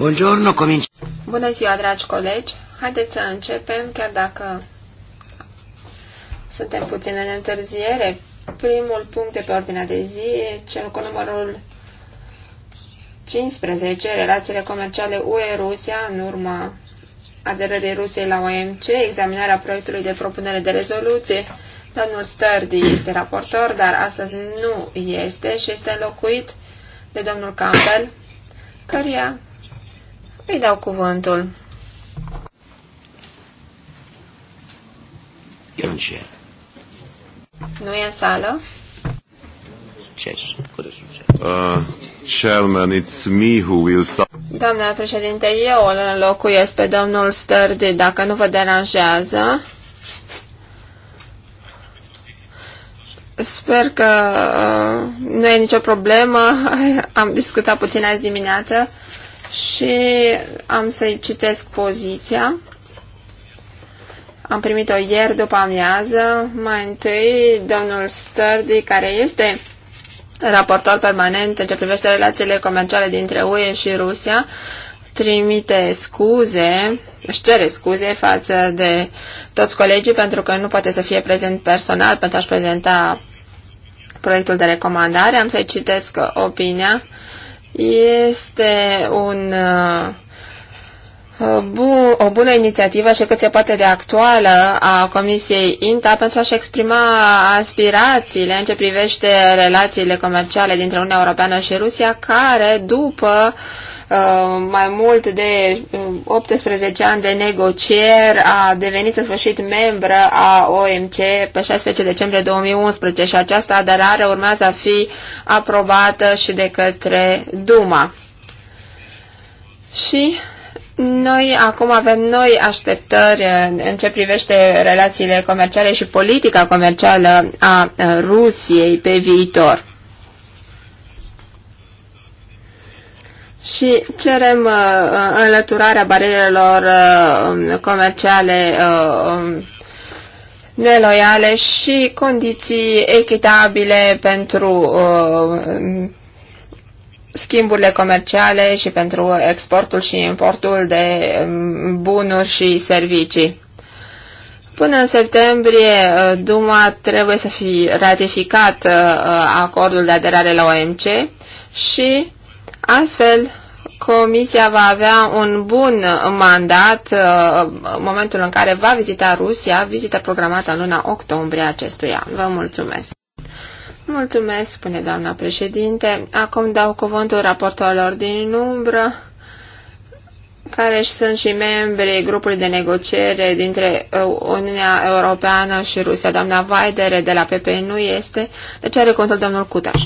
Buongiorno, cominci. Bună ziua, dragi colegi. Haideți să începem, chiar dacă suntem puțin în întârziere. Primul punct de pe ordinea de zi e cel cu numărul 15, relațiile comerciale UE-Rusia în urma aderării Rusiei la OMC, examinarea proiectului de propunere de rezoluție. Domnul Sturdy este raportor, dar astăzi nu este și este înlocuit de domnul Campbell, căruia îi dau cuvântul. Eu nu e în sală? Succes, fără succes. Uh, chairman, it's me who will... Doamna președinte, eu îl înlocuiesc pe domnul Sturdy, dacă nu vă deranjează. Sper că uh, nu e nicio problemă. Am discutat puțin azi dimineață și am să-i citesc poziția. Am primit-o ieri după amiază. Mai întâi, domnul Sturdy, care este raportor permanent în ce privește relațiile comerciale dintre UE și Rusia, trimite scuze, își cere scuze față de toți colegii pentru că nu poate să fie prezent personal pentru a-și prezenta proiectul de recomandare. Am să-i citesc opinia. Este un uh, bu o bună inițiativă și cât se poate de actuală a Comisiei INTA pentru a-și exprima aspirațiile în ce privește relațiile comerciale dintre Uniunea Europeană și Rusia, care după uh, mai mult de 18 uh, ani de negocieri a devenit în sfârșit membră a OMC pe 16 decembrie 2011 și această aderare urmează a fi aprobată și de către Duma. Și noi acum avem noi așteptări în ce privește relațiile comerciale și politica comercială a Rusiei pe viitor. Și cerem uh, uh, înlăturarea barierelor uh, comerciale um, neloiale și condiții echitabile pentru schimburile comerciale și pentru exportul și importul de mm, bunuri și servicii. Până în septembrie, uh, Duma trebuie să fi ratificat uh, uh, acordul de aderare la OMC și astfel Comisia va avea un bun mandat în momentul în care va vizita Rusia, vizită programată în luna octombrie acestui an. Vă mulțumesc! Mulțumesc, spune doamna președinte. Acum dau cuvântul raportorilor din umbră, care sunt și membrii grupului de negociere dintre uh, Uniunea Europeană și Rusia. Doamna Vaidere de la PP nu este, deci are contul domnul Cutaș.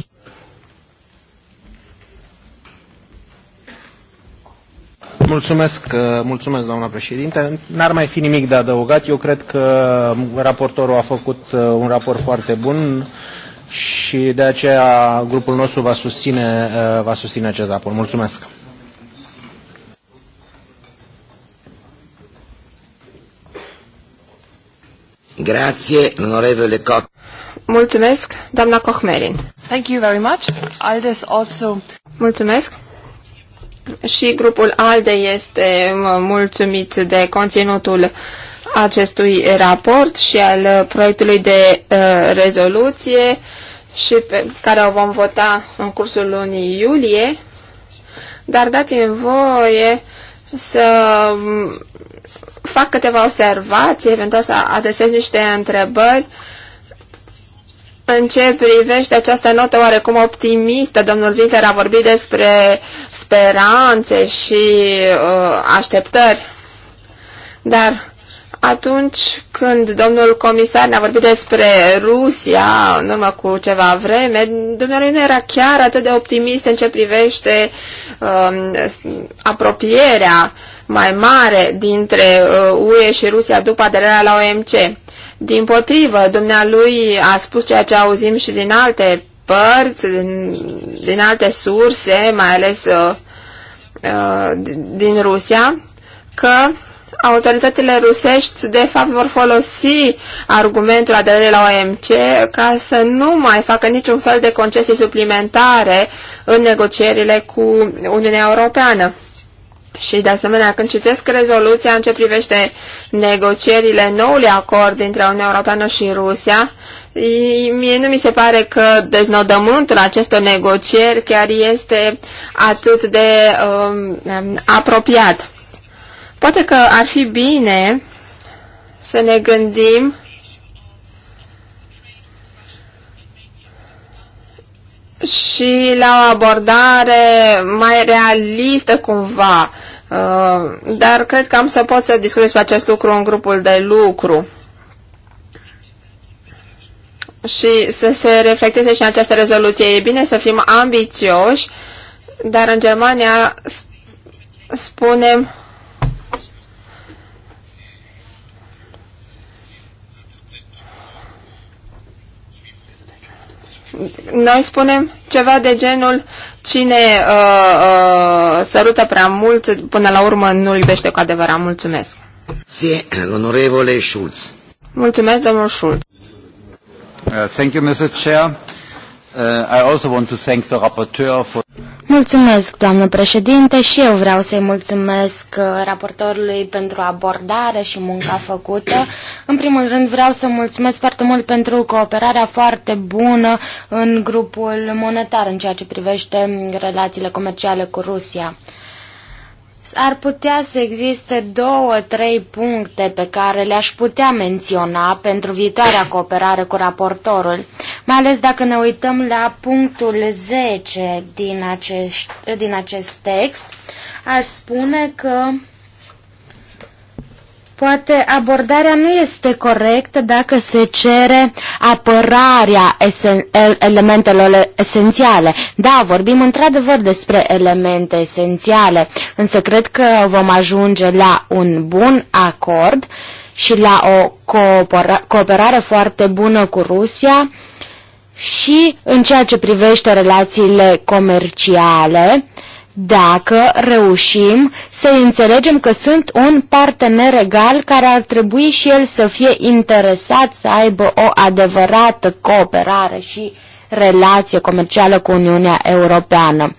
Mulțumesc, uh, mulțumesc, doamna președinte. N-ar mai fi nimic de adăugat. Eu cred că raportorul a făcut uh, un raport foarte bun și de aceea grupul nostru va susține, uh, va susține acest raport. Mulțumesc! Grazie, onorevole Koch. Mulțumesc, doamna Kochmerin. Thank you very much. Aldes also... Mulțumesc. Și grupul ALDE este mulțumit de conținutul acestui raport și al proiectului de uh, rezoluție și pe care o vom vota în cursul lunii iulie, dar dați-mi voie să mm, fac câteva observații, eventual să adresez niște întrebări în ce privește această notă oarecum optimistă, domnul Winter a vorbit despre speranțe și uh, așteptări, dar atunci când domnul comisar ne-a vorbit despre Rusia în urmă cu ceva vreme, dumnealui nu era chiar atât de optimist în ce privește um, apropierea mai mare dintre uh, UE și Rusia după aderarea la OMC. Din potrivă, dumnealui a spus ceea ce auzim și din alte părți, din, din alte surse, mai ales uh, uh, din Rusia, că autoritățile rusești de fapt vor folosi argumentul aderării la OMC ca să nu mai facă niciun fel de concesii suplimentare în negocierile cu Uniunea Europeană. Și de asemenea, când citesc rezoluția în ce privește negocierile noului acord dintre Uniunea Europeană și Rusia, mie nu mi se pare că deznodământul acestor negocieri chiar este atât de um, apropiat. Poate că ar fi bine să ne gândim și la o abordare mai realistă cumva. Uh, dar cred că am să pot să discut despre acest lucru în grupul de lucru și să se reflecteze și în această rezoluție. E bine să fim ambițioși, dar în Germania spunem Noi spunem ceva de genul cine uh, uh, sărută prea mult, până la urmă nu iubește cu adevărat. Mulțumesc. Sie, onorevole Schulz. Mulțumesc, domnul Schulz. Uh, thank you, Mr. Chair. Uh, I also want to thank the rapporteur for... Mulțumesc, doamnă președinte, și eu vreau să-i mulțumesc uh, raportorului pentru abordare și munca făcută. În primul rând vreau să mulțumesc foarte mult pentru cooperarea foarte bună în grupul monetar în ceea ce privește relațiile comerciale cu Rusia ar putea să existe două, trei puncte pe care le-aș putea menționa pentru viitoarea cooperare cu raportorul, mai ales dacă ne uităm la punctul 10 din acest, din acest text, aș spune că Poate abordarea nu este corectă dacă se cere apărarea esen elementelor esențiale. Da, vorbim într-adevăr despre elemente esențiale, însă cred că vom ajunge la un bun acord și la o cooperare, cooperare foarte bună cu Rusia și în ceea ce privește relațiile comerciale. Uh, dacă reușim să înțelegem că sunt un partener egal care ar trebui și el să fie interesat să aibă o adevărată cooperare și relație comercială cu Uniunea Europeană.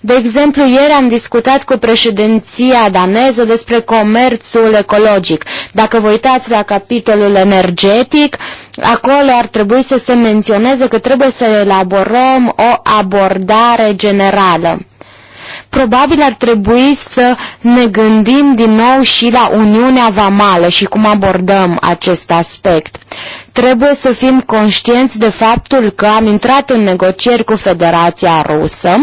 De exemplu, ieri am discutat cu președinția daneză despre comerțul ecologic. Dacă vă uitați la capitolul energetic, acolo ar trebui să se menționeze că trebuie să elaborăm o abordare generală. Probabil ar trebui să ne gândim din nou și la Uniunea Vamală și cum abordăm acest aspect. Trebuie să fim conștienți de faptul că am intrat în negocieri cu Federația Rusă.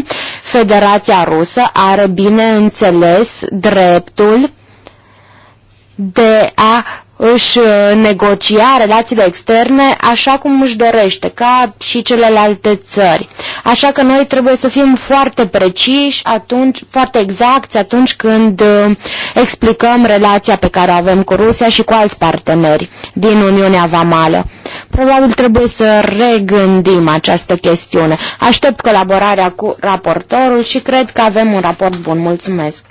Federația Rusă are, bineînțeles, dreptul de a își uh, negocia relațiile externe așa cum își dorește, ca și celelalte țări. Așa că noi trebuie să fim foarte preciși, atunci, foarte exacti atunci când uh, explicăm relația pe care o avem cu Rusia și cu alți parteneri din Uniunea Vamală. Probabil trebuie să regândim această chestiune. Aștept colaborarea cu raportorul și cred că avem un raport bun. Mulțumesc!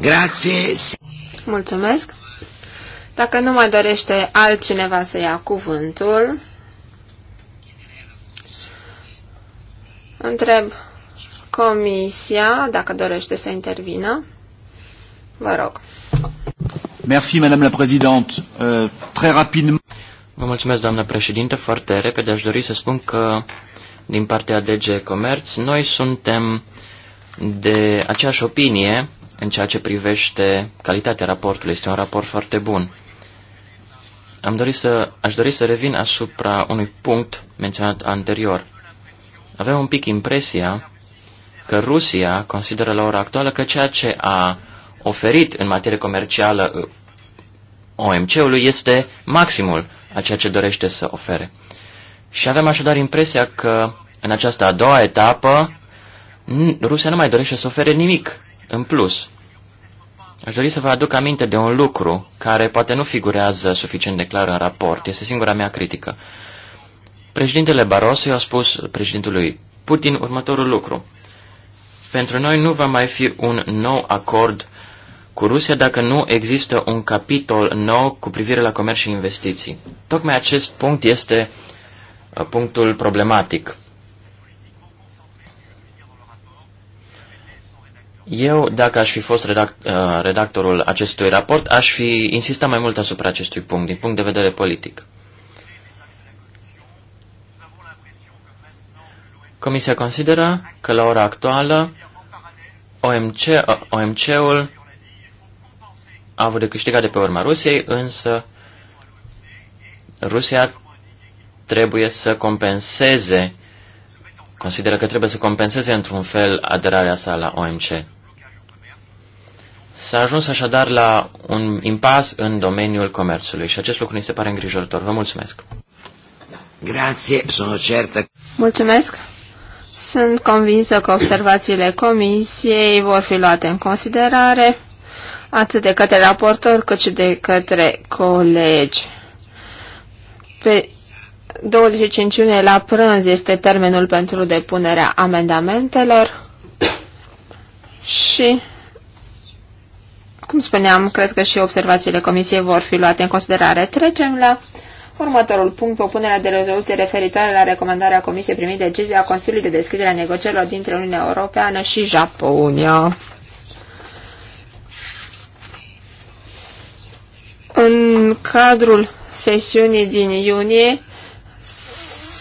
Grazie. Mulțumesc. Dacă nu mai dorește altcineva să ia cuvântul, întreb comisia dacă dorește să intervină. Vă rog. Merci, Madame la Présidente. Uh, très rapidement. Vă mulțumesc, doamnă președinte. Foarte repede aș dori să spun că din partea DG Comerț, noi suntem de aceeași opinie în ceea ce privește calitatea raportului. Este un raport foarte bun. Am dorit să, aș dori să revin asupra unui punct menționat anterior. Avem un pic impresia că Rusia consideră la ora actuală că ceea ce a oferit în materie comercială uh, OMC-ului este maximul a ceea ce dorește să ofere. Și avem așadar impresia că în această a doua etapă Rusia nu mai dorește să ofere nimic în plus. Aș dori să vă aduc aminte de un lucru care poate nu figurează suficient de clar în raport. Este singura mea critică. Președintele Barroso i-a spus președintelui Putin următorul lucru. Pentru noi nu va mai fi un nou acord cu Rusia dacă nu există un capitol nou cu privire la comerț și investiții. Tocmai acest punct este uh, punctul problematic. Eu, dacă aș fi fost redact, uh, redactorul acestui raport, aș fi insistat mai mult asupra acestui punct, din punct de vedere politic. Comisia consideră că la ora actuală OMC, uh, OMC-ul a avut de câștigat de pe urma Rusiei, însă Rusia trebuie să compenseze, consideră că trebuie să compenseze într-un fel aderarea sa la OMC. S-a ajuns așadar la un impas în domeniul comerțului și acest lucru ni se pare îngrijorător. Vă mulțumesc! Grazie, sono certă. Mulțumesc! Sunt convinsă că observațiile comisiei vor fi luate în considerare atât de către raportor cât și de către colegi. Pe 25 iunie la prânz este termenul pentru depunerea amendamentelor și cum spuneam, cred că și observațiile comisiei vor fi luate în considerare. Trecem la următorul punct, propunerea de rezoluție referitoare la recomandarea comisiei primit decizia Consiliului de deschidere a negocierilor dintre Uniunea Europeană și Japonia. În cadrul sesiunii din iunie,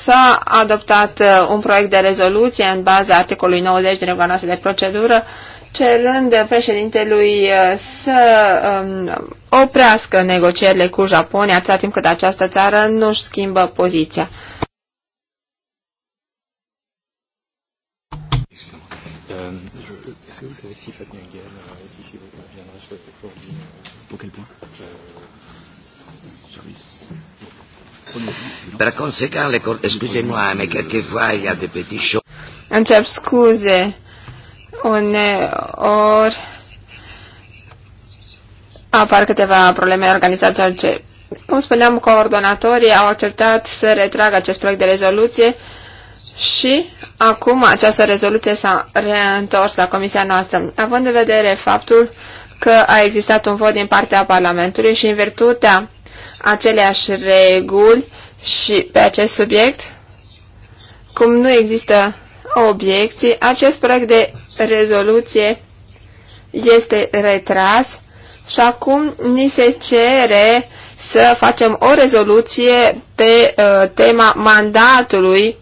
s-a adoptat uh, un proiect de rezoluție în baza articolului 90 din regulamentul de procedură cerând președintelui uh, să um, oprească negocierile cu Japonia atâta timp cât această țară nu își schimbă poziția. Per conséguent, scusez ma mais quelquefois il y a des petits choses. Încep scuze uneori apar câteva probleme organizatorice. Cum spuneam, coordonatorii au acceptat să retragă acest proiect de rezoluție și acum această rezoluție s-a reîntors la comisia noastră, având în vedere faptul că a existat un vot din partea Parlamentului și în virtutea aceleași reguli și pe acest subiect, cum nu există obiecții, acest proiect de rezoluție este retras și acum ni se cere să facem o rezoluție pe uh, tema mandatului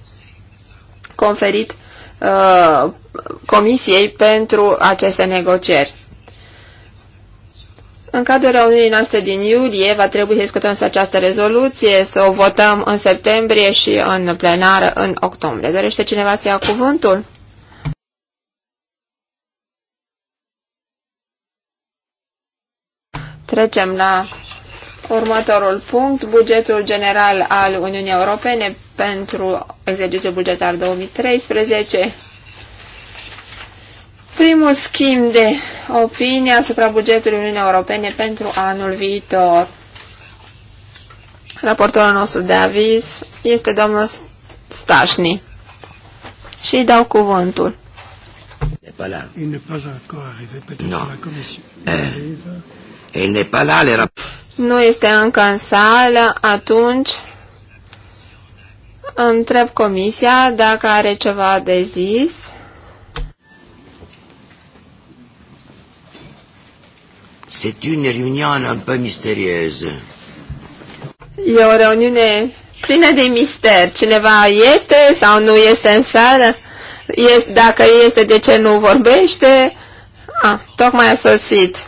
conferit uh, Comisiei pentru aceste negocieri. În cadrul reuniunii noastre din iulie va trebui să discutăm să această rezoluție, să o votăm în septembrie și în plenară în octombrie. Dorește cineva să ia cuvântul? Trecem la următorul punct, bugetul general al Uniunii Europene pentru exercițiul bugetar 2013. Primul schimb de opinie asupra bugetului Uniunii Europene pentru anul viitor. Raportorul nostru de aviz este domnul Stașni. Și dau cuvântul. Il Il n'est pas encore arrivé, peut-être la commission. Euh, nu este încă în sală, atunci întreb comisia dacă are ceva de zis. C'est une réunion un peu mystérieuse. E o reuniune plină de mister. Cineva este sau nu este în sală? Este, dacă este, de ce nu vorbește? Ah, tocmai a sosit.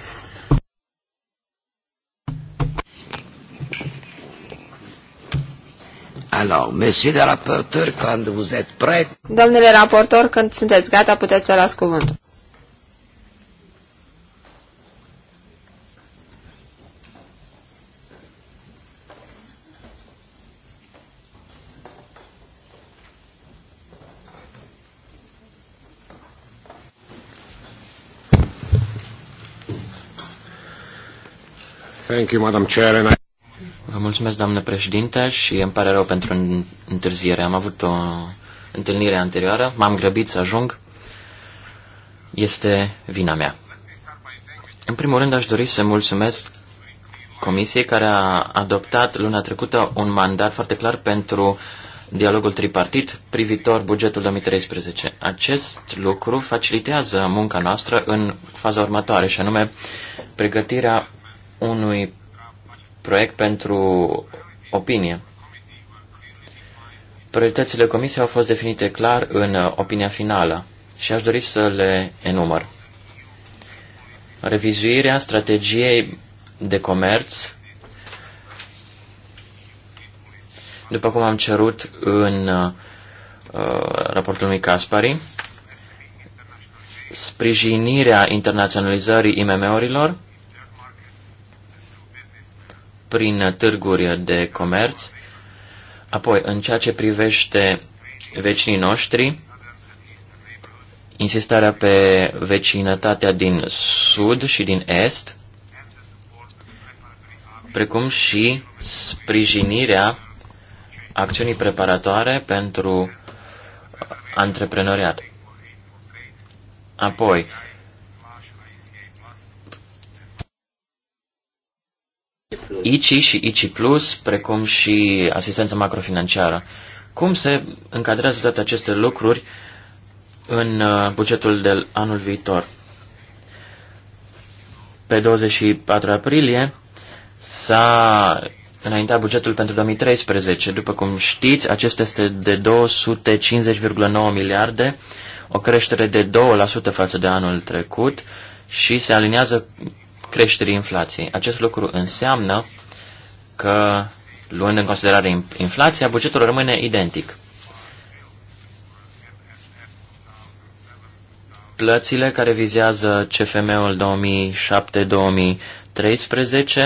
Alors, monsieur le rapporteur, quand vous êtes prêt... Domnule raportor, când sunteți gata, puteți să las cuvântul. Thank you, Madam Chair. Vă mulțumesc, doamnă președinte, și îmi pare rău pentru întârziere. Am avut o întâlnire anterioară, m-am grăbit să ajung. Este vina mea. În primul rând, aș dori să mulțumesc Comisiei care a adoptat luna trecută un mandat foarte clar pentru dialogul tripartit privitor bugetul 2013. Acest lucru facilitează munca noastră în faza următoare, și anume pregătirea unui proiect pentru opinie. Prioritățile comisiei au fost definite clar în uh, opinia finală și aș dori să le enumăr. Revizuirea strategiei de comerț, după cum am cerut în uh, raportul lui Caspari, sprijinirea internaționalizării IMM-urilor, prin târguri de comerț. Apoi, în ceea ce privește vecinii noștri, insistarea pe vecinătatea din sud și din est, precum și sprijinirea acțiunii preparatoare pentru antreprenoriat. Apoi, ICI și ICI Plus, precum și asistența macrofinanciară. Cum se încadrează toate aceste lucruri în uh, bugetul de anul viitor? Pe 24 aprilie s-a înaintat bugetul pentru 2013. După cum știți, acesta este de 250,9 miliarde, o creștere de 2% față de anul trecut și se aliniază creșterii inflației. Acest lucru înseamnă că, luând în considerare inflația, bugetul rămâne identic. Plățile care vizează CFM-ul 2007-2013,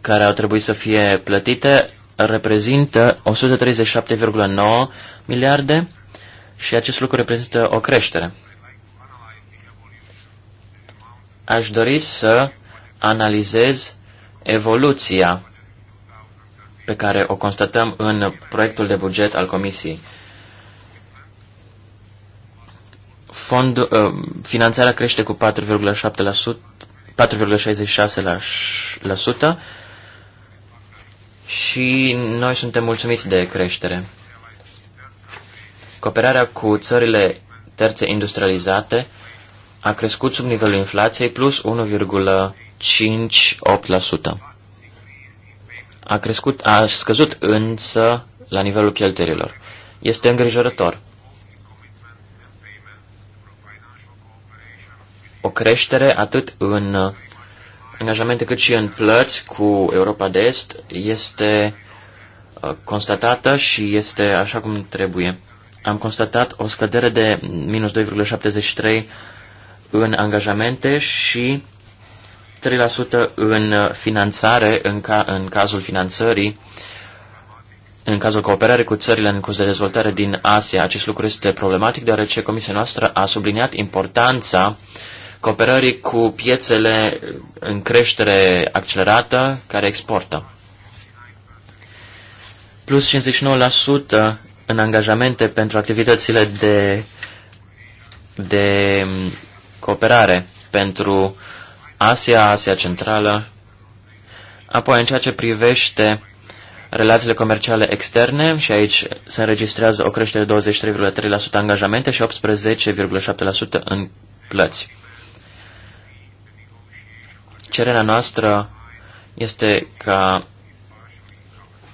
care au trebuit să fie plătite, reprezintă 137,9 miliarde și acest lucru reprezintă o creștere aș dori să analizez evoluția pe care o constatăm în proiectul de buget al Comisiei. Fond, uh, finanțarea crește cu 4,66% și noi suntem mulțumiți de creștere. Cooperarea cu țările terțe industrializate a crescut sub nivelul inflației plus 1,58%. A, crescut, a scăzut însă la nivelul cheltuielilor. Este îngrijorător. O creștere atât în angajamente cât și în plăți cu Europa de Est este uh, constatată și este așa cum trebuie. Am constatat o scădere de minus 2,73 în angajamente și 3% în finanțare, în, ca, în cazul finanțării, în cazul cooperării cu țările în curs de dezvoltare din Asia. Acest lucru este problematic deoarece Comisia noastră a subliniat importanța cooperării cu piețele în creștere accelerată care exportă. Plus 59% în angajamente pentru activitățile de, de cooperare pentru Asia, Asia Centrală. Apoi, în ceea ce privește relațiile comerciale externe, și aici se înregistrează o creștere de 23,3% angajamente și 18,7% în plăți. Cererea noastră este ca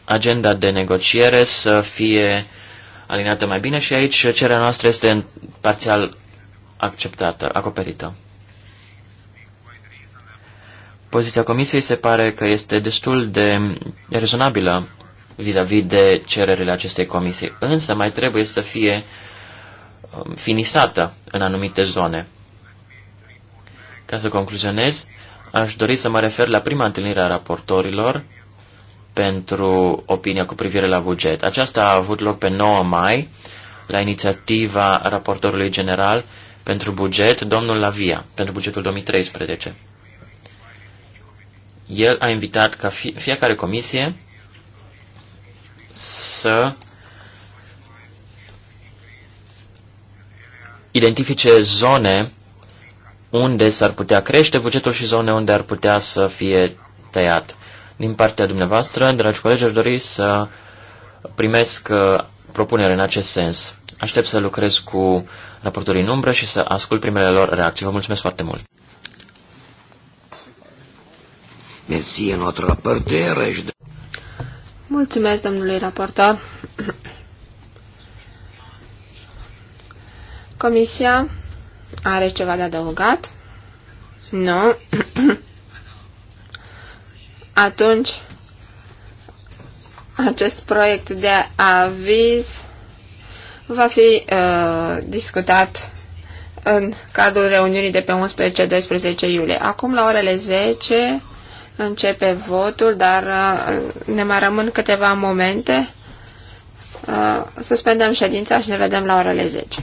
agenda de negociere să fie alineată mai bine și aici cererea noastră este parțial acceptată, acoperită. Poziția Comisiei se pare că este destul de rezonabilă vis-a-vis -vis de cererile acestei comisii, însă mai trebuie să fie um, finisată în anumite zone. Ca să concluzionez, aș dori să mă refer la prima întâlnire a raportorilor pentru opinia cu privire la buget. Aceasta a avut loc pe 9 mai la inițiativa raportorului general pentru buget, domnul Lavia, pentru bugetul 2013. El a invitat ca fiecare comisie să identifice zone unde s-ar putea crește bugetul și zone unde ar putea să fie tăiat. Din partea dumneavoastră, dragi colegi, aș dori să primesc uh, propunere în acest sens. Aștept să lucrez cu raportorii în umbră și să ascult primele lor reacții. Vă mulțumesc foarte mult! Mersi, notre raporteur. Mulțumesc, domnului raportor. Comisia are ceva de adăugat? Nu. Atunci, acest proiect de aviz va fi uh, discutat în cadrul reuniunii de pe 11-12 iulie. Acum, la orele 10, începe votul, dar uh, ne mai rămân câteva momente. Uh, suspendăm ședința și ne vedem la orele 10.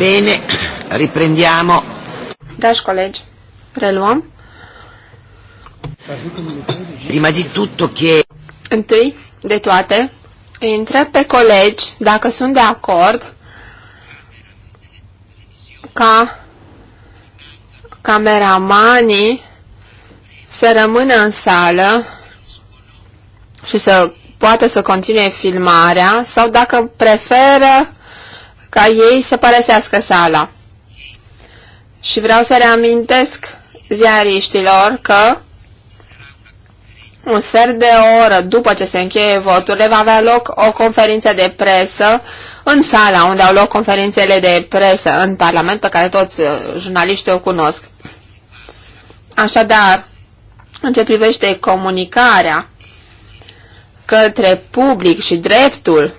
Bine, riprendiamo. Dragi colegi, reluăm. Prima di tutto che... Întâi de toate, îi întreb pe colegi dacă sunt de acord ca cameramanii să rămână în sală și să poată să continue filmarea sau dacă preferă ca ei să părăsească sala. Și vreau să reamintesc ziariștilor că un sfert de oră după ce se încheie voturile va avea loc o conferință de presă în sala unde au loc conferințele de presă în Parlament pe care toți uh, jurnaliștii o cunosc. Așadar, în ce privește comunicarea către public și dreptul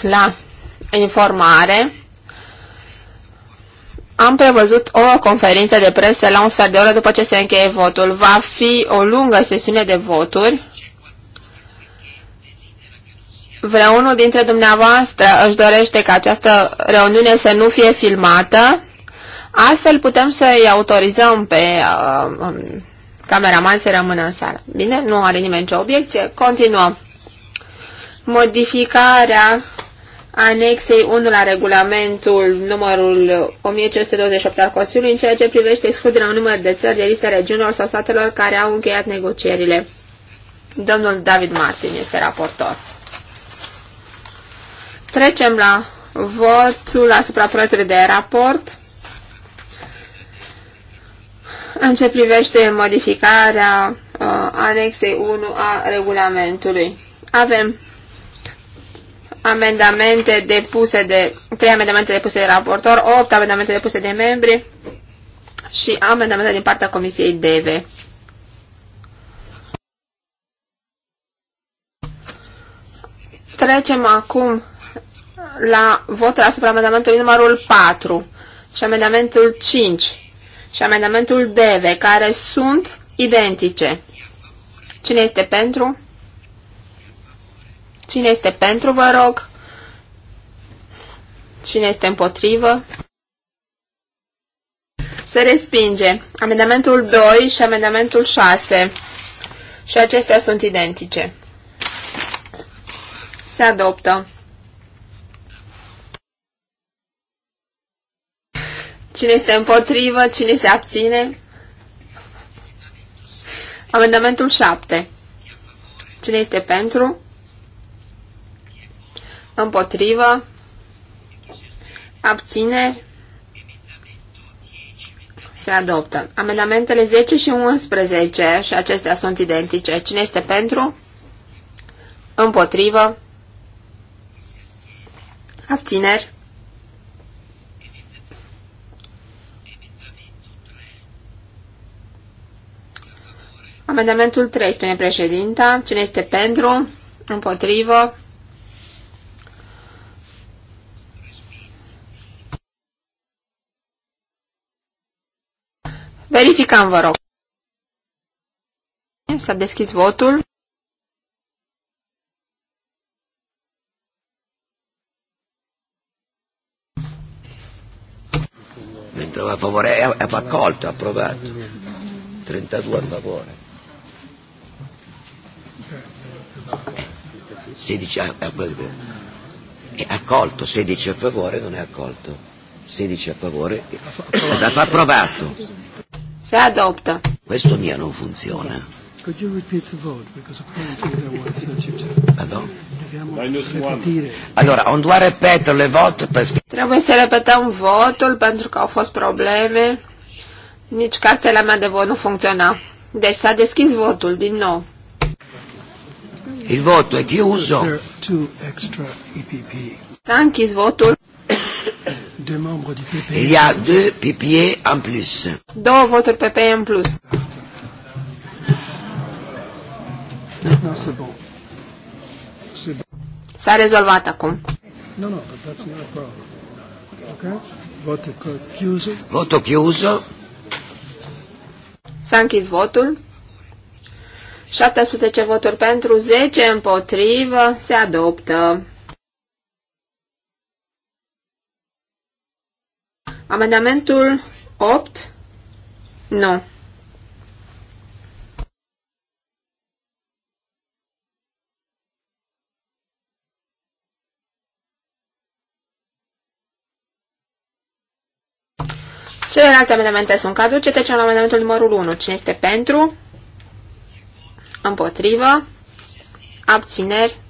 la informare, am prevăzut o conferință de presă la un sfert de oră după ce se încheie votul. Va fi o lungă sesiune de voturi. Vreunul dintre dumneavoastră își dorește ca această reuniune să nu fie filmată, altfel putem să-i autorizăm pe uh, um, cameraman să rămână în sală. Bine? Nu are nimeni nicio obiecție. Continuăm. Modificarea anexei 1 la regulamentul numărul 1528 al Consiliului în ceea ce privește excluderea un număr de țări de lista regiunilor sau statelor care au încheiat negocierile. Domnul David Martin este raportor. Trecem la votul asupra proiectului de raport. În ce privește modificarea uh, anexei 1 a regulamentului. Avem amendamente depuse de, 3 amendamente depuse de raportor, 8 amendamente depuse de membri și amendamente din partea Comisiei DEVE. Trecem acum la votul asupra amendamentului numărul 4 și amendamentul 5 și amendamentul DEVE, care sunt identice. Cine este pentru? Cine este pentru, vă rog? Cine este împotrivă? Se respinge amendamentul 2 și amendamentul 6 și acestea sunt identice. Se adoptă. Cine este împotrivă? Cine se abține? Amendamentul 7. Cine este pentru? Împotrivă. Abțineri. Se adoptă. Amendamentele 10 și 11 și acestea sunt identice. Cine este pentru? Împotrivă. Abțineri. Amendamentul 3, spune președinta. Cine este pentru? Împotrivă? Verificăm, vă rog. S-a deschis votul. Mentre la a favore, è accolto, è approvato. 32 a favore. 16 a, è accolto, 16 a favore, non è accolto. 16 a favore, è stato approvato. Se adoptă. Questo mio non funziona. Could you repeat the vote? Because apparently there were 32. Pardon? Allora, on doit repetere le vote perché... Trebuie să repetăm votul pentru că au fost probleme. Nici cartela mea de vot nu funcționa. Deci s-a deschis votul din nou. Il voto è chiuso. S-a închis votul. Il y a deux PPA en plus. Două voturi PPA în plus. Maintenant, c'est bon. C'est bon. S-a rezolvat acum. No, no, but that's not a problem. Okay? Voto chiuso. Voto chiuso. S-a închis votul. 17 voturi pentru, 10 împotrivă, se adoptă. Amendamentul 8? Nu. Celelalte amendamente sunt caduce, trecem la amendamentul numărul 1. Cine este pentru? Împotrivă? Abțineri?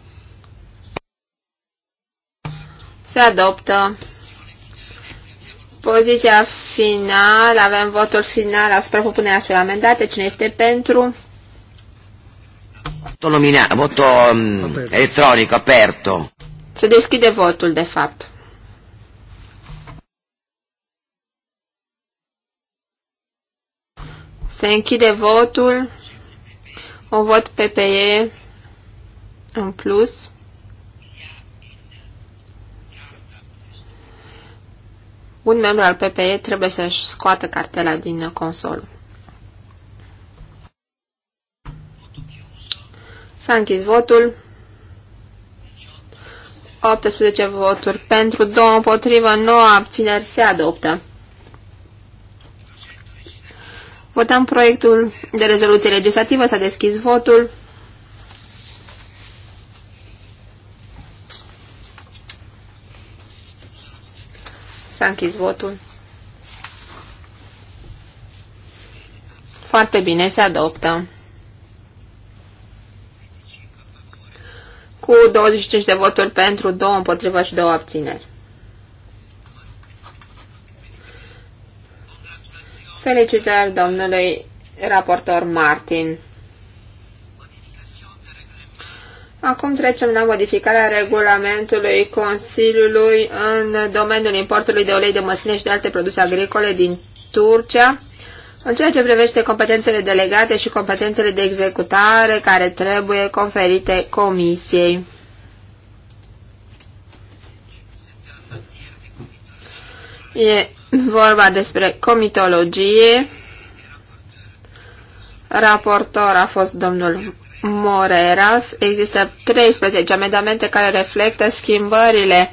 Se adoptă. Poziția finală, avem votul final asupra propunerea sfârșită amendate. Cine este pentru? Votul, nomina, votul um, electronic aperto. Se deschide votul, de fapt. Se închide votul. Un vot PPE în plus. un membru al PPE trebuie să-și scoată cartela din consol. S-a închis votul. 18 voturi pentru, 2 împotrivă, 9 abțineri se adoptă. Votăm proiectul de rezoluție legislativă. S-a deschis votul. S-a închis votul. Foarte bine, se adoptă. Cu 25 de voturi pentru, 2 împotriva și 2 abțineri. Felicitări domnului raportor Martin. Acum trecem la modificarea regulamentului Consiliului în domeniul importului de ulei de măsline și de alte produse agricole din Turcia, în ceea ce privește competențele delegate și competențele de executare care trebuie conferite Comisiei. E vorba despre comitologie. Raportor a fost domnul Moreras există 13 amendamente care reflectă schimbările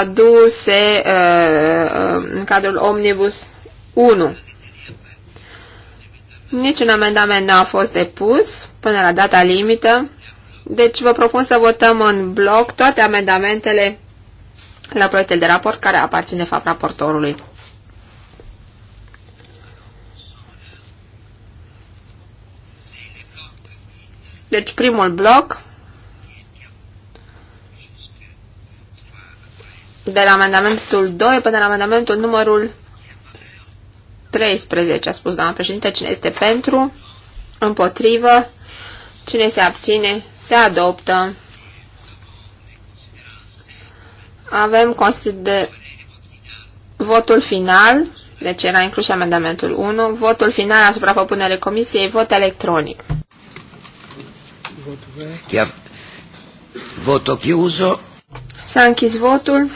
aduse uh, în cadrul Omnibus 1. Niciun amendament nu a fost depus până la data limită, deci vă propun să votăm în bloc toate amendamentele la proiectul de raport care aparține fapt raportorului. Deci primul bloc de la amendamentul 2 până la amendamentul numărul 13, a spus doamna președinte, cine este pentru, împotrivă, cine se abține, se adoptă. Avem consider... votul final, deci era inclus amendamentul 1, votul final asupra propunerii comisiei, vot electronic. Chiar voto chiuso. S-a închis votul.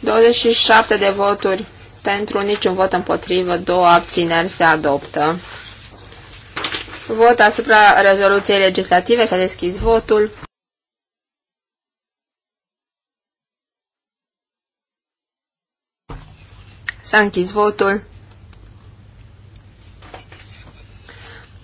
27 de voturi pentru, niciun vot împotrivă, două abțineri se adoptă. Vot asupra rezoluției legislative. S-a deschis votul. S-a închis votul.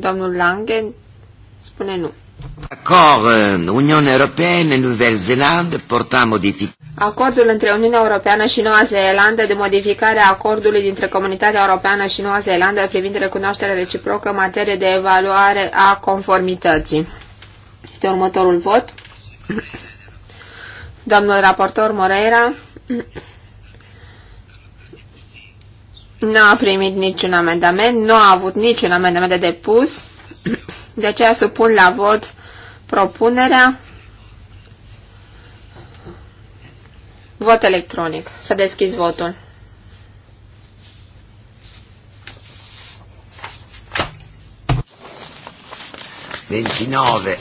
Domnul Langen spune nu. Acord uh, Uniunea Europeană, Nouvelle Zeelandă, porta modific... Acordul între Uniunea Europeană și Noua Zeelandă de modificare a acordului dintre Comunitatea Europeană și Noua Zeelandă privind recunoașterea reciprocă în materie de evaluare a conformității. Este următorul vot. Domnul raportor Moreira nu a primit niciun amendament, nu a avut niciun amendament de depus, de aceea supun la vot propunerea. Vot electronic. Să deschizi votul.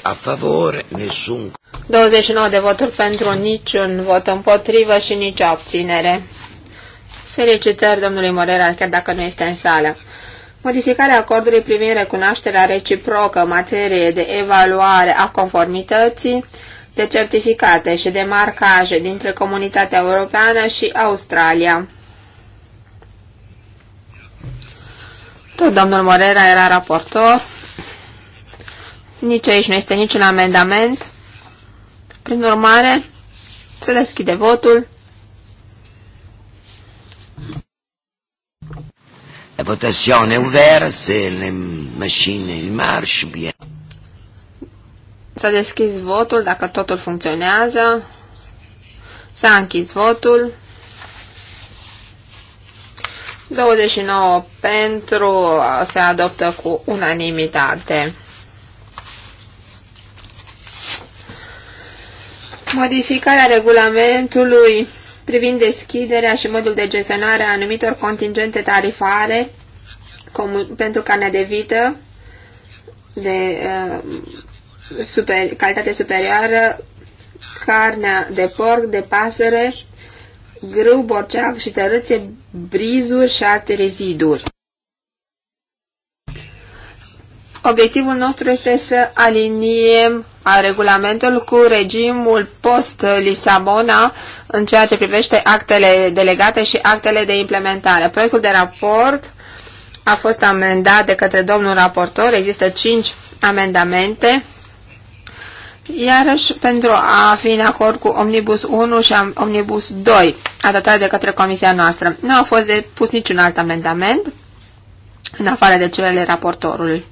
a favore, nessun. 29 de voturi pentru niciun vot împotrivă și nicio abținere. Felicitări domnului Morera, chiar dacă nu este în sală. Modificarea acordului privind recunoașterea reciprocă în materie de evaluare a conformității, de certificate și de marcaje dintre Comunitatea Europeană și Australia. Tot domnul Morera era raportor. Nici aici nu este niciun amendament. Prin urmare, se deschide votul. La votazione è vera, se le macchine in marche bien. S-a deschis votul dacă totul funcționează. S-a închis votul. 29 pentru se adoptă cu unanimitate. Modificarea regulamentului privind deschiderea și modul de gestionare a anumitor contingente tarifare pentru carne de vită de uh, super, calitate superioară, carnea de porc, de pasăre, grâu, borceac și tărâțe, brizuri și alte reziduri. Obiectivul nostru este să aliniem a regulamentul cu regimul post-Lisabona în ceea ce privește actele delegate și actele de implementare. Proiectul de raport a fost amendat de către domnul raportor, există cinci amendamente, iarăși pentru a fi în acord cu Omnibus 1 și Omnibus 2, adătate de către comisia noastră. Nu a fost depus niciun alt amendament, în afară de celele raportorului.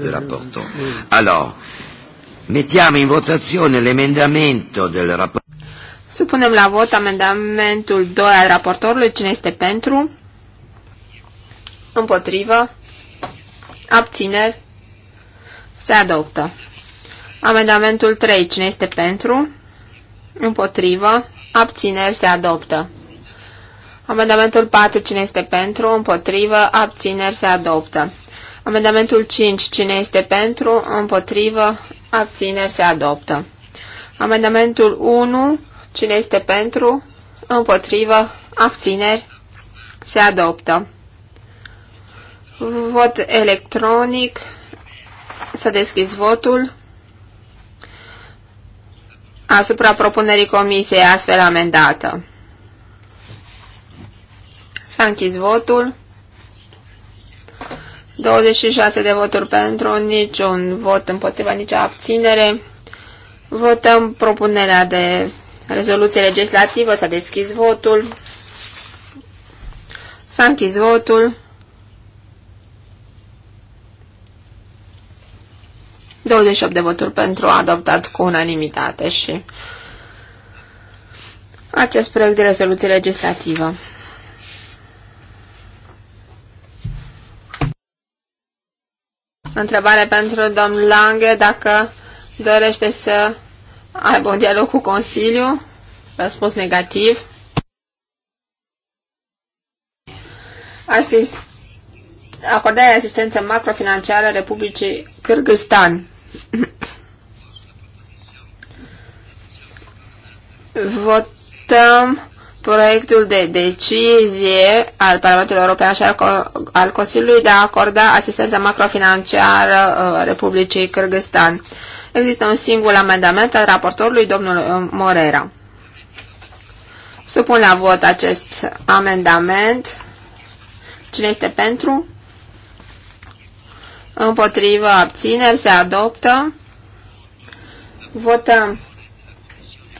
della Porto. Mm. Allora, mettiamo in votazione l'emendamento del rapporto. Supunem la vot amendamentul 2 al raportorului. Cine este pentru? Împotrivă? Abțineri? Se adoptă. Amendamentul 3. Cine este pentru? Împotrivă? Abțineri? Se adoptă. Amendamentul 4. Cine este pentru? Împotrivă? Abțineri? Se adoptă. Amendamentul 5. Cine este pentru? Împotrivă? Abțineri? Se adoptă. Amendamentul 1. Cine este pentru? Împotrivă? Abțineri? Se adoptă. Vot electronic. Să deschis votul asupra propunerii comisiei astfel amendată. S-a închis votul. 26 de voturi pentru, niciun vot împotriva, nicio abținere. Votăm propunerea de rezoluție legislativă. S-a deschis votul. S-a închis votul. 28 de voturi pentru adoptat cu unanimitate și acest proiect de rezoluție legislativă. întrebare pentru domnul Lange dacă dorește să aibă un dialog cu Consiliu. Răspuns negativ. Asist acordarea de asistență macrofinanciară Republicii Kyrgyzstan. Votăm proiectul de decizie al Parlamentului European și al, al Consiliului de a acorda asistența macrofinanciară uh, Republicii Kyrgyzstan. Există un singur amendament al raportorului, domnul uh, Morera. Supun la vot acest amendament. Cine este pentru? Împotrivă, abțineri, se adoptă. Votăm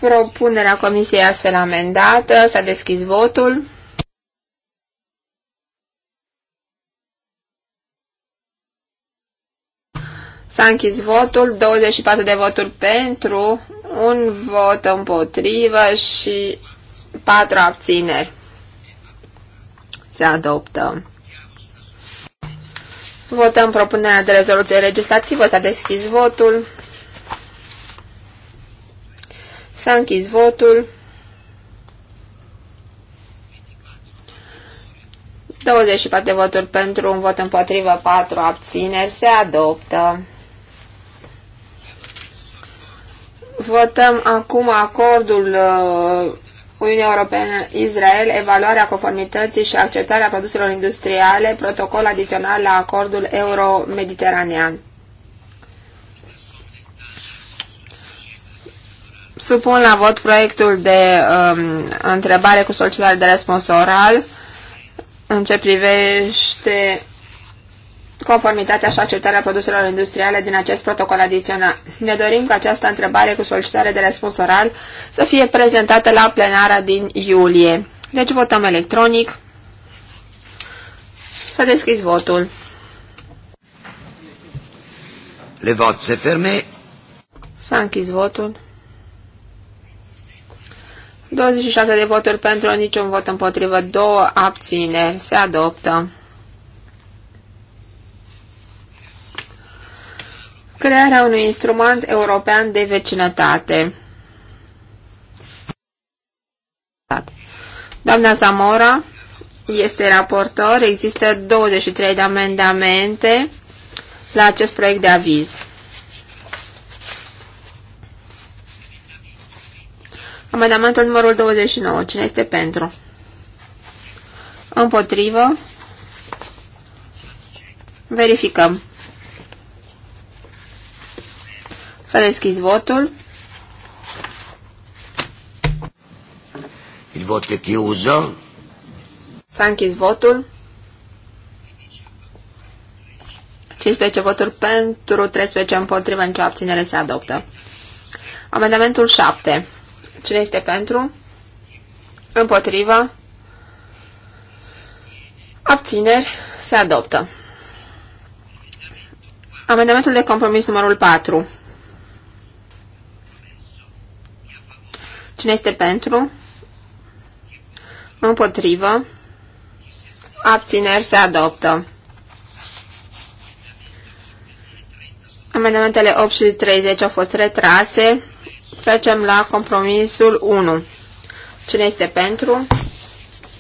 propunerea comisiei astfel amendată. S-a deschis votul. S-a închis votul, 24 de voturi pentru, un vot împotrivă și patru abțineri. Se adoptă. Votăm propunerea de rezoluție legislativă. S-a deschis votul. S-a închis votul. 24 de voturi pentru, un vot împotrivă, 4 abțineri. Se adoptă. Votăm acum acordul uh, Uniunea Europeană-Israel, evaluarea conformității și acceptarea produselor industriale, protocol adițional la acordul euro-mediteranean. supun la vot proiectul de um, întrebare cu solicitare de răspuns oral în ce privește conformitatea și acceptarea produselor industriale din acest protocol adițional. Ne dorim ca această întrebare cu solicitare de răspuns oral să fie prezentată la plenara din iulie. Deci votăm electronic. Să deschis votul. Le vot se ferme. S-a închis votul. 26 de voturi pentru, niciun vot împotrivă, două abțineri. Se adoptă. Crearea unui instrument european de vecinătate. Doamna Zamora este raportor. Există 23 de amendamente la acest proiect de aviz. Amendamentul numărul 29. Cine este pentru? Împotrivă. Verificăm. S-a deschis votul. Il vot e chiuso. S-a închis votul. 15 voturi pentru, 13 împotrivă, nicio abținere se adoptă. Amendamentul 7. Cine este pentru? Împotriva? Abțineri? Se adoptă. Amendamentul de compromis numărul 4. Cine este pentru? Împotrivă? Abțineri? Se adoptă. Amendamentele 8 și 30 au fost retrase. Trecem la compromisul 1. Cine este pentru?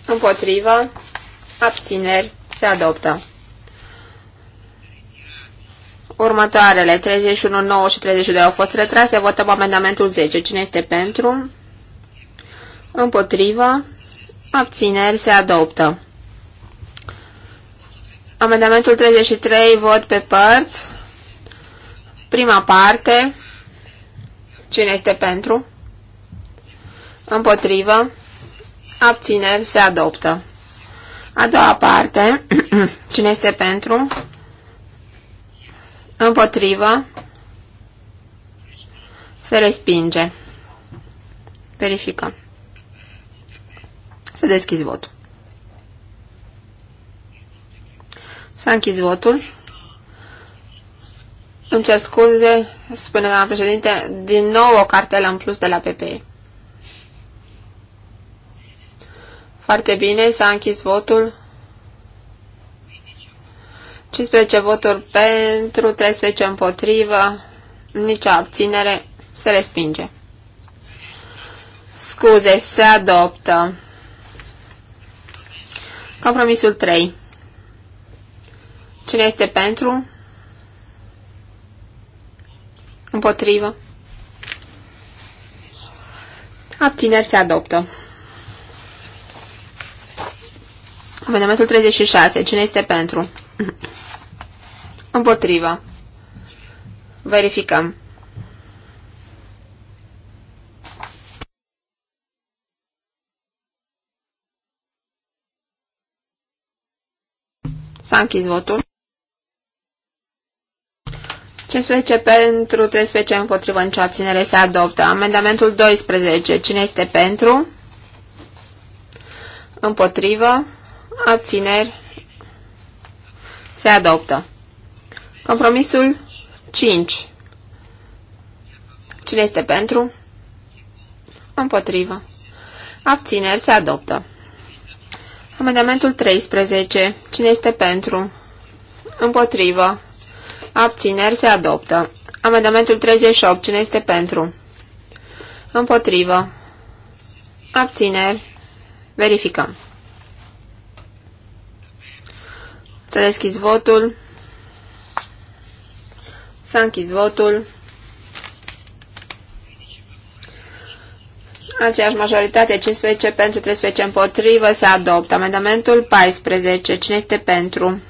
Împotrivă? Abțineri? Se adoptă. Următoarele 31, 9 și 32 au fost retrase. Votăm amendamentul 10. Cine este pentru? Împotrivă? Abțineri? Se adoptă. Amendamentul 33, vot pe părți. Prima parte, Cine este pentru? Împotrivă. Abțineri se adoptă. A doua parte. Cine este pentru? Împotrivă. Se respinge. Verificăm. Să deschizi votul. S-a închis votul. Îmi cer scuze, spune doamna președinte, din nou o cartelă în plus de la PPE. Foarte bine, s-a închis votul. 15 voturi pentru, 13 împotrivă, nicio abținere, se respinge. Scuze, se adoptă. Compromisul 3. Cine este pentru? Împotrivă. Abțineri se adoptă. Amendamentul 36. Cine este pentru? Împotrivă. Verificăm. S-a închis votul. 15 pentru, 13 împotrivă, nicio abținere se adoptă. Amendamentul 12. Cine este pentru? Împotrivă, abțineri se adoptă. Compromisul 5. Cine este pentru? Împotrivă. Abțineri se adoptă. Amendamentul 13. Cine este pentru? Împotrivă. Abțineri se adoptă. Amendamentul 38. Cine este pentru? Împotrivă. Abțineri. Verificăm. Să deschizi votul. S-a închis votul. Aceeași majoritate, 15 pentru, 13 împotrivă, se adoptă. Amendamentul 14. Cine este pentru?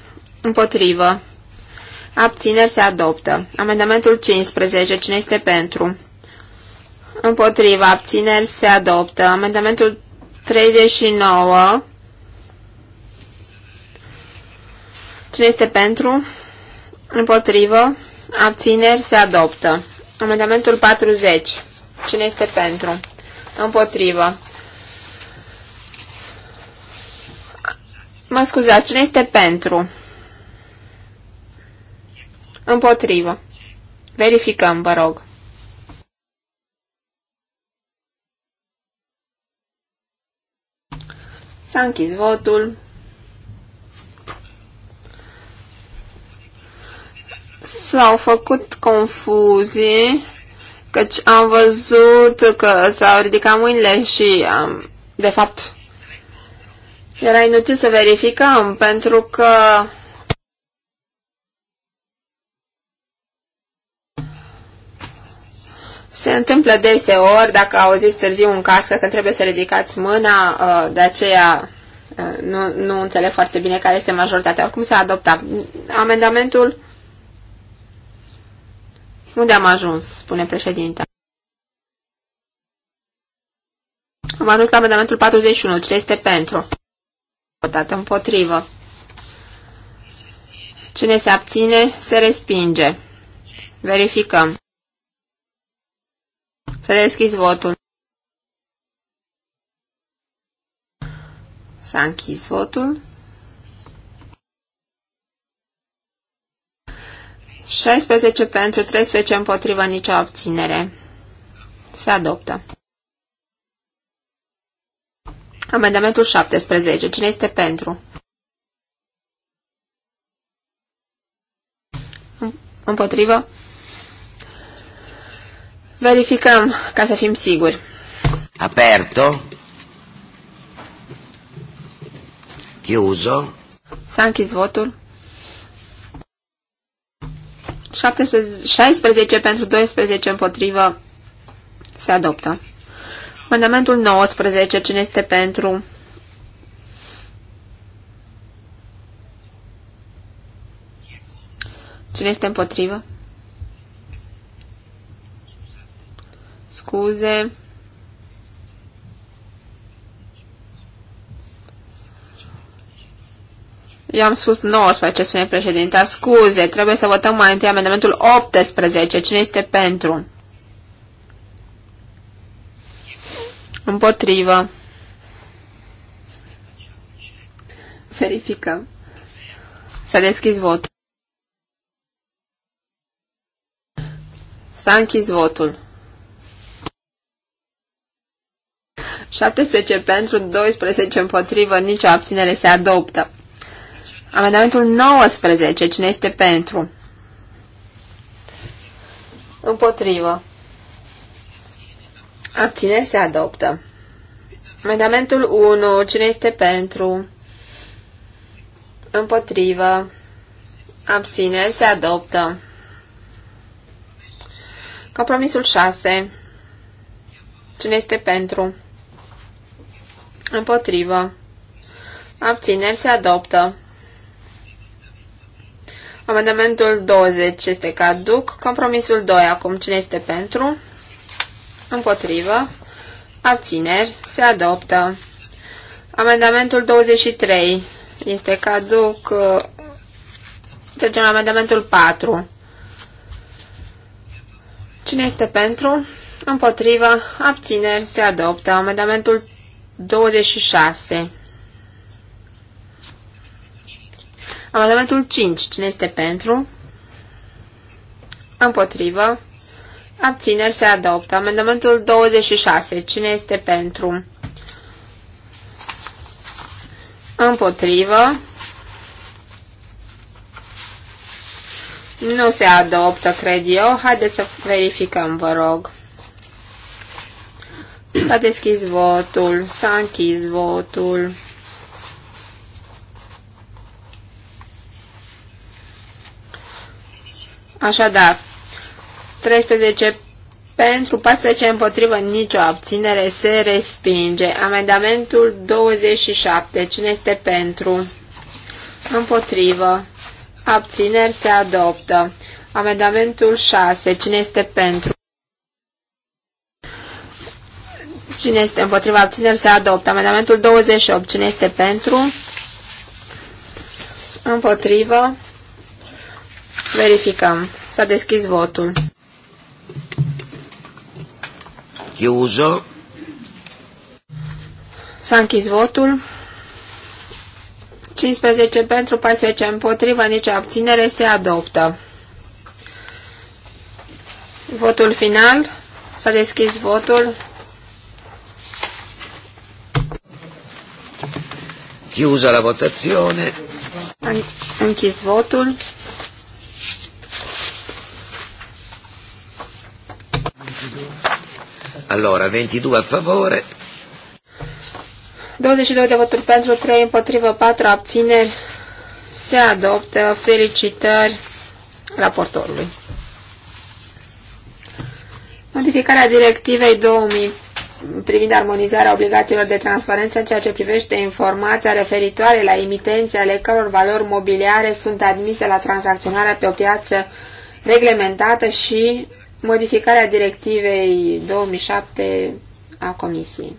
Împotrivă. Abțineri se adoptă. Amendamentul 15. Cine este pentru? Împotriva. Abțineri se adoptă. Amendamentul 39. Cine este pentru? Împotrivă. Abțineri se adoptă. Amendamentul 40. Cine este pentru? Împotrivă. Mă scuzați, cine este pentru? Împotrivă. Verificăm, vă rog. S-a închis votul. S-au făcut confuzii, căci am văzut că s-au ridicat mâinile și, am, de fapt, era inutil să verificăm, pentru că Se întâmplă deseori, dacă auziți târziu un cască, când trebuie să ridicați mâna, uh, de aceea uh, nu, nu înțeleg foarte bine care este majoritatea. Oricum s-a adoptat amendamentul. Unde am ajuns, spune președinta. Am ajuns la amendamentul 41. Ce este pentru? Votat împotrivă. Cine se abține, se respinge. Verificăm. Să deschizi votul. S-a închis votul. 16 pentru, 13 împotriva, nicio obținere. Se adoptă. Amendamentul 17. Cine este pentru? Împotrivă? Verificăm ca să fim siguri. Aperto. Chiuso. S-a închis votul. 16 pentru 12 împotrivă se adoptă. Mandamentul 19, cine este pentru? Cine este împotrivă? scuze. Eu am spus 19, spune președinte. Scuze, trebuie să votăm mai întâi amendamentul 18. Cine este pentru? Împotrivă. Verificăm. S-a deschis votul. S-a închis votul. 17 pentru, 12 împotrivă, nicio abținere se adoptă. Amendamentul 19. Cine este pentru? Împotrivă. Abținere se adoptă. Amendamentul 1. Cine este pentru? Împotrivă. Abținere se adoptă. Compromisul 6. Cine este pentru? Împotrivă. Abțineri se adoptă. Amendamentul 20 este caduc. Compromisul 2 acum. Cine este pentru? Împotrivă. Abțineri se adoptă. Amendamentul 23 este caduc. Trecem la amendamentul 4. Cine este pentru? Împotrivă. Abțineri se adoptă. Amendamentul 26. Amendamentul 5. Cine este pentru? Împotrivă. Abțineri se adoptă. Amendamentul 26. Cine este pentru? Împotrivă. Nu se adoptă, cred eu. Haideți să verificăm, vă rog. S-a deschis votul, s-a închis votul. Așadar, 13 pentru, 14 împotrivă, nicio abținere, se respinge. Amendamentul 27, cine este pentru? Împotrivă, abțineri, se adoptă. Amendamentul 6, cine este pentru? Cine este împotriva abțineri se adoptă. Amendamentul 28. Cine este pentru? Împotrivă. Verificăm. S-a deschis votul. Chiuso. S-a închis votul. 15 pentru, 14 împotrivă, nicio abținere se adoptă. Votul final. S-a deschis votul. Chiusa la votazione. An- Svotul. votul. Allora, 22 a favore. 22 de voturi pentru, 3 împotrivă, 4 abțineri. Se adoptă. Felicitări raportorului. Modificarea directivei 2000 privind armonizarea obligațiilor de transparență în ceea ce privește informația referitoare la emitenții ale căror valori mobiliare sunt admise la tranzacționarea pe o piață reglementată și modificarea directivei 2007 a Comisiei.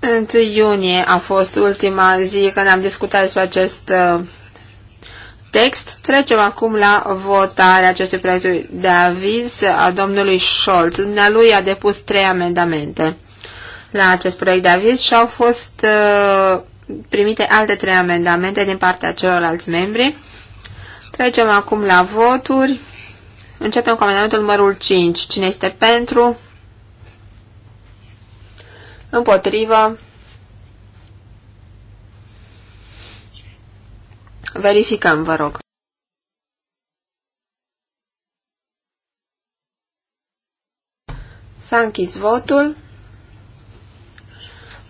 În iunie a fost ultima zi când am discutat despre acest uh, text. Trecem acum la votarea acestui proiect de aviz a domnului Scholz. Dumnealui a depus trei amendamente la acest proiect de aviz și au fost uh, primite alte trei amendamente din partea celorlalți membri. Trecem acum la voturi. Începem cu amendamentul numărul 5. Cine este pentru? Împotrivă? Verificăm, vă rog. S-a închis votul.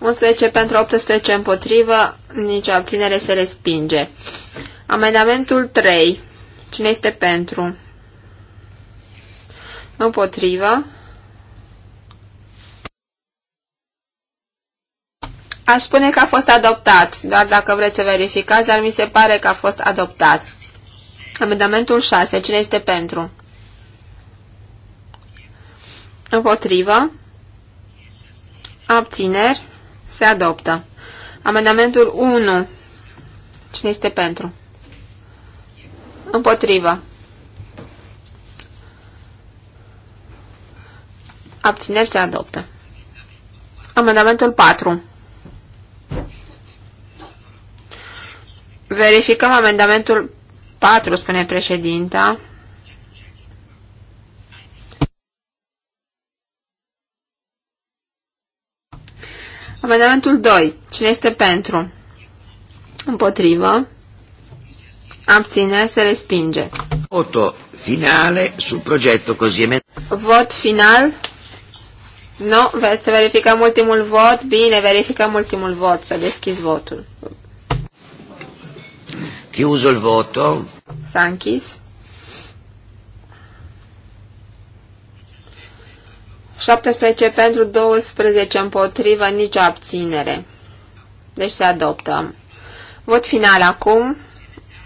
11 pentru 18 împotrivă, nicio abținere se respinge. Amendamentul 3. Cine este pentru? Împotrivă. Aș spune că a fost adoptat, doar dacă vreți să verificați, dar mi se pare că a fost adoptat. Amendamentul 6. Cine este pentru? Împotrivă. Abțineri. Se adoptă. Amendamentul 1. Cine este pentru? Împotrivă. Abțineri se adoptă. Amendamentul 4. Verificăm amendamentul 4, spune președinta. Amendamentul 2. Cine este pentru? Împotrivă. Abține, se respinge. Voto finale sul progetto così emendato. Vot final. Nu, no, să verificăm ultimul vot. Bine, verificăm ultimul vot. Să deschizi votul. Chiuso il voto. S-a închis. 17 pentru 12 împotrivă, nicio abținere. Deci se adoptă. Vot final acum.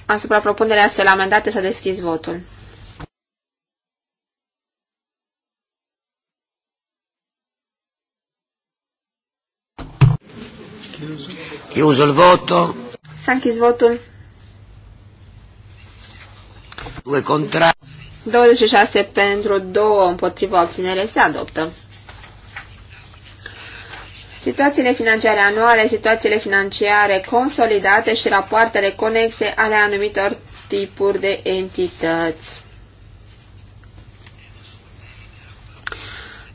Asupra propunerea astfel amendate s-a deschis votul. Chiuso il voto. S-a închis votul. 26 pentru, 2 împotriva obținere se adoptă. Situațiile financiare anuale, situațiile financiare consolidate și rapoartele conexe ale anumitor tipuri de entități.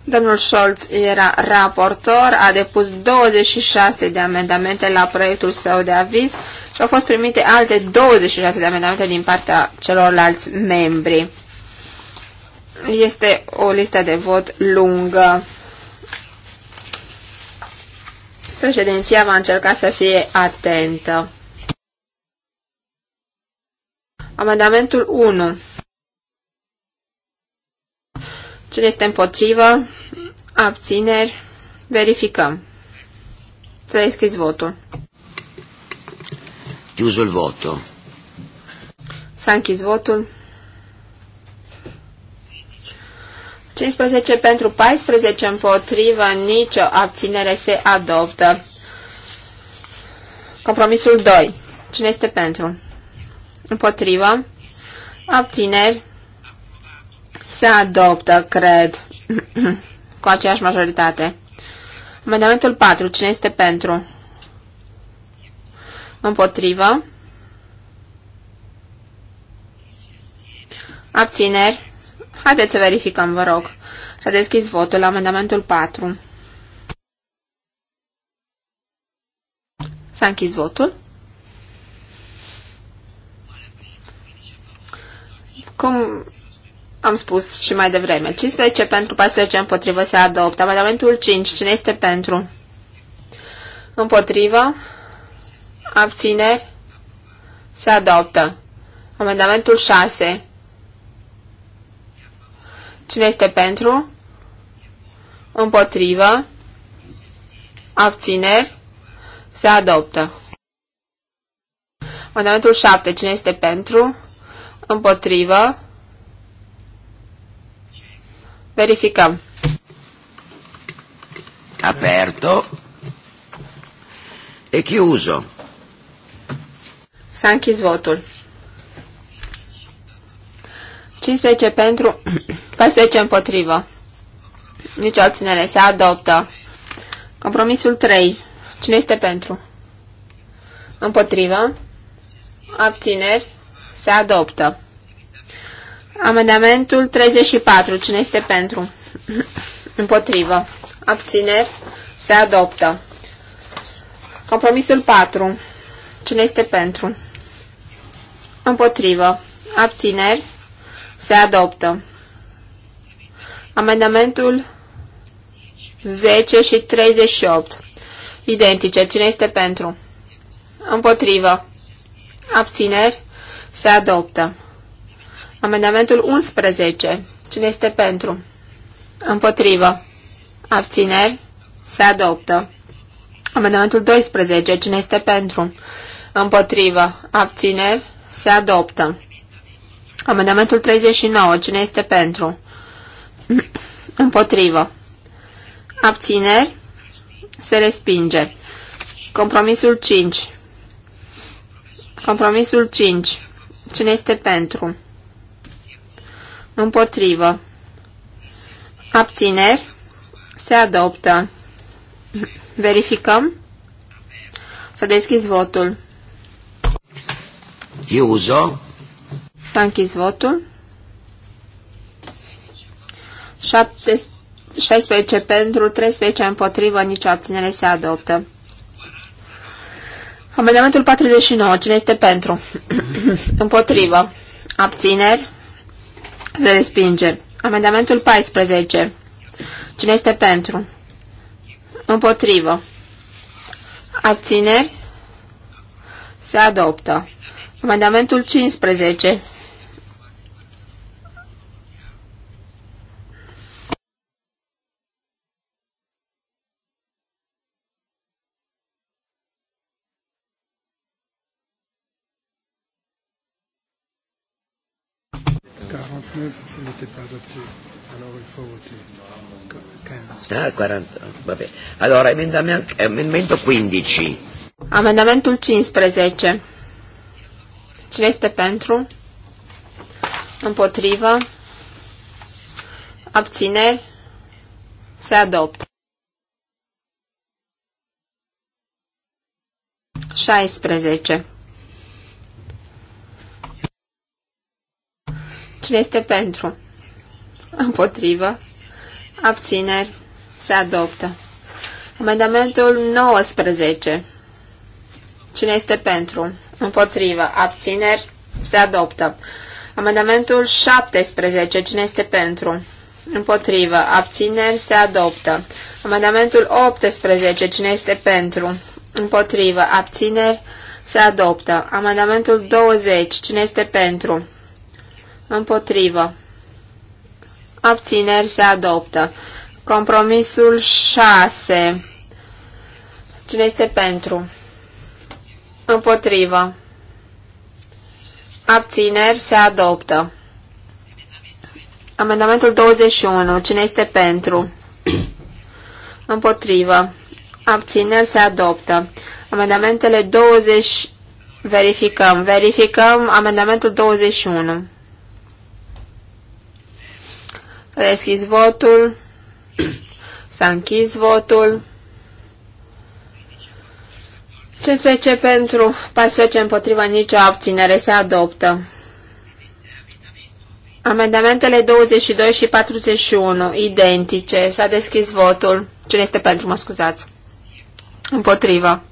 Domnul Scholz era raportor, a depus 26 de amendamente la proiectul său de aviz și au fost primite alte 26 de amendamente din partea celorlalți membri. Este o listă de vot lungă. Președinția va încerca să fie atentă. Amendamentul 1. Cine este împotrivă? Abțineri. Verificăm. Să deschizi votul. Chiusul il voto. S-a închis votul. 15 pentru 14 împotrivă, nicio abținere se adoptă. Compromisul 2. Cine este pentru? Împotrivă. Abțineri. Se adoptă, cred, cu aceeași majoritate. Amendamentul 4. Cine este pentru? Împotrivă. Abțineri. Haideți să verificăm, vă rog. S-a deschis votul la amendamentul 4. S-a închis votul. Cum am spus și mai devreme. 15 pentru, 14 împotrivă se adoptă. Amendamentul 5. Cine este pentru? Împotrivă. Abțineri. Se adoptă. Amendamentul 6. Cine este pentru? Împotrivă. Abțineri. Se adoptă. Amendamentul 7. Cine este pentru? Împotrivă. Verificăm. Aperto e chiuso. S-a închis votul. 15 pentru, 14 împotrivă. Nici o ținere. Se adoptă. Compromisul 3. Cine este pentru? Împotrivă. Abțineri. Se adoptă. Amendamentul 34. Cine este pentru? Împotrivă. Abțineri. Se adoptă. Compromisul 4. Cine este pentru? Împotrivă. Abțineri. Se adoptă. Amendamentul 10 și 38. Identice. Cine este pentru? Împotrivă. Abțineri. Se adoptă. Amendamentul 11. Cine este pentru? Împotrivă. Abțineri. Se adoptă. Amendamentul 12. Cine este pentru? Împotrivă. Abțineri. Se adoptă. Amendamentul 39. Cine este pentru? Împotrivă. Abțineri. Se respinge. Compromisul 5. Compromisul 5. Cine este pentru? Împotrivă. Abțineri. Se adoptă. Verificăm. Să a deschis votul. Iuzo. S-a închis votul. 7, 16 pentru, 13 împotrivă, nicio abținere se adoptă. Amendamentul 49. Cine este pentru? împotrivă. Abțineri. Se respinge. Amendamentul 14. Cine este pentru? Împotrivă. Abțineri? Se adoptă. Amendamentul 15. Ah, 40, vabbè. Allora, emendamento, emendamento 15. Amendamentul 15. Cine este pentru? Împotrivă? Abțineri? Se adoptă. 16. Cine este pentru? Împotrivă? Abțineri? Se adoptă. Amendamentul 19. Cine este pentru? Împotrivă. Abțineri? Se adoptă. Amendamentul 17. Cine este pentru? Împotrivă. Abțineri? Se adoptă. Amendamentul 18. Cine este pentru? Împotrivă. Abțineri? Se adoptă. Amendamentul 20. Cine este pentru? Împotrivă. Abțineri? Se adoptă. Compromisul 6. Cine este pentru? Împotrivă. Abțineri se adoptă. Amendamentul 21. Cine este pentru? Împotrivă. Abțineri se adoptă. Amendamentele 20... Verificăm. Verificăm amendamentul 21. Deschis votul. S-a închis votul. 15 pentru, 14 împotriva, nicio abținere se adoptă. Amendamentele 22 și 41, identice. S-a deschis votul. Cine este pentru, mă scuzați? Împotrivă.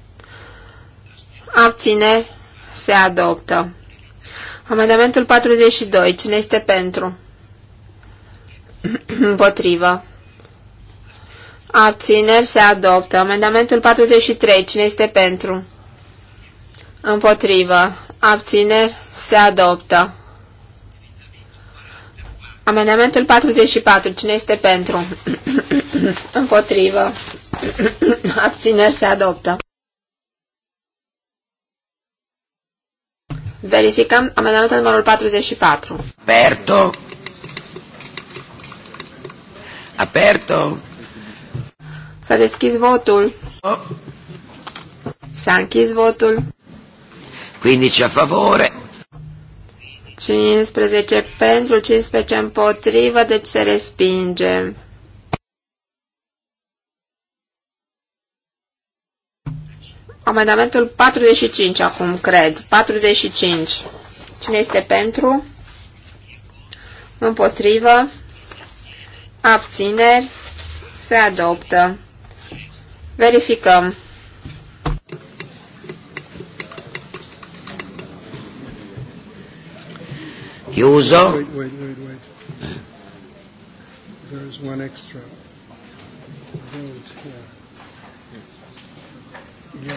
Abține, se adoptă. Amendamentul 42, cine este pentru? Împotrivă. Abțineri se adoptă. Amendamentul 43. Cine este pentru? Împotrivă. Abțineri se adoptă. Amendamentul 44. Cine este pentru? Împotrivă. Abțineri se adoptă. Verificăm amendamentul numărul 44. Aperto. Aperto. S-a deschis votul. Oh. S-a închis votul. 15 a favore. 15 pentru, 15 împotrivă, deci se respinge. Amendamentul 45 acum, cred. 45. Cine este pentru? Împotrivă. Abțineri. Se adoptă. Verificăm. Chiuso. Wait, wait, wait, wait. There is one extra. a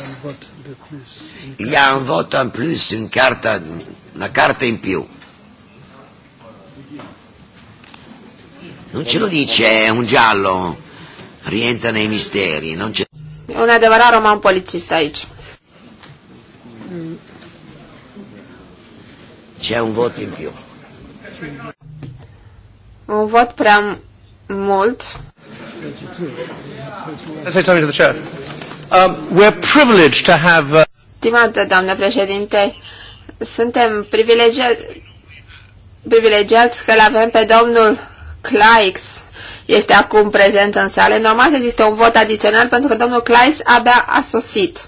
un vote în plus. în carta, a vote plus, carte, în piu. in ce lo dice, è un giallo rientă nei misterii, nu ce... E un adevărat roman polițist aici. Ce un vot în più. Un vot prea mult. Let's say something to the chair. Um, we're privileged to have... Uh, Stimată doamnă președinte, suntem privilegiați, privilegiați că l avem pe domnul Claix este acum prezent în sală. Normal există un vot adițional pentru că domnul Kleis abia a sosit.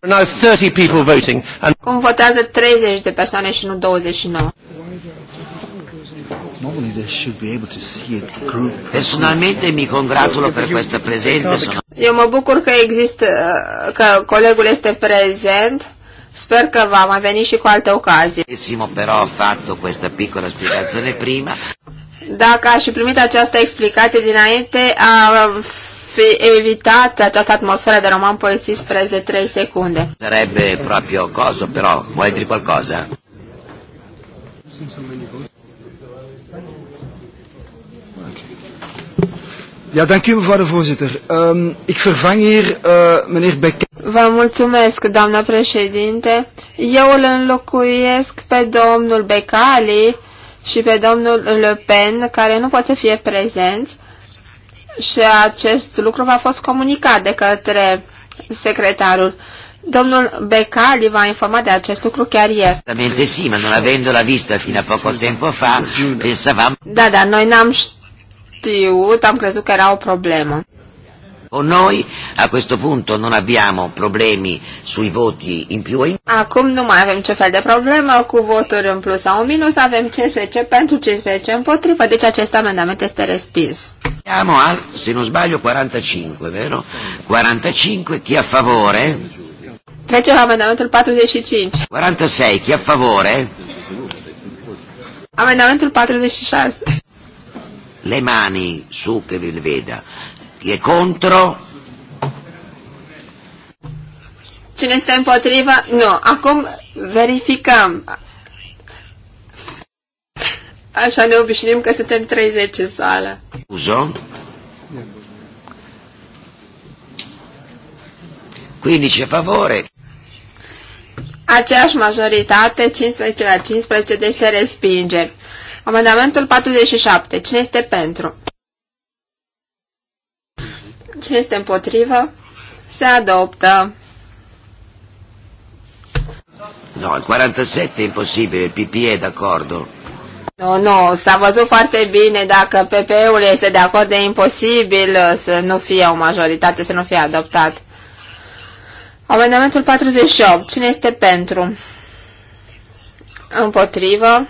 Now 30 people voting and... Cum votează 30 de persoane și nu 29? Personalmente mi congratulo per questa presenza. Eu mă bucur că există, că colegul este prezent. Sper că va mai veni și cu alte ocazii. Simo però ho fatto questa piccola spiegazione prima. Dacă aș fi primit această explicație dinainte, a fi evitat această atmosferă de roman polițist preț de 3 secunde. Trebuie proprio coso, però vuoi dire qualcosa? Ja, dank u mevrouw de voorzitter. Um, ik vervang hier uh, meneer Becker. Vă mulțumesc, doamna președinte. Eu îl înlocuiesc pe domnul Becali, și pe domnul Le Pen, care nu poate să fie și acest lucru a fost comunicat de către secretarul. Domnul Becali va informa de acest lucru chiar ieri. Esattamente sì, ma non avendola vista fino a poco tempo fa, pensavamo... Da, da, noi n-am știut, am crezut că era o problemă noi a questo punto non abbiamo problemi sui voti in più o in Acum nu mai avem ce fel de problemă cu voturi în plus sau în minus, avem 15 pentru 15 împotrivă, deci acest amendament este respins. Siamo al, se non sbaglio, 45, vero? 45, chi a favore? Trecem la amendamentul 45. 46, chi a favore? Amendamentul 46. Le mani su che vi veda e contro? Cine este împotriva? Nu. Acum verificăm. Așa ne obișnim că suntem 30 în sală. Uso? Quindi a favore. Aceeași majoritate, 15 la 15, deci se respinge. Amendamentul 47. Cine este pentru? Cine este împotrivă? Se adoptă. No, 47 e imposibil, il PPE è d'accordo. Nu, nu, s-a văzut foarte bine dacă PP-ul este de acord e imposibil uh, să nu fie o majoritate, să nu fie adoptat. Amendamentul 48. Cine este pentru? Împotrivă?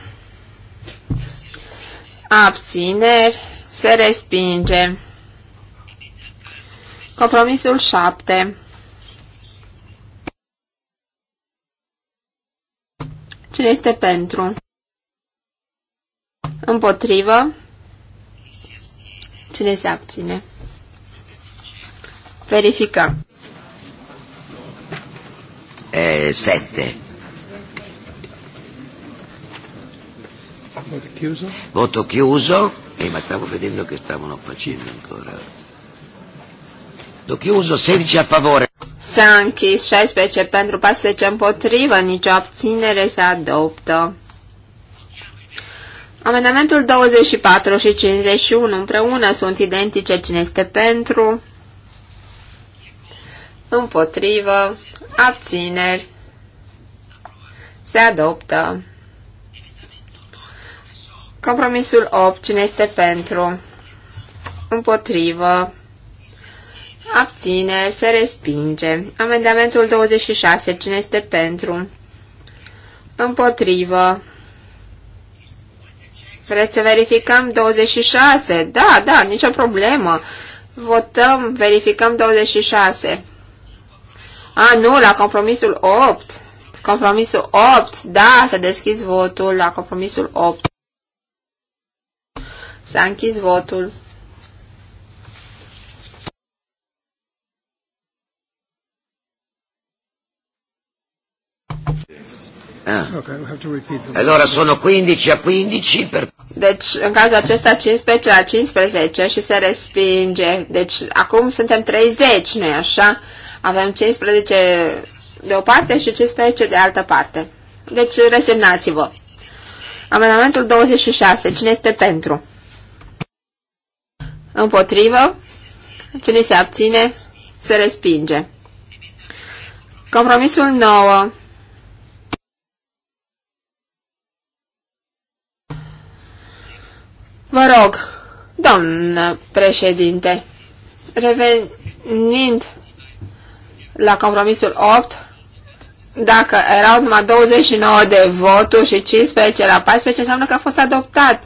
Abțineri? Se respinge. Compromisul 7. Cine este pentru? Împotrivă? Cine se abține? Verificăm. 7. Voto chiuso. Voto chiuso. Eh, ma stavo vedendo che stavano facendo ancora. Dochiuso, 16 a favore. S-a închis 16 pentru 14 împotrivă, nicio abținere se adoptă. Amendamentul 24 și 51 împreună sunt identice cine este pentru, împotrivă, abțineri, se adoptă. Compromisul 8, cine este pentru, împotrivă, Abține, Se respinge. Amendamentul 26. Cine este pentru? Împotrivă. Vreți să verificăm 26? Da, da, nicio problemă. Votăm, verificăm 26. A, nu, la compromisul 8. Compromisul 8, da, să deschis votul la compromisul 8. S-a închis votul. Ah. allora sono 15 a 15 per... Deci în cazul acesta 15 la 15 și se respinge. Deci acum suntem 30, nu-i așa? Avem 15 de o parte și 15 de altă parte. Deci resemnați-vă. Amendamentul 26. Cine este pentru? Împotrivă? Cine se abține? Se respinge. Compromisul 9. Vă rog, domnă președinte, revenind la compromisul 8, dacă erau numai 29 de voturi și 15 la 14, înseamnă că a fost adoptat.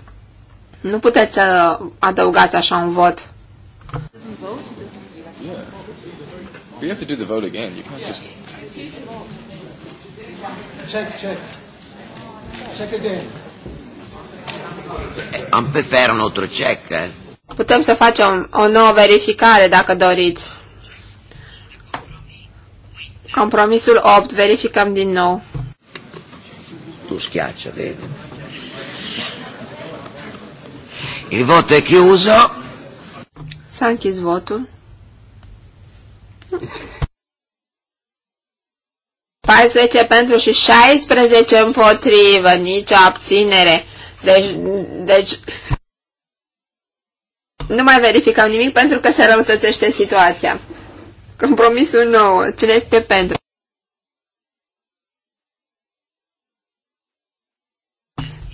Nu puteți să adăugați așa un vot. We have to do the vote again. You can't just... Check, check. Check again. Am pe faire un altru cec. Putem să facem o nouă verificare, dacă doriți. Compromisul 8, verificăm din nou. Tu schiaccia, vedi? Il voto è chiuso. S-a închis votul. 14 pentru și 16 împotrivă, nicio abținere. Deci, deci nu mai verificăm nimic pentru că se răutățește situația. Compromisul nou. Cine este pentru?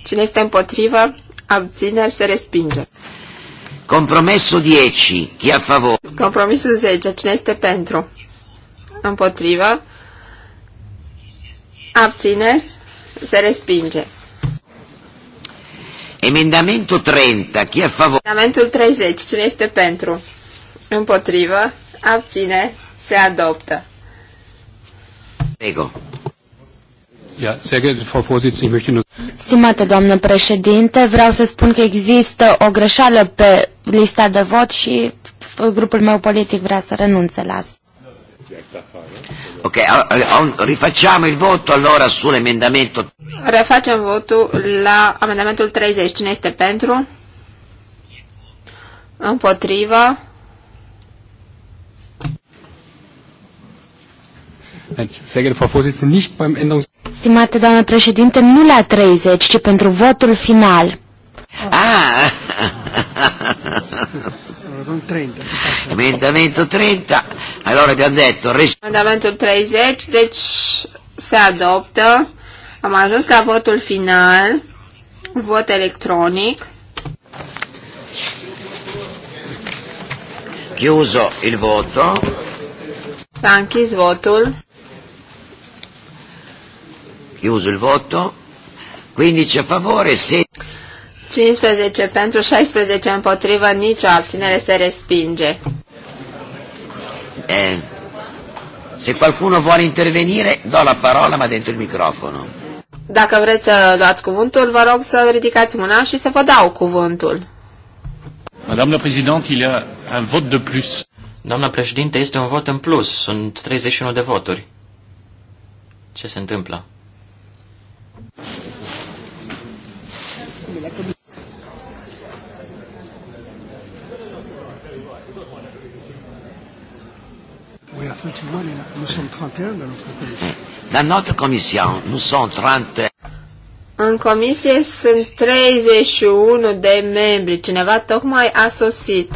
Cine este împotrivă? Abțineri se respinge. Compromisul 10. Chi a favor? Compromisul 10. Cine este pentru? Împotrivă? Abțineri se respinge. Emendamentul 30. Chi e favor? Emendamentul 30. Cine este pentru? Împotrivă. Abține. Se adoptă. Prego. Stimată doamnă președinte, vreau să spun că există o greșeală pe lista de vot și grupul meu politic vrea să renunțe la asta. Ok, rifacciamo il voto allora sull'emendamento. Rifacciamo votul la amendamentul 30. Cine este pentru? Împotriva? Stimate doamnă președinte, nu la 30, ci pentru votul final. Ah! non 30. Emendamento 30, allora abbiamo detto... Emendamentul 30, deci se adoptă. Am ajuns la votul final, vot electronic. Chiuso il voto. S-a închis votul. Chiuso il voto. 15 a favore, 6. 15 pentru 16 împotrivă, nicio abținere se respinge. Eh, se qualcuno vuole intervenire, do la parola, ma dentro il microfono. Dacă vreți să luați cuvântul, vă rog să ridicați mâna și să vă dau cuvântul. Madame la Présidente, il y a un vot de plus. Doamna președinte, este un vot în plus. Sunt 31 de voturi. Ce se întâmplă? Mm. dans notre commission, nous sommes 30. În comisie sunt 31 de membri. Cineva tocmai a sosit.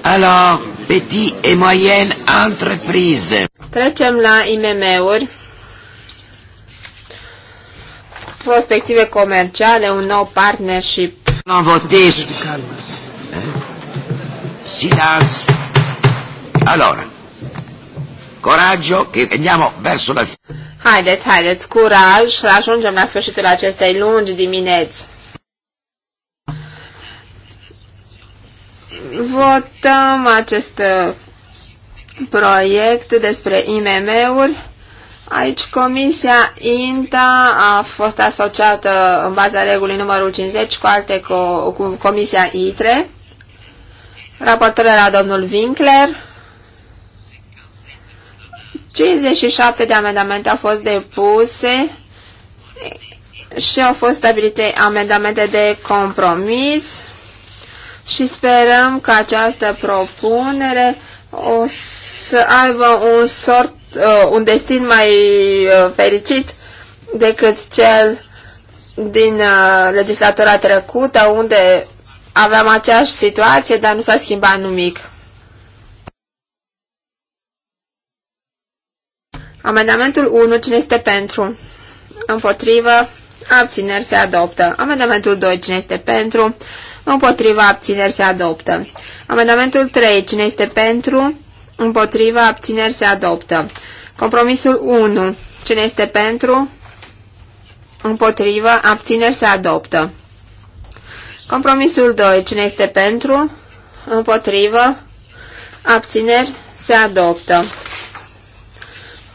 Alors, petit et moyenne entreprise. Trecem la IMM-uri. Prospective comerciale, un nou partnership Non votez. Silence. Allora. Coraggio, che andiamo verso la fine. Haideți, haideți, curaj să ajungem la sfârșitul acestei lungi dimineți. Votăm acest proiect despre IMM-uri Aici Comisia INTA a fost asociată în baza regulii numărul 50 cu alte co cu Comisia ITRE. Raportorul era domnul Winkler. 57 de amendamente au fost depuse și au fost stabilite amendamente de compromis și sperăm că această propunere o să aibă un sort uh, un destin mai uh, fericit decât cel din uh, legislatura trecută, unde aveam aceeași situație, dar nu s-a schimbat nimic. Amendamentul 1, cine este pentru? Împotrivă, abțineri se adoptă. Amendamentul 2, cine este pentru? Împotrivă, abțineri se adoptă. Amendamentul 3, cine este pentru? Împotriva abțineri se adoptă. Compromisul 1. Cine este pentru? Împotrivă. Abțineri se adoptă. Compromisul 2. Cine este pentru? Împotrivă. Abțineri se adoptă.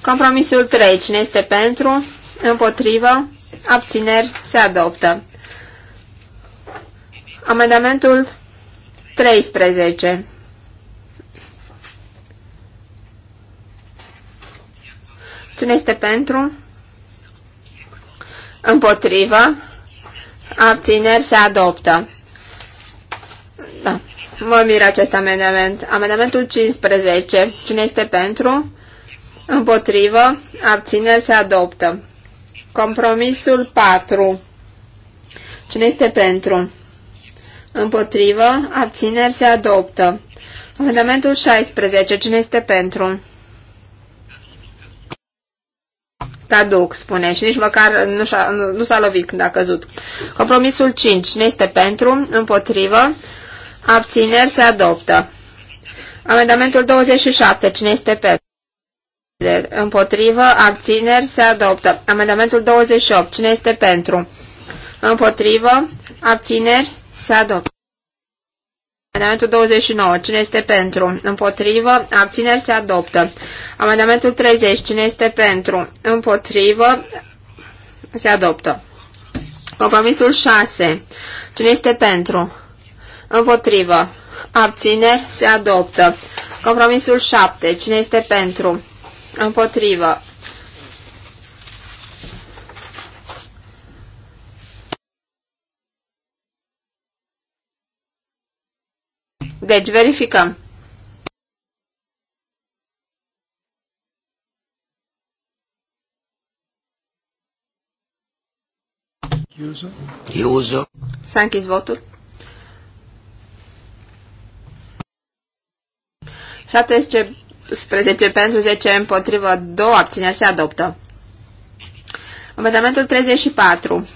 Compromisul 3. Cine este pentru? Împotrivă. Abțineri se adoptă. Amendamentul 13. Cine este pentru? Împotrivă. Abțineri se adoptă. Da. Vom mira acest amendament. Amendamentul 15. Cine este pentru? Împotrivă. Abțineri se adoptă. Compromisul 4. Cine este pentru? Împotrivă. Abțineri se adoptă. Amendamentul 16. Cine este pentru? Taduc, spune, și nici măcar nu s-a lovit când a căzut. Compromisul 5. Cine este pentru? Împotrivă? Abțineri se adoptă. Amendamentul 27. Cine este pentru? Împotrivă? Abțineri se adoptă. Amendamentul 28. Cine este pentru? Împotrivă? Abțineri se adoptă. Amendamentul 29. Cine este pentru? Împotrivă. Abțineri se adoptă. Amendamentul 30. Cine este pentru? Împotrivă. Se adoptă. Compromisul 6. Cine este pentru? Împotrivă. Abțineri se adoptă. Compromisul 7. Cine este pentru? Împotrivă. Deci verificăm. Iuză. S-a închis votul. 17 pentru 10 împotrivă, 2 abține, se adoptă. Amendamentul 34.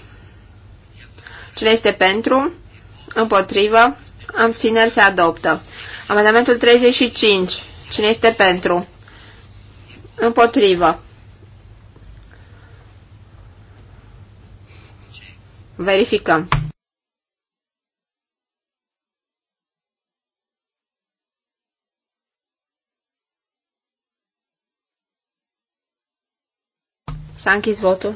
Cine este pentru? Împotrivă? abțineri se adoptă. Amendamentul 35. Cine este pentru? Împotrivă. Verificăm. S-a închis votul.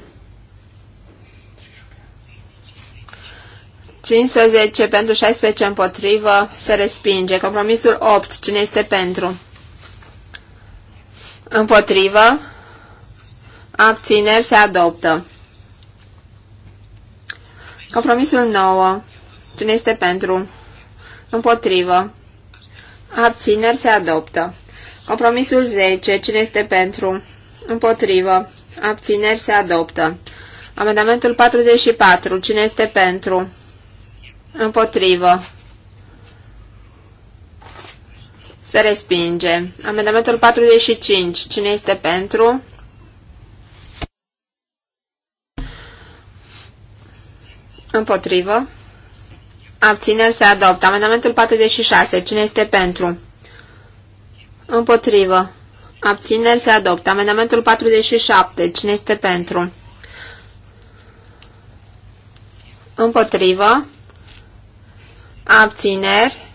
15 pentru 16 împotrivă se respinge. Compromisul 8. Cine este pentru? Împotrivă. Abțineri se adoptă. Compromisul 9. Cine este pentru? Împotrivă. Abțineri se adoptă. Compromisul 10. Cine este pentru? Împotrivă. Abțineri se adoptă. Amendamentul 44. Cine este pentru? Împotrivă. Se respinge. Amendamentul 45. Cine este pentru? Împotrivă. Abțineri se adoptă. Amendamentul 46. Cine este pentru? Împotrivă. Abțineri se adoptă. Amendamentul 47. Cine este pentru? Împotrivă abțineri,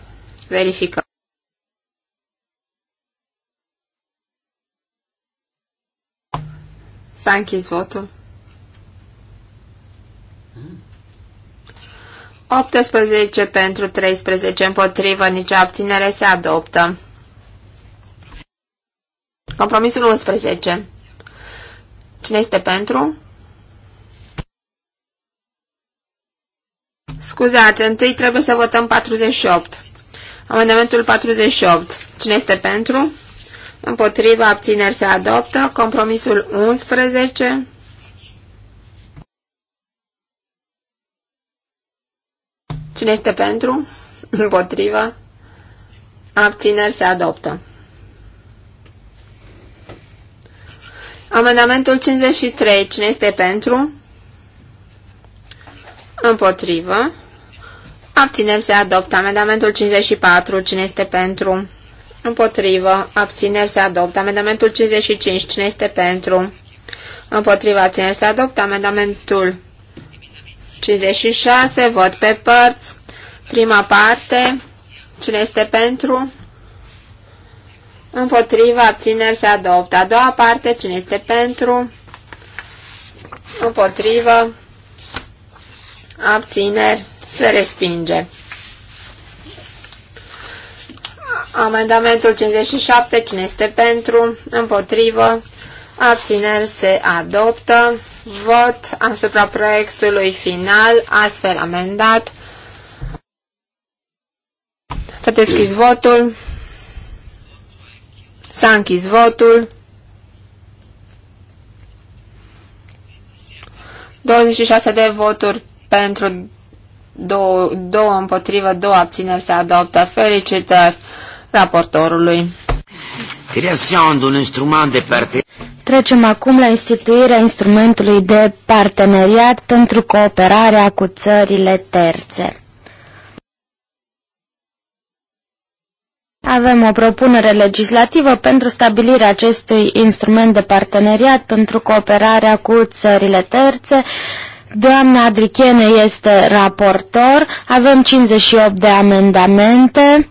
verificăm. S-a închis votul. 18 pentru 13 împotrivă, nicio abținere se adoptă. Compromisul 11. Cine este pentru? Scuzați, întâi trebuie să votăm 48. Amendamentul 48. Cine este pentru? Împotriva abțineri se adoptă. Compromisul 11. Cine este pentru? Împotriva. Abțineri se adoptă. Amendamentul 53. Cine este pentru? Împotrivă. Abțineri se adoptă. Amendamentul 54. Cine este pentru? Împotrivă. Abțineri se adoptă. Amendamentul 55. Cine este pentru? Împotrivă. Abțineri se adoptă. Amendamentul 56. Vot pe părți. Prima parte. Cine este pentru? Împotrivă. Abțineri se adoptă. A doua parte. Cine este pentru? Împotrivă abțineri, se respinge. Amendamentul 57, cine este pentru, împotrivă, abțineri, se adoptă. Vot asupra proiectului final, astfel amendat. S-a deschis votul. S-a închis votul. 26 de voturi pentru, două, două împotrivă, două abțineri se adoptă. Felicitări raportorului. Trecem acum la instituirea instrumentului de parteneriat pentru cooperarea cu țările terțe. Avem o propunere legislativă pentru stabilirea acestui instrument de parteneriat pentru cooperarea cu țările terțe Doamna Adrichene este raportor, avem 58 de amendamente,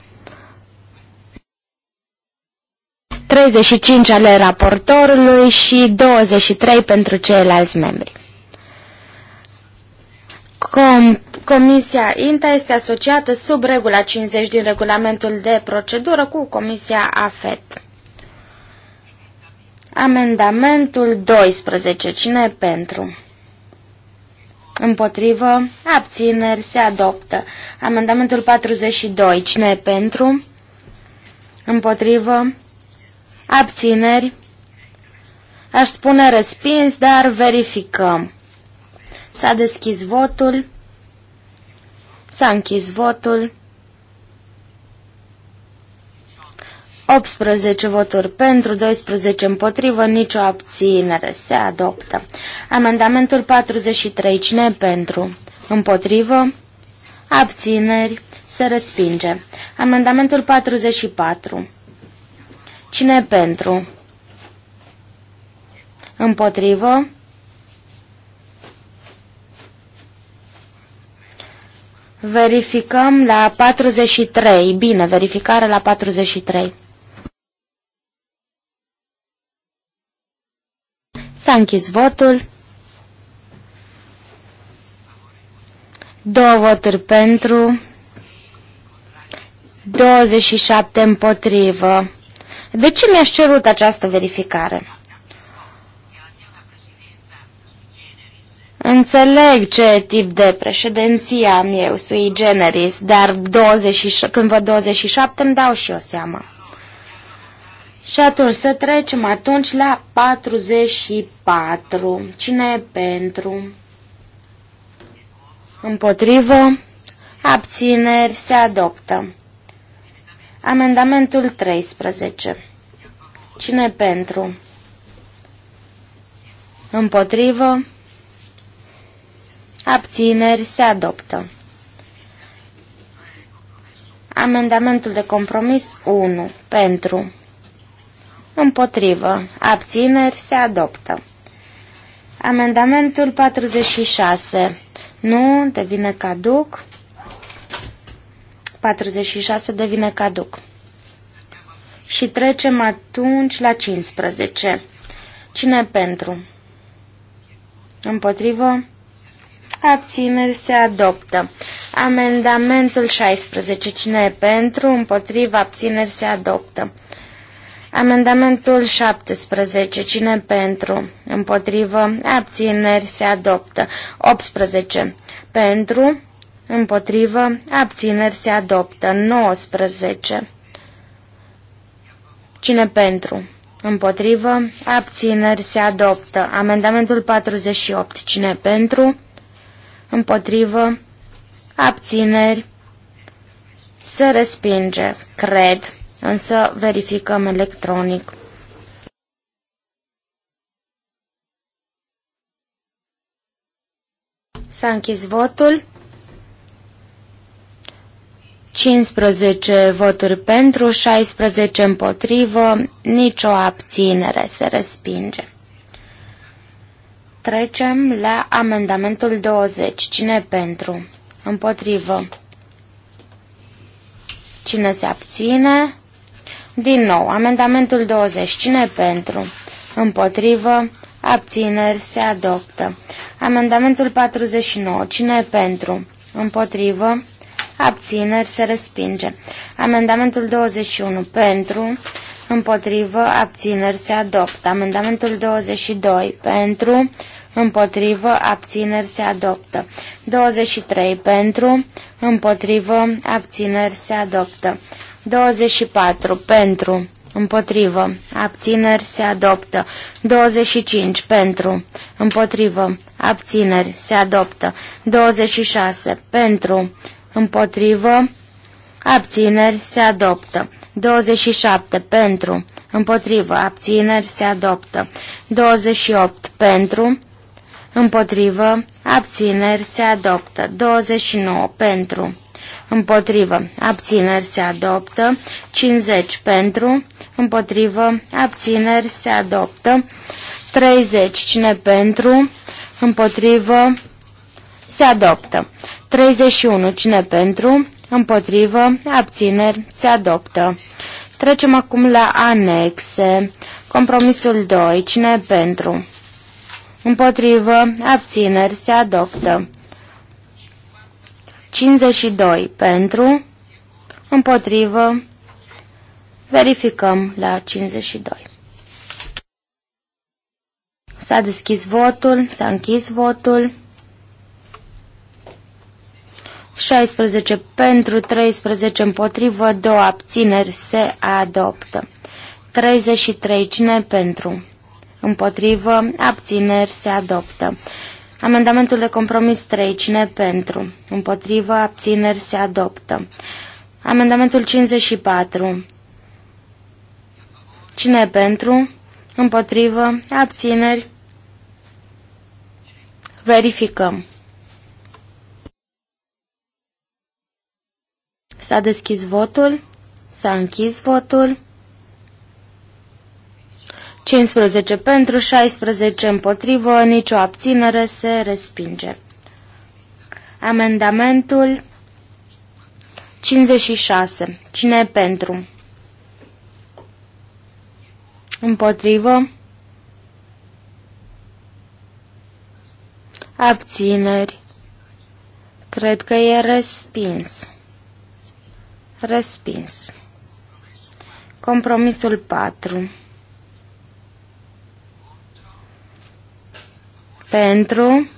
35 ale raportorului și 23 pentru ceilalți membri. Com Comisia INTA este asociată sub regula 50 din regulamentul de procedură cu Comisia AFET. Amendamentul 12. Cine pentru? Împotrivă. Abțineri. Se adoptă. Amendamentul 42. Cine e pentru? Împotrivă. Abțineri. Aș spune respins, dar verificăm. S-a deschis votul. S-a închis votul. 18 voturi pentru, 12 împotrivă, nicio abținere. Se adoptă. Amendamentul 43. Cine pentru? Împotrivă? Abțineri? Se respinge. Amendamentul 44. Cine pentru? Împotrivă? Verificăm la 43. Bine, verificare la 43. S-a închis votul. Două voturi pentru, 27 împotrivă. De ce mi-aș cerut această verificare? Înțeleg ce tip de președinție am eu, sui generis, dar 20, când văd 27 îmi dau și o seama. Și atunci să trecem atunci la 44. Cine e pentru? Împotrivă? Abțineri se adoptă. Amendamentul 13. Cine e pentru? Împotrivă? Abțineri se adoptă. Amendamentul de compromis 1. Pentru. Împotrivă. Abțineri se adoptă. Amendamentul 46. Nu devine caduc. 46 devine caduc. Și trecem atunci la 15. Cine pentru? Împotrivă? Abțineri se adoptă. Amendamentul 16. Cine e pentru? Împotrivă? Abțineri se adoptă. Amendamentul 17. Cine pentru? Împotrivă. Abțineri se adoptă. 18. Pentru. Împotrivă. Abțineri se adoptă. 19. Cine pentru? Împotrivă. Abțineri se adoptă. Amendamentul 48. Cine pentru? Împotrivă. Abțineri. Se respinge. Cred însă verificăm electronic. S-a închis votul. 15 voturi pentru, 16 împotrivă, nicio abținere se respinge. Trecem la amendamentul 20. Cine pentru? Împotrivă. Cine se abține? Din nou, amendamentul 20. Cine pentru? Împotrivă. Abțineri. Se adoptă. Amendamentul 49. Cine pentru? Împotrivă. Abțineri. Se respinge. Amendamentul 21. Pentru. Împotrivă. Abțineri. Se adoptă. Amendamentul 22. Pentru. Împotrivă, abțineri se adoptă. 23. Pentru, împotrivă, abțineri se adoptă. 24 pentru, împotrivă, abțineri se adoptă. 25 pentru, împotrivă, abțineri se adoptă. 26 pentru, împotrivă, abțineri se adoptă. 27 pentru, împotrivă, abțineri se adoptă. 28 pentru, împotrivă, abțineri se adoptă. 29 pentru, împotrivă, abțineri se adoptă, 50 pentru, împotrivă, abțineri se adoptă, 30 cine pentru, împotrivă, se adoptă, 31 cine pentru, împotrivă, abțineri se adoptă. Trecem acum la anexe. Compromisul 2. Cine pentru? Împotrivă, abțineri se adoptă. 52 pentru, împotrivă, verificăm la 52. S-a deschis votul, s-a închis votul. 16 pentru, 13 împotrivă, 2 abțineri se adoptă. 33 cine pentru? Împotrivă, abțineri se adoptă. Amendamentul de compromis 3. Cine pentru? Împotrivă. Abțineri se adoptă. Amendamentul 54. Cine pentru? Împotrivă. Abțineri. Verificăm. S-a deschis votul. S-a închis votul. 15 pentru, 16 împotrivă, nicio abținere se respinge. Amendamentul 56. Cine e pentru? Împotrivă? Abțineri. Cred că e respins. Respins. Compromisul 4. Pentru.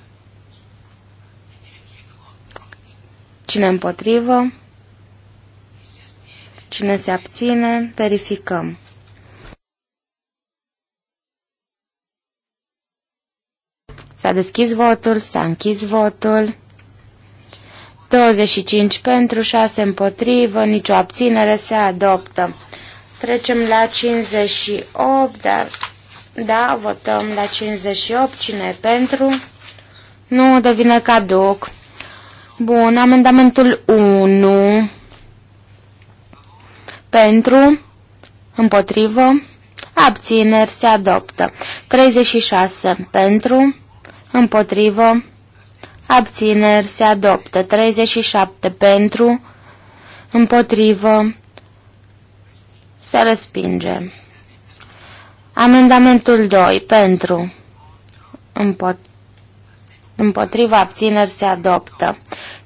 Cine împotrivă? Cine se abține? Verificăm. S-a deschis votul, s-a închis votul. 25 pentru, 6 împotrivă, nicio abținere se adoptă. Trecem la 58, dar da, votăm la 58. Cine e pentru? Nu, devine caduc. Bun, amendamentul 1. Pentru? Împotrivă? Abțineri se adoptă. 36. Pentru? Împotrivă? Abțineri se adoptă. 37. Pentru? Împotrivă? Se respinge. Amendamentul 2. Pentru. Împotriva abțineri se adoptă.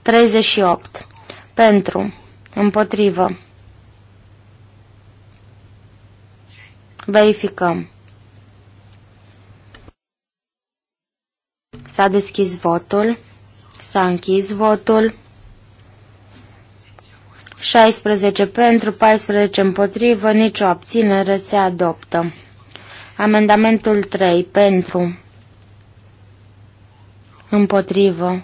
38. Pentru. Împotrivă. Verificăm. S-a deschis votul. S-a închis votul. 16 pentru, 14 împotrivă, nicio abținere se adoptă. Amendamentul 3. Pentru. Împotrivă.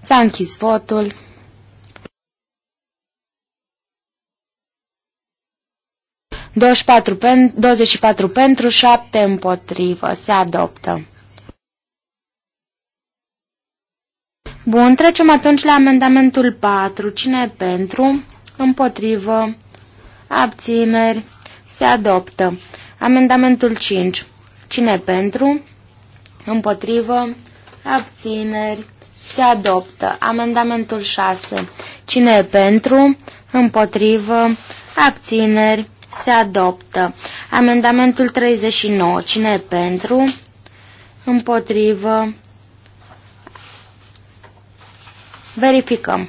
S-a închis votul. 24 pen, 24 pentru 7 împotrivă. Se adoptă. Bun, trecem atunci la amendamentul 4. Cine e pentru? Împotrivă. Abțineri. Se adoptă. Amendamentul 5. Cine e pentru? Împotrivă. Abțineri. Se adoptă. Amendamentul 6. Cine e pentru? Împotrivă. Abțineri. Se adoptă. Amendamentul 39. Cine e pentru? Împotrivă. Verificăm.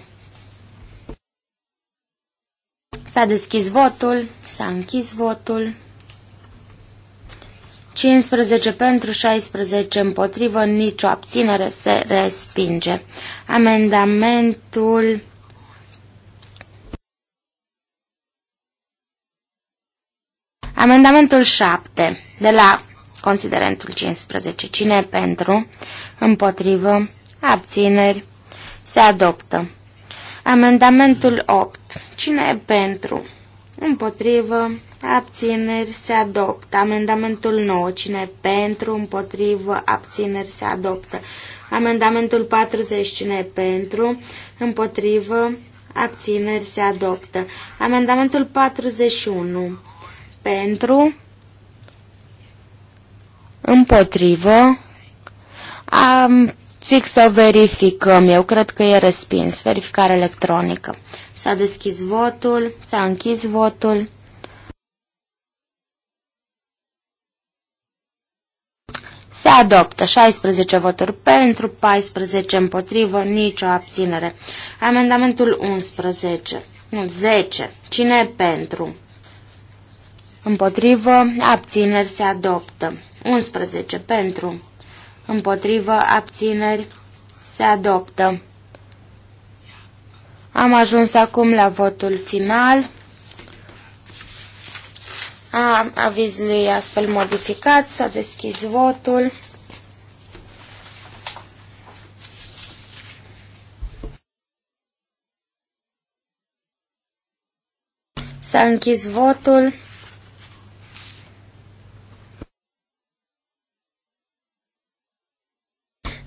S-a deschis votul, s-a închis votul. 15 pentru, 16 împotrivă, nicio abținere se respinge. Amendamentul Amendamentul 7 de la considerentul 15. Cine pentru? Împotrivă? Abțineri? Se adoptă. Amendamentul 8. Cine e pentru? Împotrivă? Abțineri? Se adoptă. Amendamentul 9. Cine e pentru? Împotrivă? Abțineri? Se adoptă. Amendamentul 40. Cine e pentru? Împotrivă? Abțineri? Se adoptă. Amendamentul 41 pentru, împotrivă, am, zic să verificăm, eu cred că e respins, verificare electronică. S-a deschis votul, s-a închis votul. Se adoptă 16 voturi pentru, 14 împotrivă, nicio abținere. Amendamentul 11, nu, 10. Cine e pentru? Împotrivă, abțineri se adoptă. 11. Pentru. Împotrivă, abțineri se adoptă. Am ajuns acum la votul final. A avizului astfel modificat s-a deschis votul. S-a închis votul.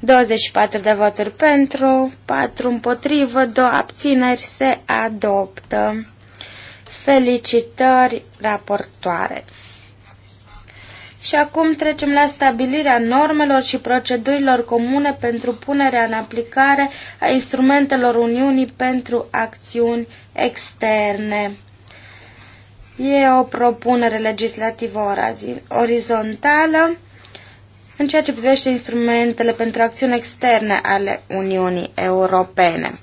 24 de voturi pentru, 4 împotrivă, 2 abțineri se adoptă. Felicitări raportoare! Și acum trecem la stabilirea normelor și procedurilor comune pentru punerea în aplicare a instrumentelor Uniunii pentru acțiuni externe. E o propunere legislativă orizontală în ceea ce privește instrumentele pentru acțiuni externe ale Uniunii Europene.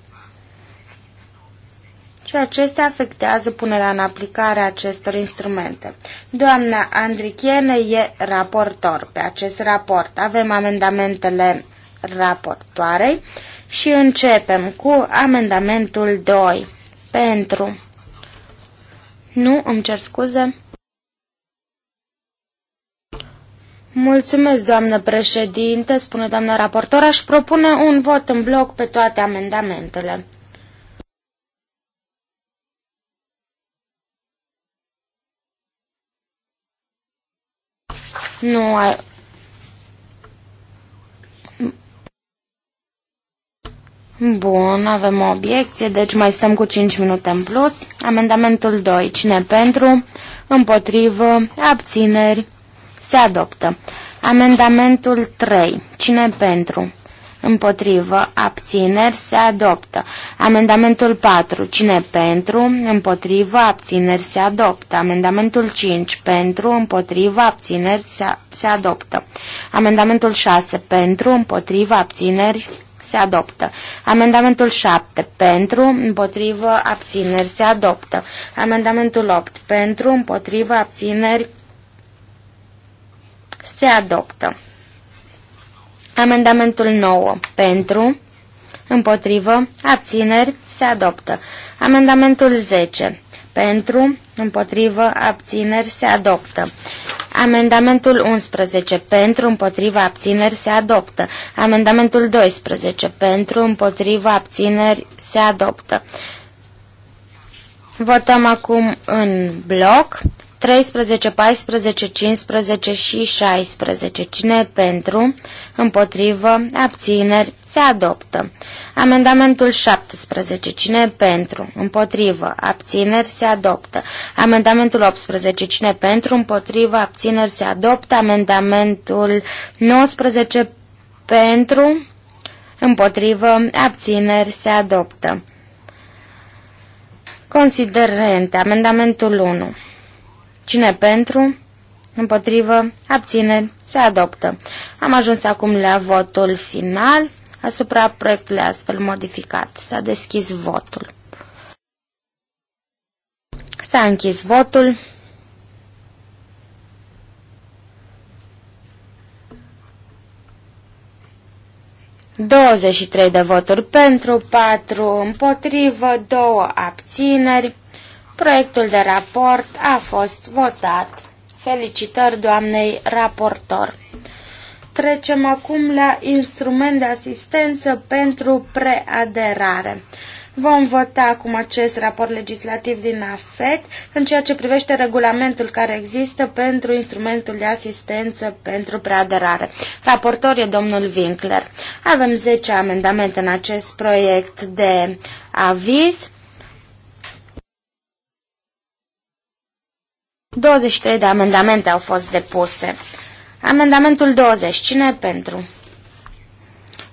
Și acestea afectează punerea în aplicare a acestor instrumente. Doamna Andrichiene e raportor pe acest raport. Avem amendamentele raportoarei și începem cu amendamentul 2. Pentru. Nu, îmi cer scuze. Mulțumesc, doamnă președinte, spune doamna raportor, aș propune un vot în bloc pe toate amendamentele. Nu, ai... Bun, avem o obiecție, deci mai stăm cu 5 minute în plus. Amendamentul 2. Cine pentru? Împotrivă? Abțineri? Se adoptă. Amendamentul 3. Cine pentru? Împotrivă. Abțineri. Se adoptă. Amendamentul 4. Cine pentru? Împotrivă. Abțineri. Se adoptă. Amendamentul 5. Pentru. Împotrivă. Abțineri. Se, se adoptă. Amendamentul 6. Pentru. Împotrivă. Abțineri. Se adoptă. Amendamentul 7. Pentru. Împotrivă. Abțineri. Se adoptă. Amendamentul 8. Pentru. Împotrivă. Abțineri. Se adoptă. Amendamentul 9. Pentru. Împotrivă. Abțineri. Se adoptă. Amendamentul 10. Pentru. Împotrivă. Abțineri. Se adoptă. Amendamentul 11. Pentru, împotriva, abțineri se adoptă. Amendamentul 12. Pentru, împotriva, abțineri se adoptă. Votăm acum în bloc 13, 14, 15 și 16. Cine e pentru, împotrivă, abțineri, se adoptă. Amendamentul 17. Cine e pentru, împotrivă, abțineri, se adoptă. Amendamentul 18. Cine e pentru, împotrivă, abțineri, se adoptă. Amendamentul 19. Pentru, împotrivă, abțineri, se adoptă. Considerente. Amendamentul 1. Cine pentru? Împotrivă? Abțineri? Se adoptă. Am ajuns acum la votul final asupra proiectului astfel modificat. S-a deschis votul. S-a închis votul. Douăzeci și trei de voturi pentru, patru împotrivă, două abțineri. Proiectul de raport a fost votat. Felicitări doamnei raportor. Trecem acum la instrument de asistență pentru preaderare. Vom vota acum acest raport legislativ din AFET în ceea ce privește regulamentul care există pentru instrumentul de asistență pentru preaderare. Raportor e domnul Winkler. Avem 10 amendamente în acest proiect de aviz. 23 de amendamente au fost depuse. Amendamentul 20. Cine pentru?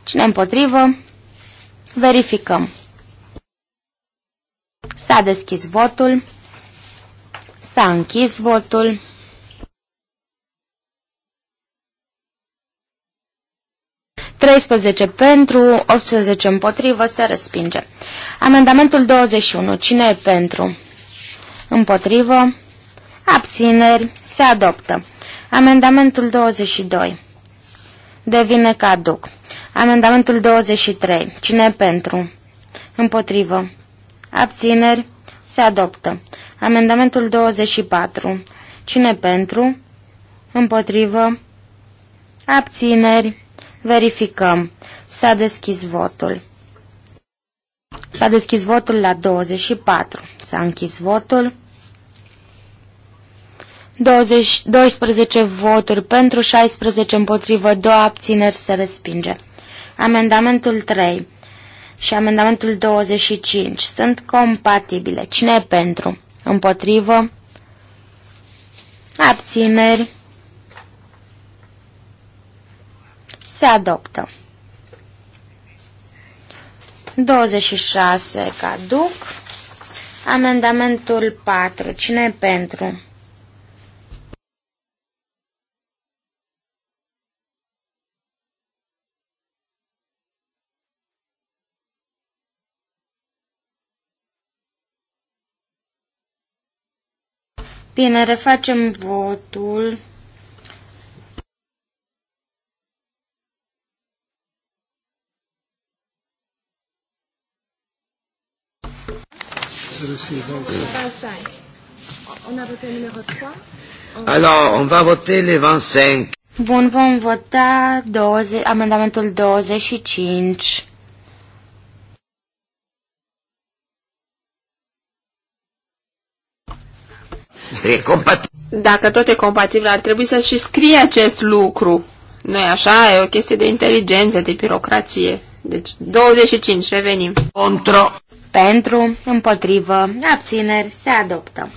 Cine împotrivă? Verificăm. S-a deschis votul. S-a închis votul. Treisprezece pentru, 18 împotrivă, se respinge. Amendamentul 21. Cine e pentru? Împotrivă. Abțineri. Se adoptă. Amendamentul 22. Devine caduc. Amendamentul 23. Cine pentru? Împotrivă. Abțineri. Se adoptă. Amendamentul 24. Cine pentru? Împotrivă. Abțineri. Verificăm. S-a deschis votul. S-a deschis votul la 24. S-a închis votul. 20, 12 voturi pentru, 16 împotrivă, 2 abțineri se respinge. Amendamentul 3 și amendamentul 25 sunt compatibile. Cine e pentru? Împotrivă? Abțineri? Se adoptă. 26 caduc. Amendamentul 4. Cine e pentru? Bine, refacem votul. Alors, on va voter le 25. Bun, vom vota 20, amendamentul 25. e compatibil. Dacă tot e compatibil, ar trebui să și scrie acest lucru. nu e așa? E o chestie de inteligență, de birocrație. Deci 25, revenim. Contro. Pentru, împotrivă, abțineri, se adoptă.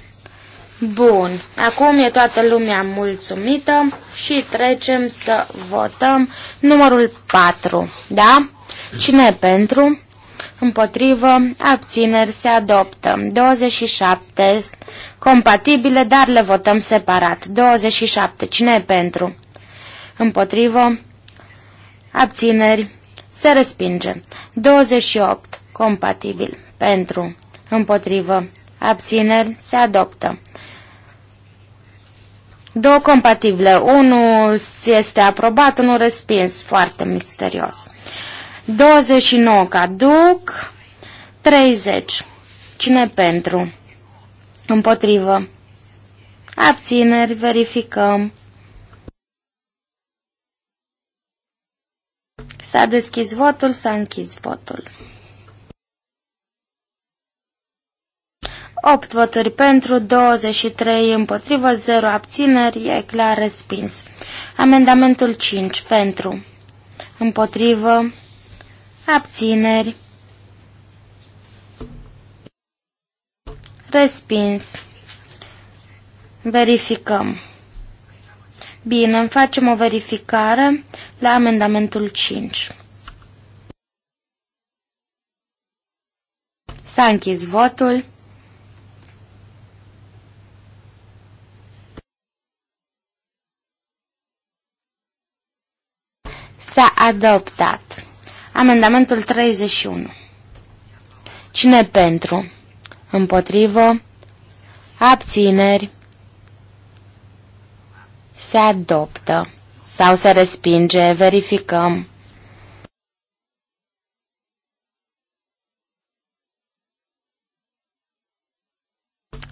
Bun, acum e toată lumea mulțumită și trecem să votăm numărul 4, da? Cine e pentru? împotrivă, abțineri se adoptă. 27 compatibile, dar le votăm separat. 27 cine e pentru? Împotrivă, abțineri se respinge. 28 compatibil, pentru, împotrivă, abțineri se adoptă. Două compatibile, unul este aprobat, unul respins, foarte misterios. 29 caduc, 30. Cine pentru? Împotrivă. Abțineri, verificăm. S-a deschis votul, s-a închis votul. 8 voturi pentru, 23 împotrivă, 0 abțineri, e clar respins. Amendamentul 5 pentru, împotrivă, Abțineri. Respins. Verificăm. Bine, facem o verificare la amendamentul 5. S-a închis votul. S-a adoptat. Amendamentul 31. Cine pentru? Împotrivă? Abțineri? Se adoptă sau se respinge, verificăm.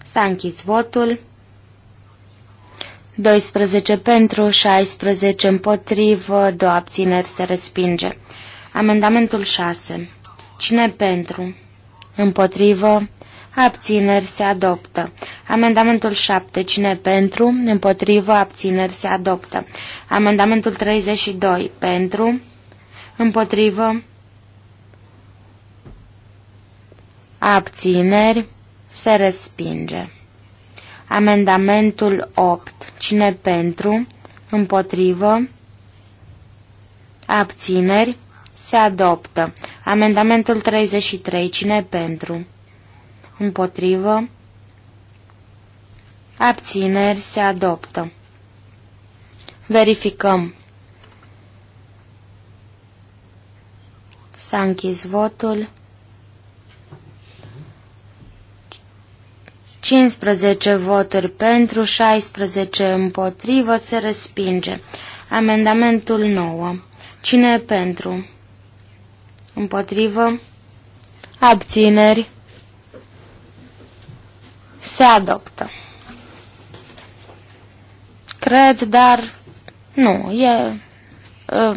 S-a închis votul. 12 pentru, 16 împotrivă, două abțineri se respinge. Amendamentul 6. Cine pentru? Împotrivă? Abțineri se adoptă. Amendamentul 7. Cine pentru? Împotrivă? Abțineri se adoptă. Amendamentul 32. Pentru? Împotrivă? Abțineri se respinge. Amendamentul 8. Cine pentru? Împotrivă? Abțineri se adoptă. Amendamentul 33. Cine pentru? Împotrivă. Abțineri. Se adoptă. Verificăm. S-a închis votul. 15 voturi pentru, 16 împotrivă, se respinge. Amendamentul 9. Cine e pentru? împotrivă, abțineri, se adoptă. Cred, dar nu, e uh,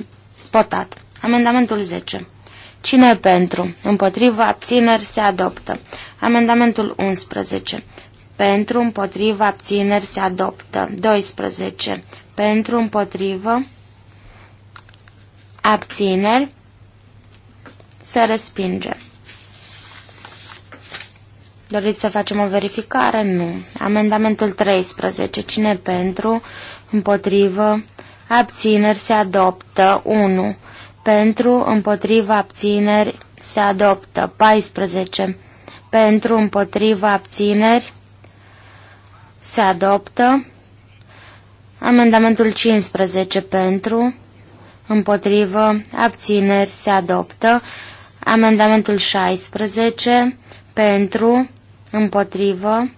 potat. Amendamentul 10. Cine pentru? Împotriva abțineri se adoptă. Amendamentul 11. Pentru împotriva abțineri se adoptă. 12. Pentru împotrivă abțineri se respinge. Doriți să facem o verificare? Nu. Amendamentul 13. Cine pentru? Împotrivă. Abțineri se adoptă. 1. Pentru, împotrivă, abțineri se adoptă. 14. Pentru, împotrivă, abțineri se adoptă. Amendamentul 15. Pentru, împotrivă, abțineri se adoptă. Amendamentul 16 pentru, împotrivă,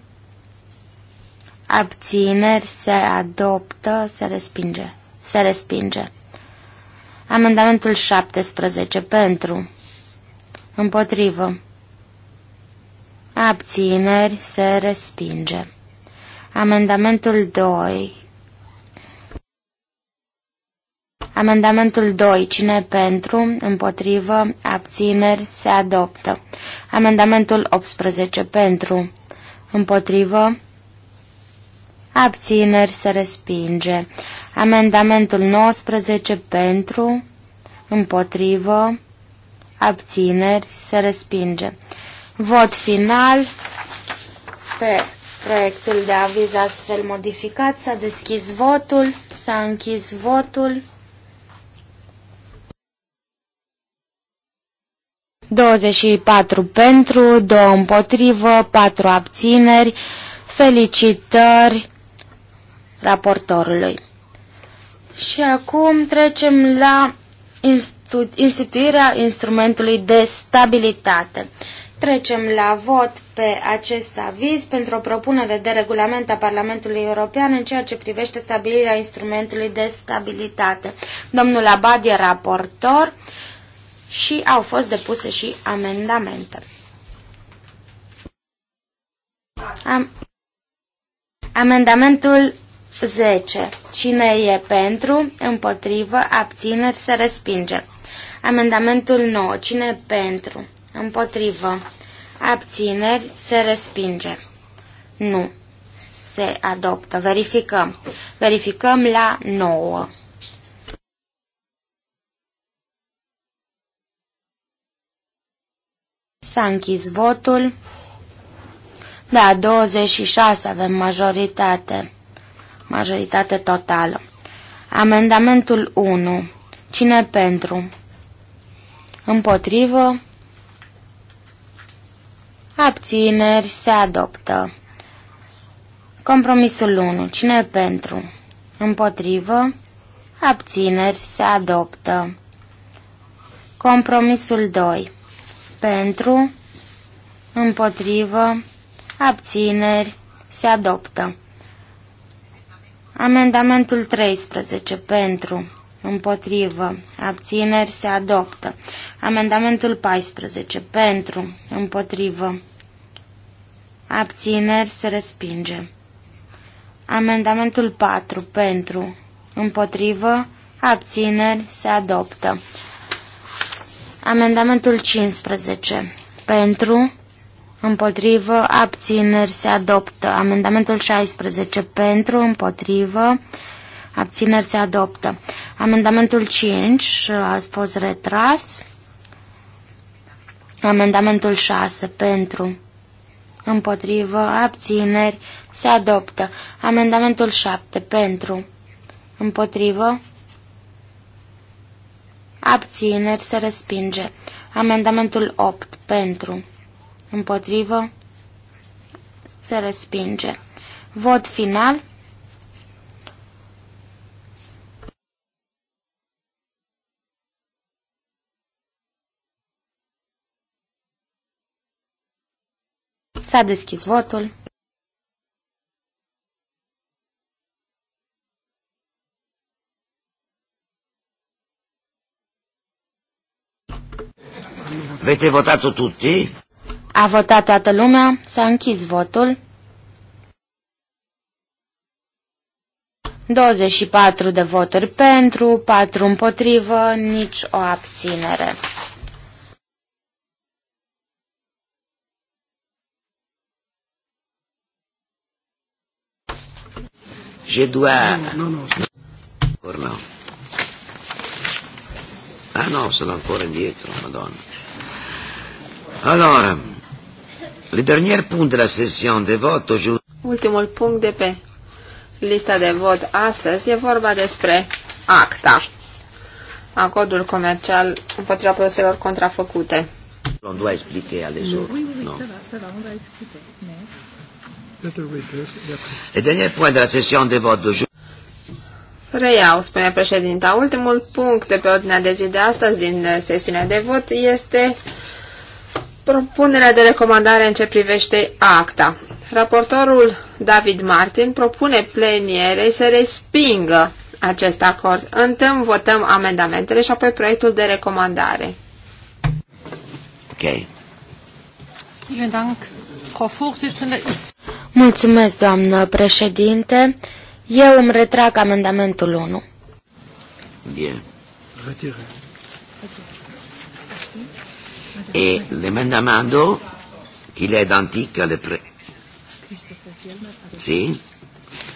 abțineri se adoptă, se respinge. Se respinge. Amendamentul 17 pentru, împotrivă, abțineri se respinge. Amendamentul 2 Amendamentul 2. Cine pentru, împotrivă, abțineri, se adoptă. Amendamentul 18. Pentru, împotrivă, abțineri, se respinge. Amendamentul 19. Pentru, împotrivă, abțineri, se respinge. Vot final pe proiectul de aviz astfel modificat. S-a deschis votul, s-a închis votul. 24 pentru, 2 împotrivă, 4 abțineri. Felicitări raportorului. Și acum trecem la institu instituirea instrumentului de stabilitate. Trecem la vot pe acest aviz pentru o propunere de regulament a Parlamentului European în ceea ce privește stabilirea instrumentului de stabilitate. Domnul Abad e raportor. Uh, și au fost depuse și amendamente. Am... Amendamentul 10. Cine e pentru, împotrivă, abțineri, se respinge. Amendamentul 9. Cine e pentru, împotrivă, abțineri, se respinge. Nu. Se adoptă. Verificăm. Verificăm la 9. S-a închis votul. Da, 26 avem majoritate. Majoritate totală. Amendamentul 1. Cine pentru? Împotrivă? Abțineri se adoptă. Compromisul 1. Cine pentru? Împotrivă? Abțineri se adoptă. Compromisul 2. Pentru, împotrivă, abțineri, se adoptă. Amendamentul 13. Pentru, împotrivă, abțineri, se adoptă. Amendamentul 14. Pentru, împotrivă, abțineri, se respinge. Amendamentul 4. Pentru, împotrivă, abțineri, se adoptă. Amendamentul 15. Pentru, împotrivă, abțineri se adoptă. Amendamentul 16. Pentru, împotrivă, abțineri se adoptă. Amendamentul 5 a fost retras. Amendamentul 6. Pentru, împotrivă, abțineri se adoptă. Amendamentul 7. Pentru, împotrivă, Abțineri se respinge. Amendamentul 8 pentru. Împotrivă. Se respinge. Vot final. S-a deschis votul. Avete votat tutti? A votat toată lumea, s-a închis votul. 24 de voturi pentru, 4 împotrivă, nici o abținere. Je dois... nu. no, nu. Ah no, sono ancora indietro, madonna. Alors, le dernier punct de la session de vote aujourd'hui... Ultimul punct de pe lista de vot astăzi e vorba despre ACTA, acordul comercial împotriva produselor contrafăcute. On doit expliquer à les autres. Oui, oui, oui, non. ça va, ça va, on va expliquer. Mais... Le dernier point de la session de vot de Reiau, spune președinta. Ultimul punct de pe ordinea de zi de astăzi din sesiunea de vot este Propunerea de recomandare în ce privește acta. Raportorul David Martin propune plenierei să respingă acest acord. Întâm votăm amendamentele și apoi proiectul de recomandare. Ok. Mulțumesc, doamnă președinte. Eu îmi retrag amendamentul 1. Bine. Retirare. E l'emendamento, il è identique le pre... Sì?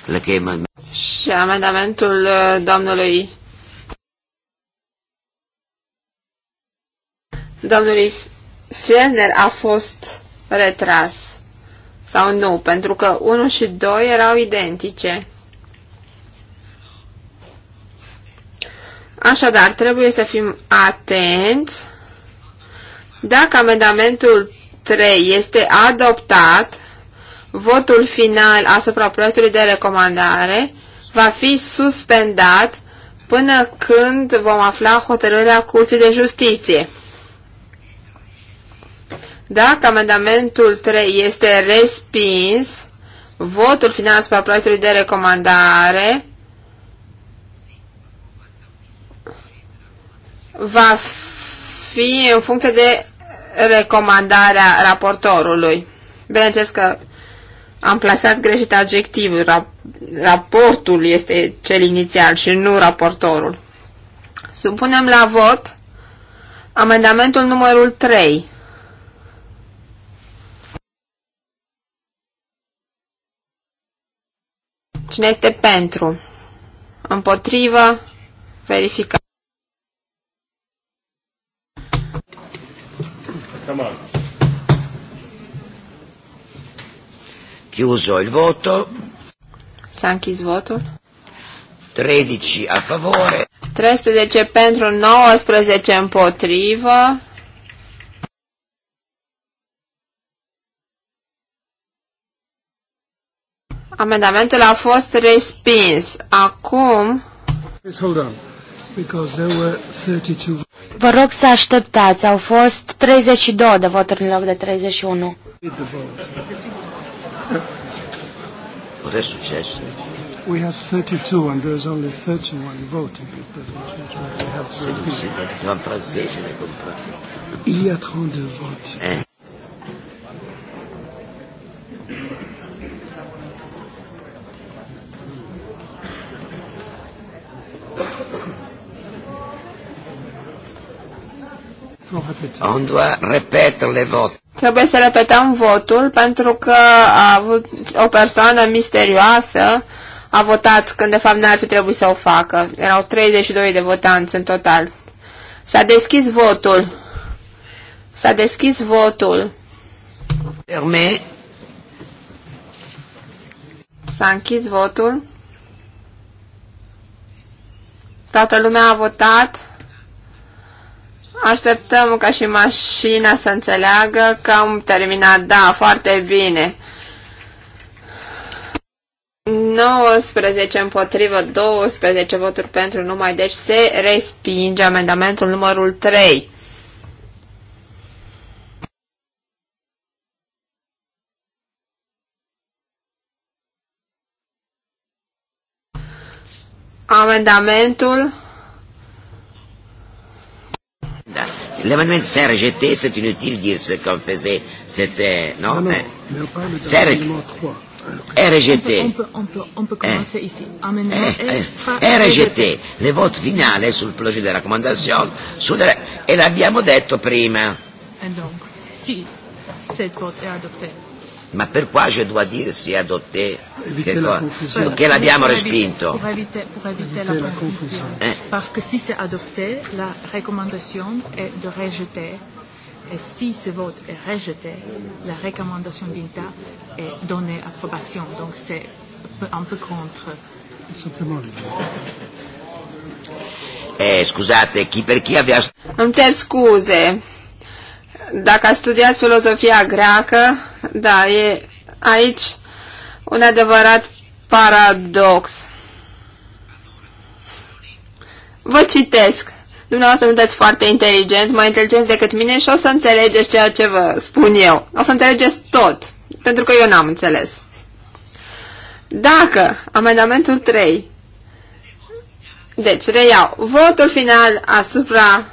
Le che Și amendamentul uh, domnului domnului Fjellner a fost retras sau nu, pentru că 1 și 2 erau identice. Așadar, trebuie să fim atenți dacă amendamentul 3 este adoptat, votul final asupra proiectului de recomandare va fi suspendat până când vom afla hotărârea Curții de Justiție. Dacă amendamentul 3 este respins, votul final asupra proiectului de recomandare va fi în funcție de recomandarea raportorului. Bineînțeles că am plasat greșit adjectivul. Ra- raportul este cel inițial și nu raportorul. Supunem la vot amendamentul numărul 3. Cine este pentru? Împotrivă? Verificăm. Come on. Chiuso il voto. Sanchi, votul. 13 a favore. 13 pentru, 19 împotrivă. Amendamentul a fost respins. Acum... Please hold on. Vă rog să așteptați, au fost 32 de voturi în loc de 31. What succes? We have 32 and there is only 31 voting. Il y a 32 votes. Eh. On doit répéter Trebuie să repetăm votul pentru că a avut o persoană misterioasă a votat când de fapt n-ar fi trebuit să o facă. Erau 32 de votanți în total. S-a deschis votul. S-a deschis votul. Fermé. S-a închis votul. Toată lumea a votat. Așteptăm ca și mașina să înțeleagă că am terminat. Da, foarte bine. 19 împotrivă, 12 voturi pentru numai, deci se respinge amendamentul numărul 3. Amendamentul da. L'amendement de Serre GT, c'est inutile de dire ce qu'on faisait. C'était. Non, ah non, non eh. mais on parle de Serre... 3. RGT. On peut, on peut, on peut commencer eh. ici. eh, eh. eh RGT, le vote finale sul progetto de raccomandazione sul, l l'abbiamo detto prima. donc, si cette vote è adottata Ma per qua je dois dire si adotté che cosa? Perché l'abbiamo respinto? per evitare pour éviter la confusione Eh? Parce que si c'est adopté, la recommandation est de rejeter. Et si ce vote est rejeté, la recommandation d'INTA est donnée approbation. Donc c'est un peu contre. Eh, scusate, chi per chi aveva... Non c'è scuse. Dacă a studiat filozofia greacă, da, e aici un adevărat paradox. Vă citesc. Dumneavoastră sunteți foarte inteligenți, mai inteligenți decât mine și o să înțelegeți ceea ce vă spun eu. O să înțelegeți tot, pentru că eu n-am înțeles. Dacă amendamentul 3, deci reiau, votul final asupra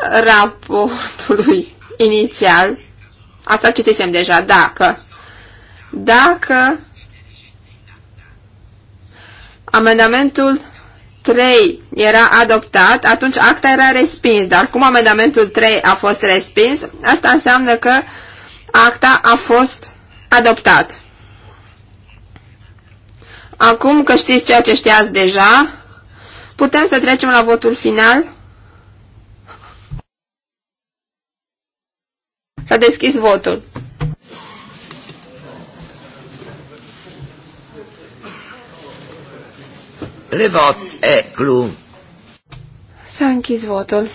raportului inițial, asta citisem deja, dacă, dacă amendamentul 3 era adoptat, atunci acta era respins, dar cum amendamentul 3 a fost respins, asta înseamnă că acta a fost adoptat. Acum că știți ceea ce știați deja, putem să trecem la votul final? S-a deschis votul. Le vot e clu. S-a închis votul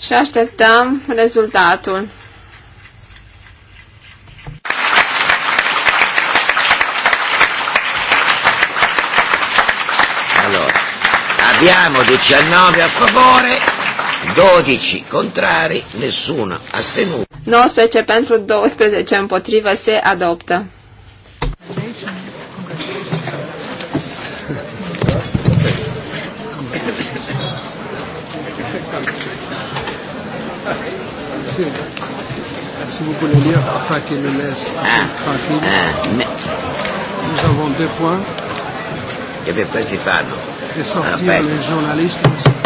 și așteptăm rezultatul. Allora, abbiamo 19 a favore 12 contrari, nessuno astenuto. 19 pentru 12 împotrivă se adoptă. Sì, si vous voulez lire, afin qu'il le laisse ah, tranquille. Ah, mais... Nous avons deux points. Il y avait pas ces femmes. Et sortir les journalistes Aussi.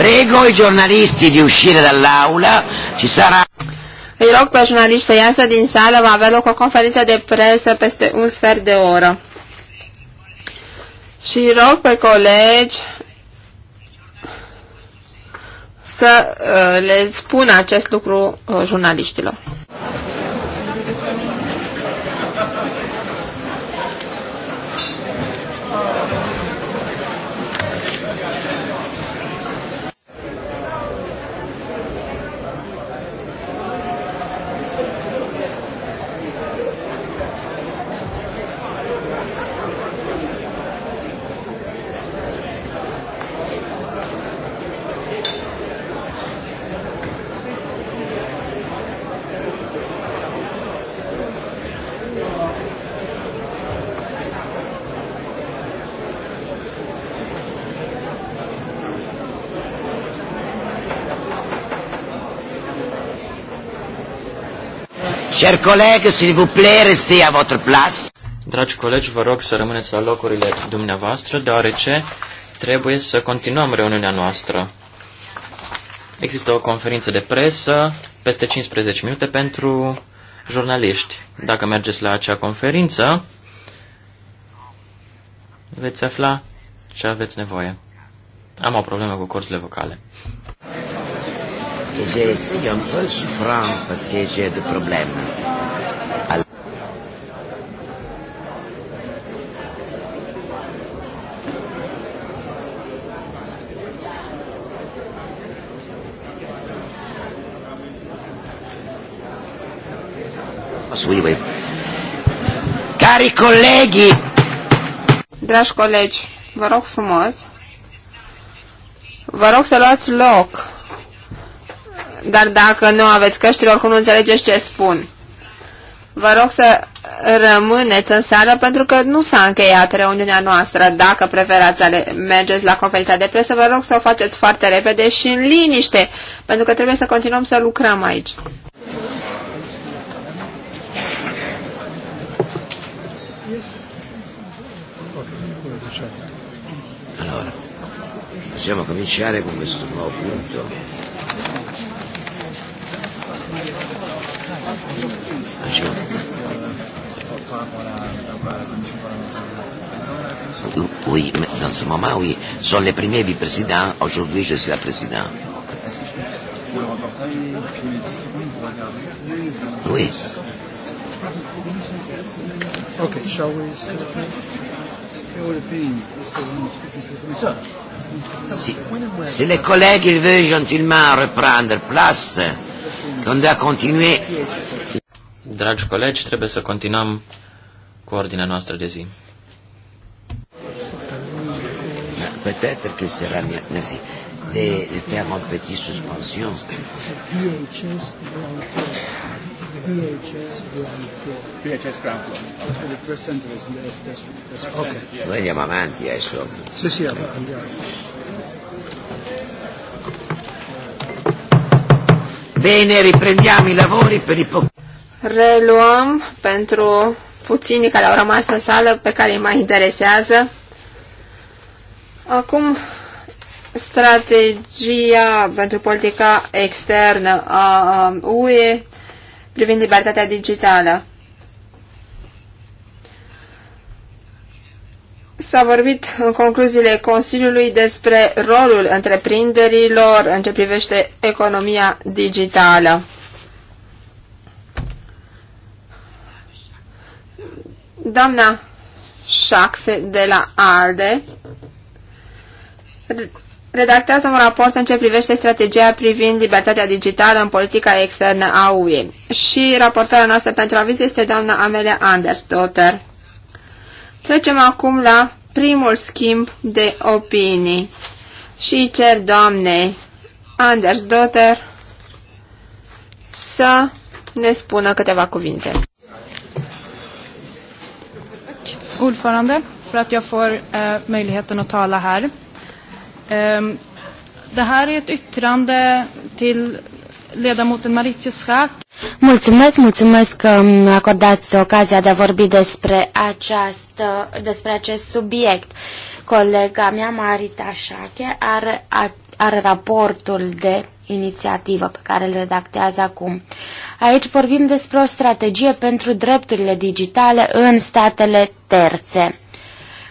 Prego i giornalisti di uscire dall'aula, ci sarà... Îi rog pe jurnaliști să iasă din sală, va avea loc o conferință de presă peste un sfert de oră. Și rog pe colegi să uh, le spună acest lucru uh, jurnaliștilor. Chers collègues, s'il vous plaît, restez à votre place. Dragi colegi, vă rog să rămâneți la locurile dumneavoastră, deoarece trebuie să continuăm reuniunea noastră. Există o conferință de presă peste 15 minute pentru jurnaliști. Dacă mergeți la acea conferință, veți afla ce aveți nevoie. Am o problemă cu cursurile vocale je suis un peu souffrant parce que j'ai des problèmes. Alors, Oui, oui. Cari colegi! Dragi colegi, vă rog frumos, vă rog să luați loc dar dacă nu aveți căștile, oricum nu înțelegeți ce spun. Vă rog să rămâneți în seară pentru că nu s-a încheiat reuniunea noastră. Dacă preferați să mergeți la conferința de presă, vă rog să o faceți foarte repede și în liniște, pentru că trebuie să continuăm să lucrăm aici. Siamo cominciare con questo nuovo punto. oui, mais dans ce moment, oui. Je suis le premier vice présidents Aujourd'hui, je suis la présidente. Oui. Okay, shall we Si, si les collègues ils veulent gentiment reprendre place, on doit continuer. Dragi colegi, trebuie să continuăm cu ordinea noastră de zi. peut-être que sera mieux, merci, de, de faire une petite suspension. VHS ground floor. VHS ground floor. VHS ground floor. Okay. Noi andiamo avanti adesso. Sì, sì, andiamo. Bene, riprendiamo i lavori per i pochi. Reluăm pentru puținii care au rămas în sală pe care îi mai interesează. Acum, strategia pentru politica externă a UE privind libertatea digitală. S-a vorbit în concluziile Consiliului despre rolul întreprinderilor în ce privește economia digitală. Doamna Șaxe de la ALDE redactează un raport în ce privește strategia privind libertatea digitală în politica externă a UE. Și raportarea noastră pentru aviz este doamna Amelia Anders, daughter. Trecem acum la primul schimb de opinii și cer doamnei Anders, daughter, să ne spună câteva cuvinte. Ordförande, för att jag får eh, möjligheten att tala här. Ehm, det här är ett yttrande till ledamoten Marietje Schack. Mulțumesc, mulțumesc că mi acordat ocazia de a vorbi despre, această, despre acest subiect. Colega mea, Marita Șache, are, are raportul de inițiativă pe care îl redactează acum. Aici vorbim despre o strategie pentru drepturile digitale în statele terțe.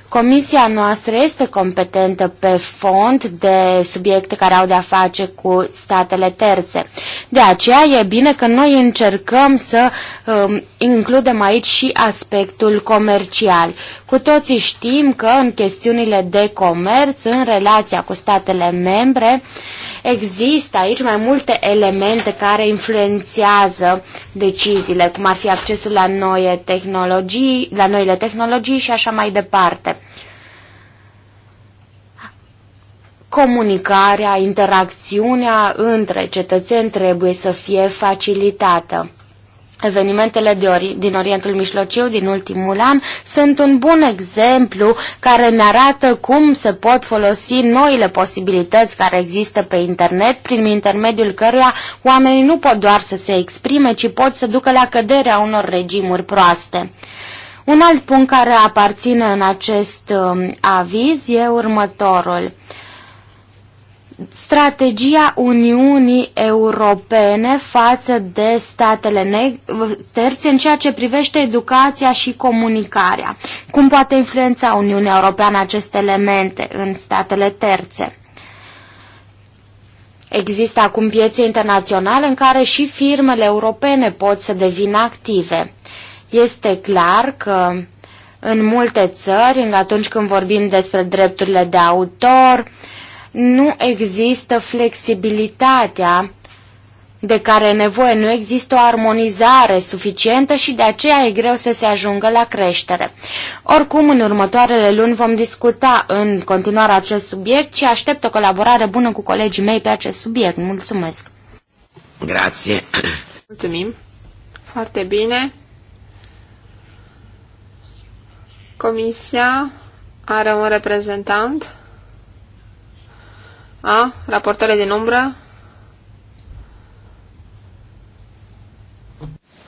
Comisia noastră este competentă pe fond de subiecte care au de-a face cu statele terțe. De aceea e bine că noi încercăm să um, includem aici și aspectul comercial. Cu toții știm că în chestiunile de comerț, în relația cu statele membre, uh, Există aici mai multe elemente care influențează deciziile, cum ar fi accesul la, noi tehnologii, la noile tehnologii și așa mai departe. Comunicarea, interacțiunea între cetățeni trebuie să fie facilitată. Evenimentele de ori, din Orientul Mijlociu din ultimul an sunt un bun exemplu care ne arată cum se pot folosi noile posibilități care există pe internet, prin intermediul căruia oamenii nu pot doar să se exprime, ci pot să ducă la căderea unor regimuri proaste. Un alt punct care aparține în acest um, aviz e următorul strategia Uniunii Europene față de statele terțe în ceea ce privește educația și comunicarea. Cum poate influența Uniunea Europeană aceste elemente în statele terțe? Există acum piețe internaționale în care și firmele europene pot să devină active. Este clar că în multe țări, atunci când vorbim despre drepturile de autor, uh, nu există flexibilitatea de care e nevoie, nu există o armonizare suficientă și de aceea e greu să se ajungă la creștere. Oricum, în următoarele luni vom discuta în continuare acest subiect și aștept o colaborare bună cu colegii mei pe acest subiect. Mulțumesc! Grație! Mulțumim! Foarte bine! Comisia are un reprezentant? A, raportare din umbră.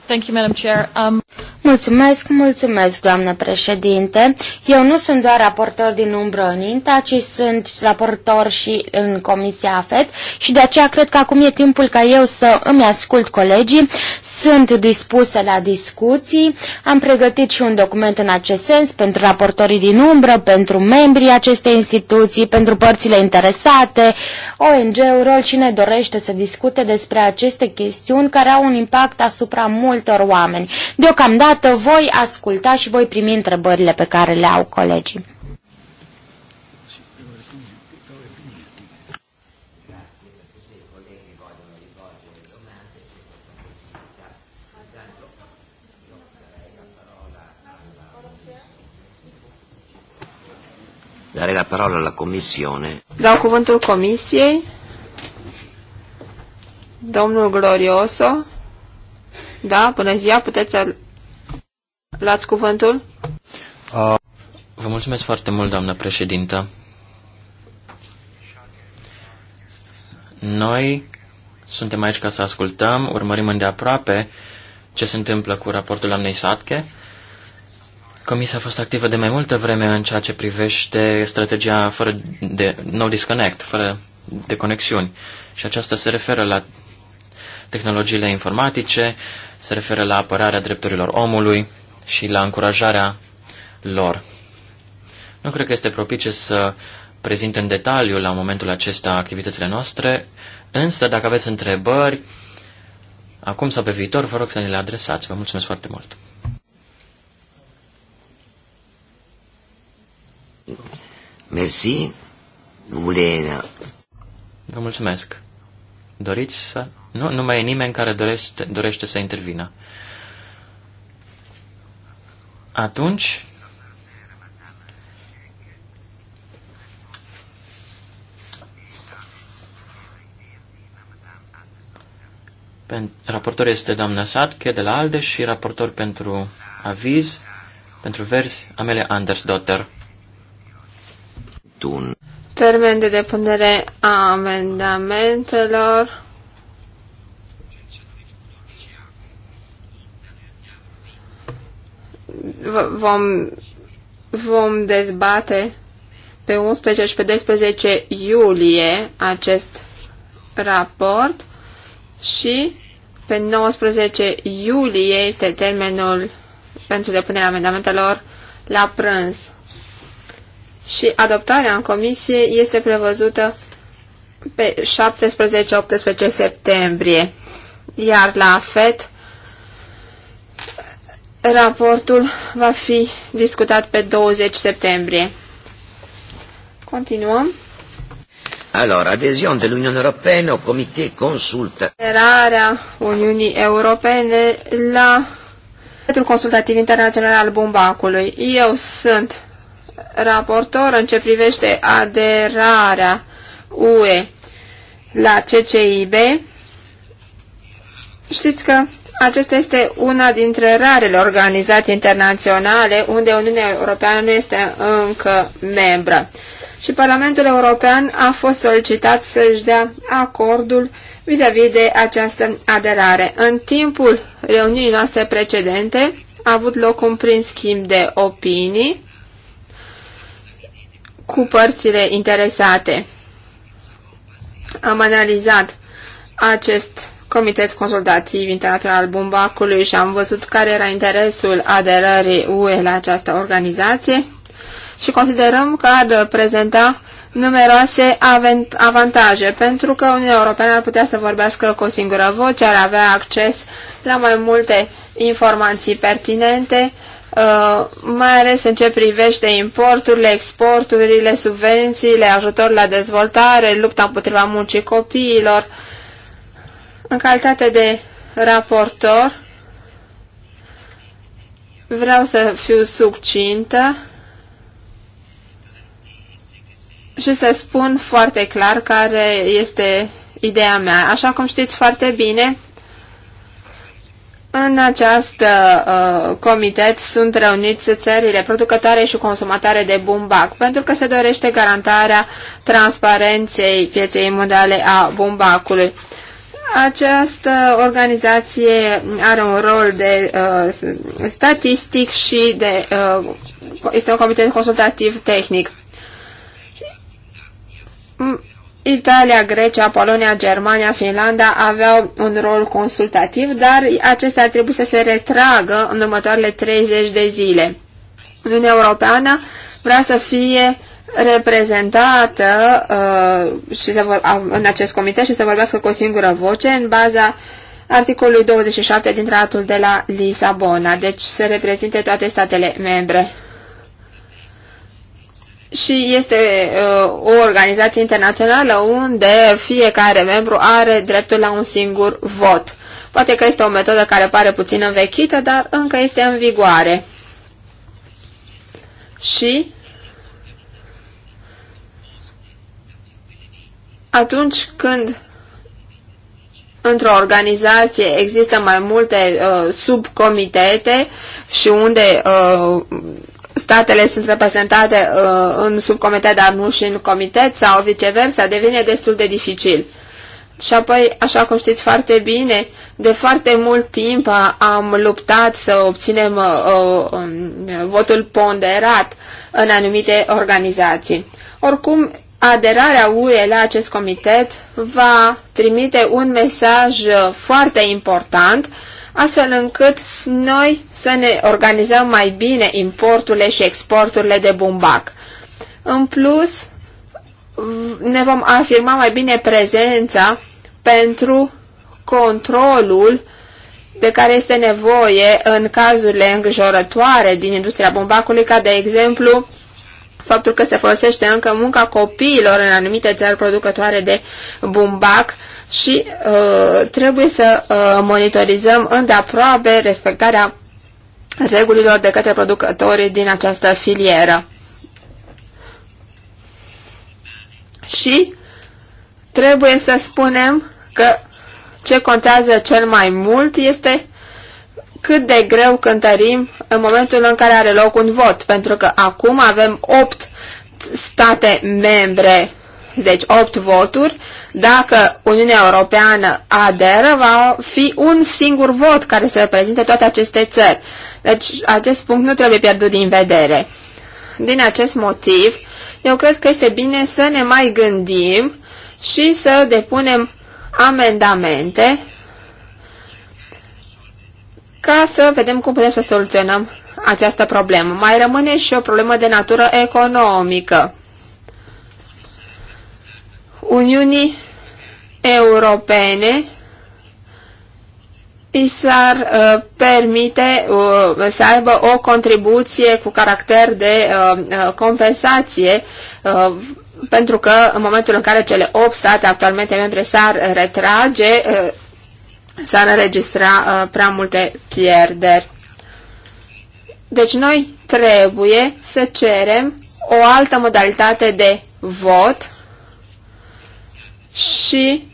Thank you, Madam Chair. Um... Mulțumesc, mulțumesc, doamnă președinte. Eu nu sunt doar raportor din umbră în INTA, ci sunt raportor și în Comisia AFET și de aceea cred că acum e timpul ca eu să îmi ascult colegii. Sunt dispusă la discuții. Am pregătit și un document în acest sens pentru raportorii din umbră, pentru membrii acestei instituții, pentru părțile interesate, ONG-uri, oricine dorește să discute despre aceste chestiuni care au un impact asupra multor oameni. Deocamdată dată voi asculta și voi primi întrebările pe care le au colegii. Dare la parola alla Commissione. Dau cuvântul Comisiei. Domnul Glorioso. Da, bună ziua, puteți Luați cuvântul? Uh. Vă mulțumesc foarte mult, doamnă președintă. Noi suntem aici ca să ascultăm, urmărim îndeaproape ce se întâmplă cu raportul doamnei Satke. Comisia a fost activă de mai multă vreme în ceea ce privește strategia fără de no disconnect, fără de conexiuni. Și aceasta se referă la tehnologiile informatice, se referă la apărarea drepturilor omului, și la încurajarea lor. Nu cred că este propice să prezint în detaliu la momentul acesta activitățile noastre, însă dacă aveți întrebări, acum sau pe viitor, vă rog să ne le adresați. Vă mulțumesc foarte mult! Mersi. Vă mulțumesc. Doriți să... Nu, nu mai e nimeni care dorește, dorește să intervină atunci Raportor este doamna Sadke de la ALDE și raportor pentru aviz, pentru verzi, Amele Andersdotter. Tun. Termen de depunere a amendamentelor vom, vom dezbate pe 11 și pe 12 iulie acest raport și pe 19 iulie este termenul pentru depunerea amendamentelor la prânz. Și adoptarea în comisie este prevăzută pe 17-18 septembrie, iar la FET Raportul va fi discutat pe 20 septembrie. Continuăm. Allora, adesione dell'Unione Europea o Comité Consulta. Aderarea Uniunii Europene la Centrul Consultativ Internațional al Bumbacului. Eu sunt raportor în ce privește aderarea UE la CCIB. Știți că acesta este una dintre rarele organizații internaționale unde Uniunea Europeană nu este încă membră. Și Parlamentul European a fost solicitat să-și dea acordul vis-a-vis -vis de această aderare. În timpul reuniunii noastre precedente a avut loc un prin schimb de opinii cu părțile interesate. Am analizat acest Comitet Consultativ Internațional al Bumbacului și am văzut care era interesul aderării UE la această organizație și considerăm că ar prezenta numeroase avantaje, pentru că Uniunea Europeană ar putea să vorbească cu o singură voce, ar avea acces la mai multe informații pertinente, uh, mai ales în ce privește importurile, exporturile, subvențiile, ajutorul la dezvoltare, lupta împotriva muncii copiilor, în calitate de raportor, vreau să fiu succintă și să spun foarte clar care este ideea mea. Așa cum știți foarte bine, în acest uh, comitet sunt reuniți țările producătoare și consumatoare de bumbac, pentru că se dorește garantarea transparenței pieței mondiale a bumbacului. Această organizație are un rol de uh, statistic și de, uh, este un comitet consultativ tehnic. Italia, Grecia, Polonia, Germania, Finlanda aveau un rol consultativ, dar acestea ar trebui să se retragă în următoarele 30 de zile. Uniunea Europeană vrea să fie uh, reprezentată uh, și să vor, în acest comitet și să vorbească cu o singură voce în baza articolului 27 din tratatul de la Lisabona, deci să reprezinte toate statele membre. Și este uh, o organizație internațională unde fiecare membru are dreptul la un singur vot. Poate că este o metodă care pare puțin învechită, dar încă este în vigoare. Și Atunci când într-o organizație există mai multe uh, subcomitete și unde uh, statele sunt reprezentate uh, în subcomitet, dar nu și în comitet sau viceversa, devine destul de dificil. Și apoi, așa cum știți foarte bine, de foarte mult timp am luptat să obținem uh, uh, votul ponderat în anumite organizații. Oricum, aderarea UE la acest comitet va trimite un mesaj foarte important, astfel încât noi să ne organizăm mai bine importurile și exporturile de bumbac. În plus, ne vom afirma mai bine prezența pentru controlul de care este nevoie în cazurile îngrijorătoare din industria bumbacului, ca de exemplu faptul că se folosește încă munca copiilor în anumite țări producătoare de bumbac și uh, trebuie să uh, monitorizăm îndeaproape respectarea regulilor de către producătorii din această filieră. Și trebuie să spunem că ce contează cel mai mult este cât de greu cântărim în momentul în care are loc un vot, pentru că acum avem 8 state membre, deci 8 voturi. Dacă Uniunea Europeană aderă, va fi un singur vot care să reprezinte toate aceste țări. Deci acest punct nu trebuie pierdut din vedere. Din acest motiv, eu cred că este bine să ne mai gândim și să depunem amendamente ca să vedem cum putem să soluționăm această problemă. Mai rămâne și o problemă de natură economică. Uniunii Europene i s-ar uh, permite uh, să aibă o contribuție cu caracter de uh, uh compensație uh, pentru că în momentul în care cele 8 state actualmente membre s-ar retrage, uh, s-ar înregistra uh, prea multe pierderi. Deci noi trebuie să cerem o altă modalitate de vot și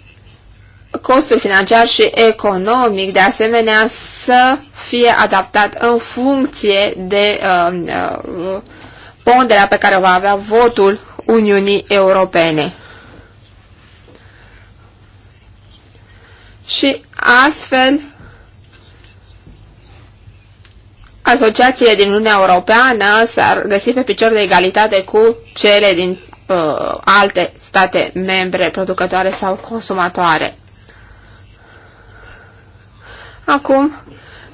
costul financiar și economic, de asemenea, să fie adaptat în funcție de uh, uh, ponderea pe care o va avea votul Uniunii Europene. și astfel asociațiile din Uniunea Europeană s-ar găsi pe picior de egalitate cu cele din uh, alte state membre producătoare sau consumatoare. Acum,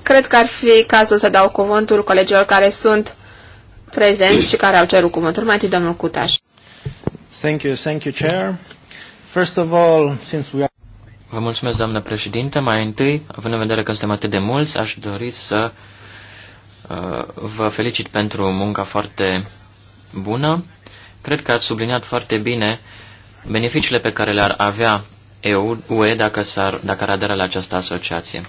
cred că ar fi cazul să dau cuvântul colegilor care sunt prezenți și care au cerut cuvântul. Mai întâi, domnul Cutaș. Thank you, thank you, Chair. First of all, since we are... Vă mulțumesc, doamnă președinte. Mai întâi, având în vedere că suntem atât de mulți, aș dori să uh, vă felicit pentru munca foarte bună. Cred că ați subliniat foarte bine beneficiile pe care le-ar avea EU, UE dacă, s-ar, dacă ar adera la această asociație.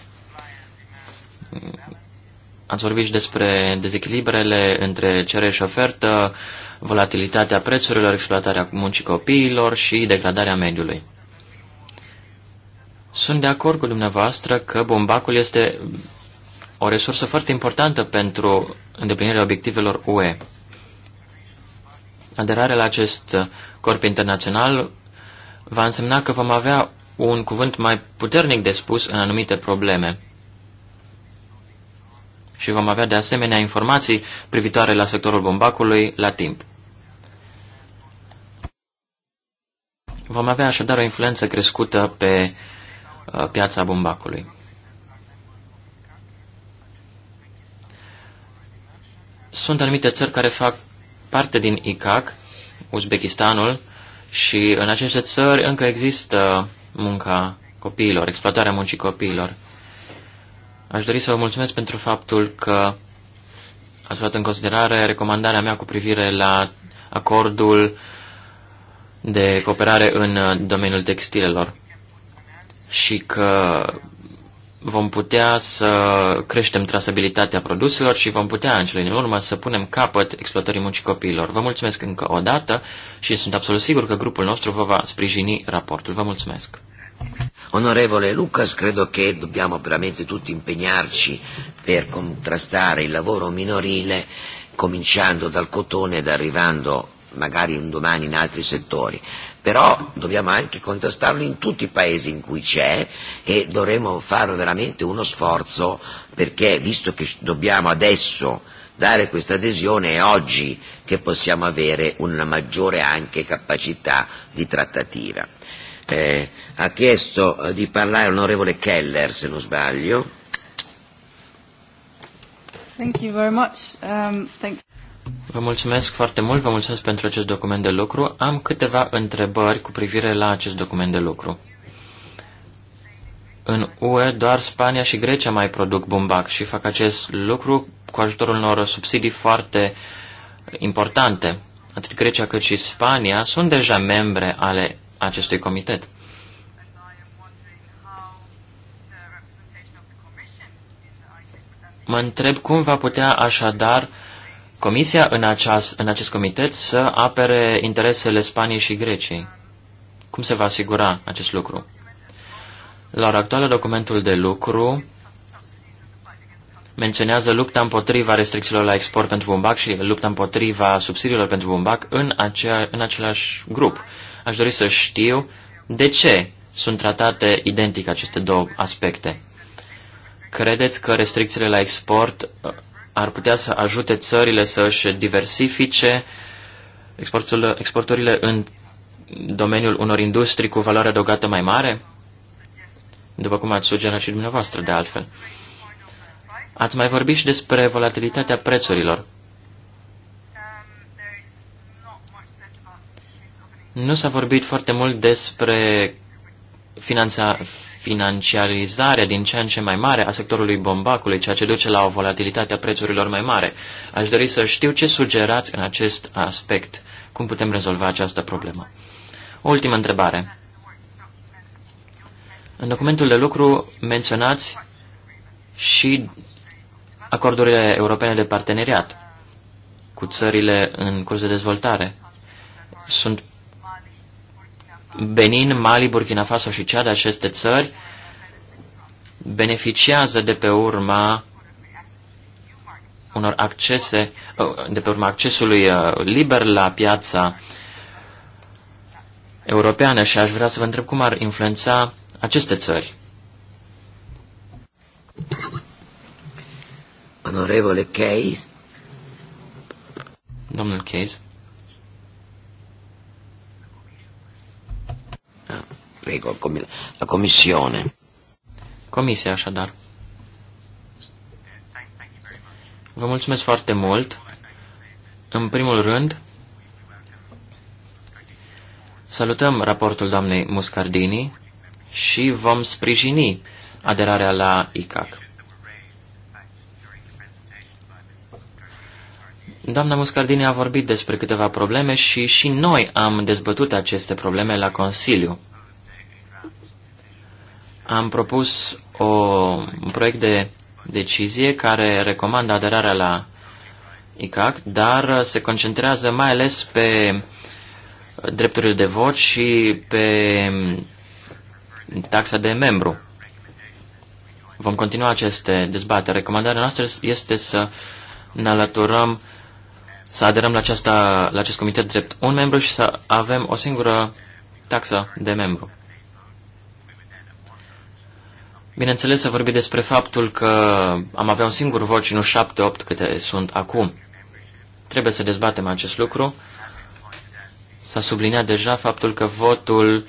Ați vorbit și despre dezechilibrele între cerere și ofertă, volatilitatea prețurilor, exploatarea muncii copiilor și degradarea mediului. Sunt de acord cu dumneavoastră că bombacul este o resursă foarte importantă pentru îndeplinirea obiectivelor UE. Aderarea la acest corp internațional va însemna că vom avea un cuvânt mai puternic de spus în anumite probleme. Și vom avea de asemenea informații privitoare la sectorul bombacului la timp. Vom avea așadar o influență crescută pe Uh, piața bumbacului. Sunt anumite țări care fac parte din ICAC, Uzbekistanul, și în aceste țări încă există munca copiilor, exploatarea muncii copiilor. Aș dori să vă mulțumesc pentru faptul că ați luat în considerare recomandarea mea cu privire la acordul de cooperare în domeniul textilelor și că vom putea să creștem trasabilitatea produselor și vom putea în cele din urmă să punem capăt exploatării muncii copiilor. Vă mulțumesc încă o dată și sunt absolut sigur că grupul nostru vă va sprijini raportul. Vă mulțumesc! Onorevole Lucas, credo che dobbiamo veramente tutti impegnarci per contrastare il lavoro minorile, cominciando dal cotone ed arrivando magari un domani in altri settori però dobbiamo anche contrastarlo in tutti i paesi in cui c'è e dovremo fare veramente uno sforzo perché visto che dobbiamo adesso dare questa adesione è oggi che possiamo avere una maggiore anche capacità di trattativa. Eh, ha chiesto eh, di parlare l'onorevole Keller, se non sbaglio. Thank you very much. Um, Vă mulțumesc foarte mult, vă mulțumesc pentru acest document de lucru. Am câteva întrebări cu privire la acest document de lucru. În UE doar Spania și Grecia mai produc bumbac și fac acest lucru cu ajutorul unor subsidii foarte importante. Atât Grecia cât și Spania sunt deja membre ale acestui comitet. Mă întreb cum va putea așadar Comisia în, aceas, în acest comitet să apere interesele Spaniei și Greciei. Cum se va asigura acest lucru? La ora actuală, documentul de lucru menționează lupta împotriva restricțiilor la export pentru bumbac și lupta împotriva subsidiilor pentru bumbac în, acea, în același grup. Aș dori să știu de ce sunt tratate identic aceste două aspecte. Credeți că restricțiile la export ar putea să ajute țările să își diversifice exporturile în domeniul unor industrii cu valoare adăugată mai mare? După cum ați sugerat și dumneavoastră, de altfel. Ați mai vorbit și despre volatilitatea prețurilor. Nu s-a vorbit foarte mult despre finanța, financiarizare din ce în ce mai mare a sectorului bombacului, ceea ce duce la o volatilitate a prețurilor mai mare. Aș dori să știu ce sugerați în acest aspect. Cum putem rezolva această problemă? O ultimă întrebare. În documentul de lucru menționați și acordurile europene de parteneriat cu țările în curs de dezvoltare. Sunt Benin, Mali, Burkina Faso și cea de aceste țări, beneficiază de pe urma unor accese, de pe urma accesului uh, liber la piața europeană și aș vrea să vă întreb cum ar influența aceste țări. Onorevole Case. Domnul Case. prego, la Commissione. Comisia, așadar. Vă mulțumesc foarte mult. În primul rând, salutăm raportul doamnei Muscardini și vom sprijini aderarea la ICAC. Doamna Muscardini a vorbit despre câteva probleme și și noi am dezbătut aceste probleme la Consiliu. Am propus o, un proiect de decizie care recomandă aderarea la ICAC, dar se concentrează mai ales pe drepturile de vot și pe taxa de membru. Vom continua aceste dezbateri. Recomandarea noastră este să ne alăturăm, să aderăm la, aceasta, la acest comitet drept un membru și să avem o singură taxă de membru. Bineînțeles, să vorbi despre faptul că am avea un singur vot și nu șapte, opt câte sunt acum. Trebuie să dezbatem acest lucru. S-a subliniat deja faptul că votul,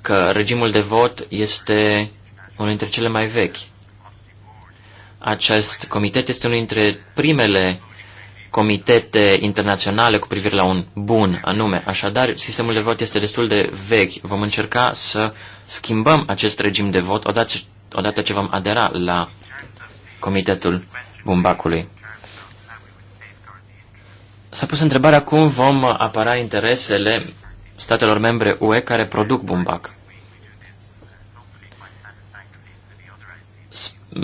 că regimul de vot este unul dintre cele mai vechi. Acest comitet este unul dintre primele comitete internaționale cu privire la un bun anume. Așadar, sistemul de vot este destul de vechi. Vom încerca să schimbăm acest regim de vot odată odată ce vom adera la Comitetul Bumbacului. S-a pus întrebarea cum vom apăra interesele statelor membre UE care produc bumbac.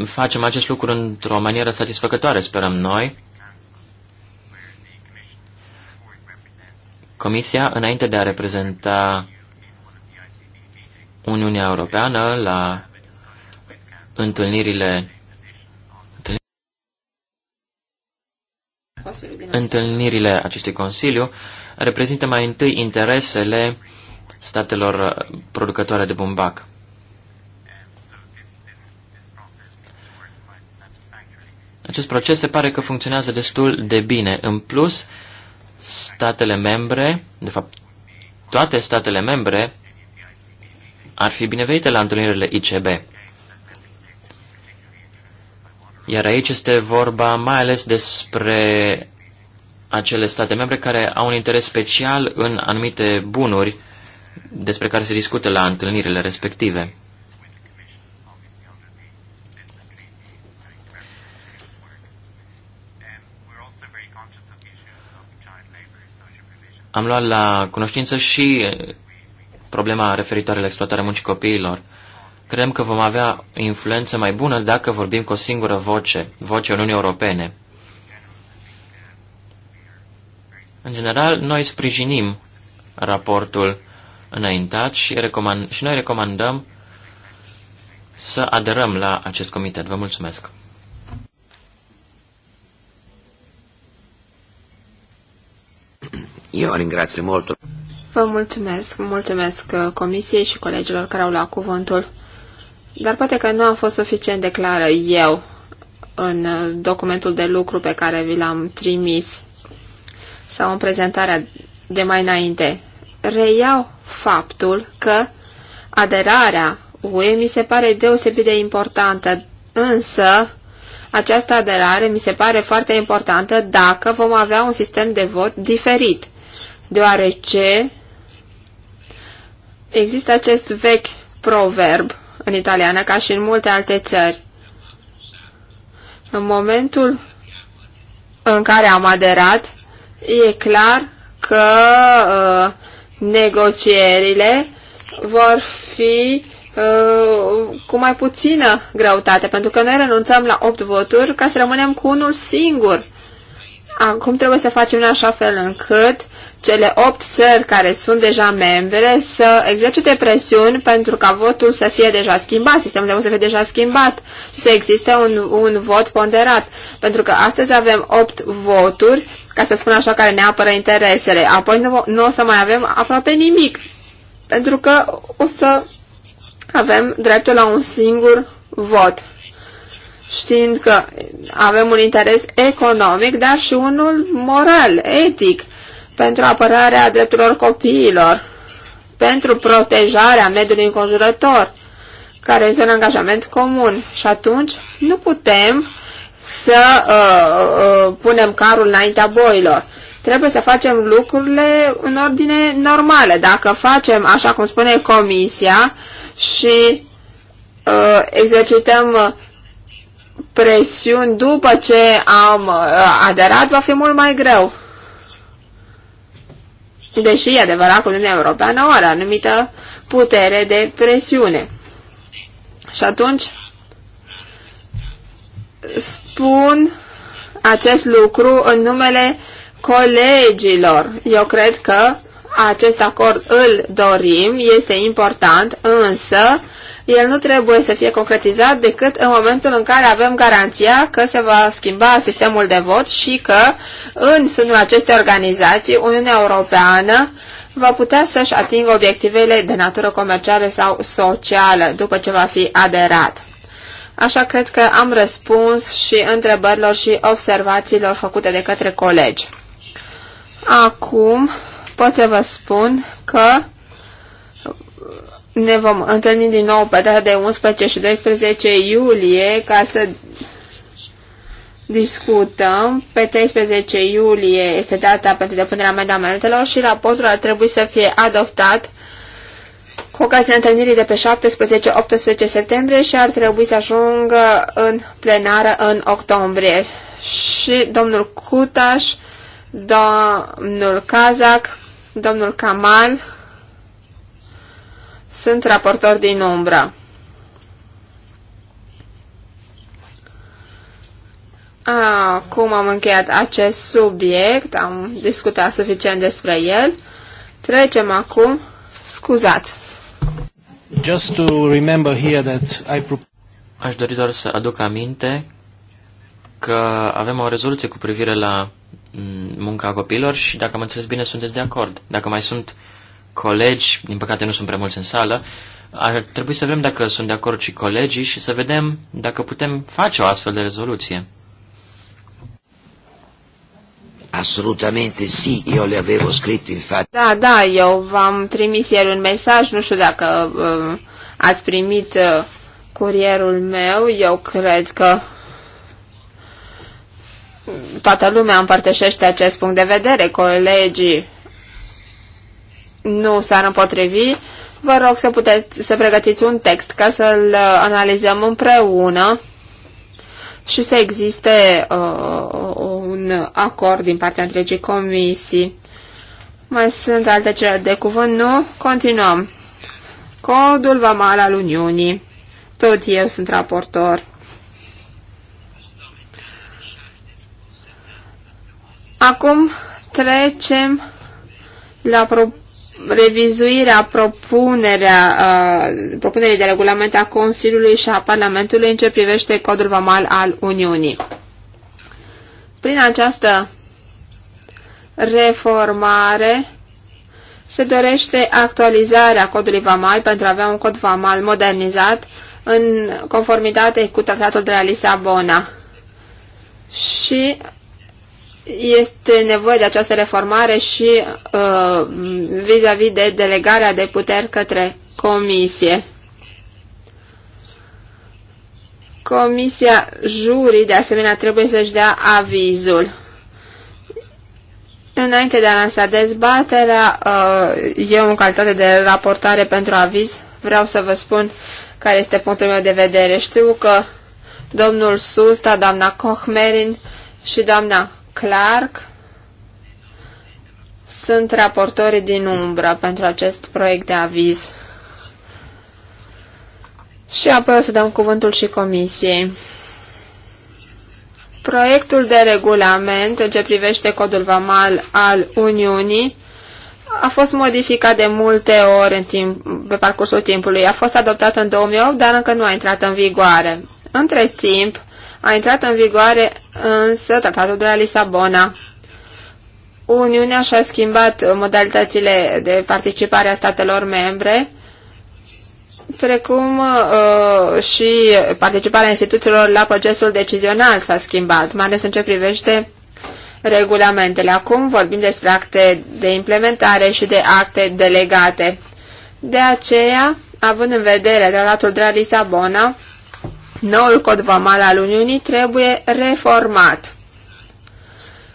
Facem acest lucru într-o manieră satisfăcătoare, sperăm noi. Comisia, înainte de a reprezenta Uniunea Europeană la întâlnirile întâlnirile acestui Consiliu reprezintă mai întâi interesele statelor producătoare de bumbac. Acest proces se pare că funcționează destul de bine. În plus, statele membre, de fapt toate statele membre, ar fi binevenite la întâlnirile ICB. Iar aici este vorba mai ales despre acele state membre care au un interes special în anumite bunuri despre care se discută la întâlnirile respective. Am luat la cunoștință și problema referitoare la exploatarea muncii copiilor. Credem că vom avea influență mai bună dacă vorbim cu o singură voce, vocea Uniunii Europene. În general, noi sprijinim raportul înaintat și, recomand, și noi recomandăm să aderăm la acest comitet. Vă mulțumesc! Eu ringrazio mult. Vă mulțumesc, mulțumesc uh, comisiei și colegilor care au luat cuvântul. Dar poate că nu am fost suficient de clară eu în documentul de lucru pe care vi l-am trimis sau în prezentarea de mai înainte. Reiau faptul că aderarea UE mi se pare deosebit de importantă, însă această aderare mi se pare foarte importantă dacă vom avea un sistem de vot diferit, deoarece există acest vechi proverb în italiană, ca și în multe alte țări. În momentul în care am aderat, e clar că uh, negocierile vor fi uh, cu mai puțină greutate, pentru că noi renunțăm la 8 voturi ca să rămânem cu unul singur. Acum trebuie să facem în așa fel încât cele opt țări care sunt deja membre să exercite presiuni pentru ca votul să fie deja schimbat, sistemul de vot să fie deja schimbat și să existe un, un vot ponderat. Pentru că astăzi avem opt voturi, ca să spun așa, care ne apără interesele. Apoi nu, nu o să mai avem aproape nimic, pentru că o să avem dreptul la un singur vot știind că avem un interes economic, dar și unul moral, etic pentru apărarea drepturilor copiilor, pentru protejarea mediului înconjurător, care este un angajament comun. Și atunci nu putem să uh, uh, punem carul înaintea boilor. Trebuie să facem lucrurile în ordine normale. Dacă facem așa cum spune comisia și uh, exercităm uh, presiuni după ce am uh, aderat, va fi mult mai greu deși e adevărat că Uniunea Europeană are anumită putere de presiune. Și atunci spun acest lucru în numele colegilor. Eu cred că acest acord îl dorim, este important, însă el nu trebuie să fie concretizat decât în momentul în care avem garanția că se va schimba sistemul de vot și că în sânul acestei organizații Uniunea Europeană va putea să-și atingă obiectivele de natură comercială sau socială după ce va fi aderat. Așa cred că am răspuns și întrebărilor și observațiilor făcute de către colegi. Acum pot să vă spun că ne vom întâlni din nou pe data de 11 și 12 iulie ca să discutăm. Pe 13 iulie este data pentru depunerea amendamentelor și raportul ar trebui să fie adoptat cu ocazia întâlnirii de pe 17-18 septembrie și ar trebui să ajungă în plenară în octombrie. Și domnul Cutaș, domnul Kazak, domnul Kamal, sunt raportor din umbra. Acum am încheiat acest subiect, am discutat suficient despre el. Trecem acum, scuzați. Just to remember here that I Aș dori doar să aduc aminte că avem o rezoluție cu privire la mm, munca copilor și, dacă am înțeles bine, sunteți de acord. Dacă mai sunt colegi, din păcate nu sunt prea mulți în sală, ar trebui să vedem dacă sunt de acord și colegii și să vedem dacă putem face o astfel de rezoluție. Absolutamente, sì, io le avevo scritto infatti. Da, da, eu v-am trimis ieri un mesaj, nu știu dacă uh, ați primit uh, curierul meu, eu cred că toată lumea împărtășește acest punct de vedere, colegii nu s-ar împotrivi, vă rog să, puteți, să pregătiți un text ca să-l uh, analizăm împreună și să existe uh, un acord din partea întregii comisii. Mai sunt alte cereri de cuvânt? Nu? Continuăm. Codul vamal al Uniunii. Tot eu sunt raportor. Acum trecem la propunerea revizuirea propunerea, uh, propunerii de regulament a Consiliului și a Parlamentului în ce privește codul vamal al Uniunii. Prin această reformare se dorește actualizarea codului vamal pentru a avea un cod vamal modernizat în conformitate cu tratatul de la Lisabona. Și este nevoie de această reformare și uh, vis-a-vis uh, vis, de delegarea de puteri către comisie. Comisia jurii, de asemenea, trebuie să-și dea avizul. Înainte de a lansa dezbaterea, uh, eu, în calitate de raportare pentru aviz, vreau să vă spun care este punctul meu de vedere. Știu că domnul Susta, doamna Kochmerin și doamna Clark sunt raportorii din umbră pentru acest proiect de aviz. Și apoi o să dăm cuvântul și comisiei. Proiectul de regulament în ce privește codul vamal al Uniunii a fost modificat de multe ori în timp, pe parcursul timpului. A fost adoptat în 2008, dar încă nu a intrat în vigoare. Între timp, a intrat în vigoare însă tratatul de la Lisabona Uniunea și-a schimbat modalitățile de participare a statelor membre, precum uh, și participarea instituțiilor la procesul decizional s-a schimbat, mai ales în ce privește regulamentele. Acum vorbim despre acte de implementare și de acte delegate. De aceea, având în vedere tratatul de la Lisabona, Noul cod vamal al Uniunii trebuie reformat,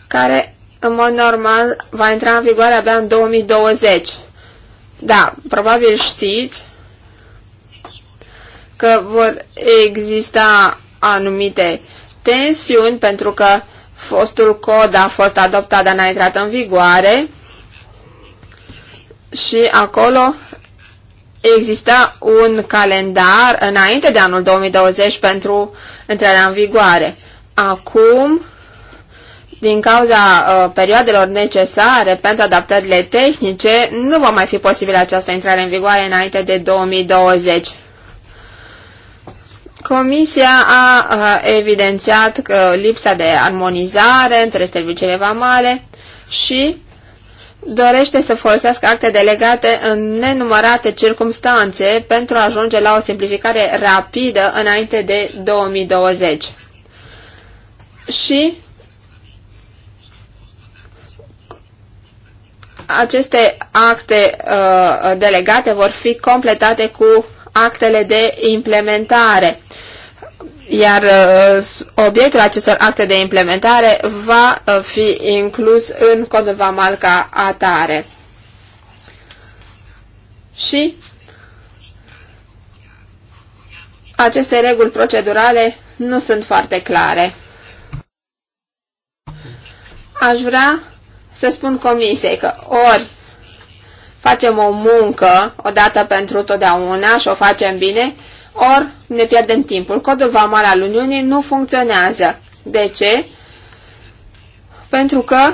care în mod normal va intra în vigoare abia în 2020. Da, probabil știți că vor exista anumite tensiuni pentru că fostul cod a fost adoptat, dar n-a intrat în vigoare și acolo exista un calendar înainte de anul 2020 pentru intrarea în vigoare. Acum, din cauza uh, perioadelor necesare pentru adaptările tehnice, nu va mai fi posibilă această intrare în vigoare înainte de 2020. Comisia a uh, evidențiat că lipsa de armonizare între serviciile vamale și dorește să folosească acte delegate în nenumărate circumstanțe pentru a ajunge la o simplificare rapidă înainte de 2020. Și aceste acte uh, delegate vor fi completate cu actele de implementare iar uh, obiectul acestor acte de implementare va uh, fi inclus în codul vamal ca atare. Și aceste reguli procedurale nu sunt foarte clare. Aș vrea să spun comisiei că ori facem o muncă odată pentru totdeauna și o facem bine, ori ne pierdem timpul. Codul vamal al Uniunii nu funcționează. De ce? Pentru că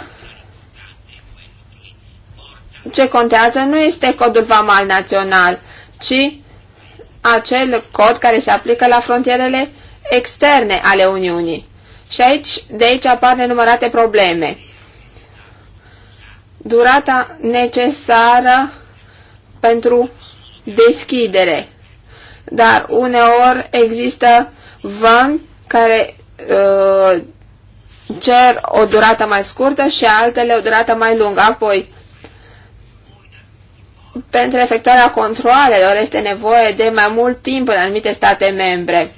ce contează nu este codul vamal național, ci acel cod care se aplică la frontierele externe ale Uniunii. Și aici, de aici apar nenumărate probleme. Durata necesară pentru deschidere dar uneori există vămi care uh, cer o durată mai scurtă și altele o durată mai lungă. Apoi, pentru efectuarea controalelor este nevoie de mai mult timp în anumite state membre.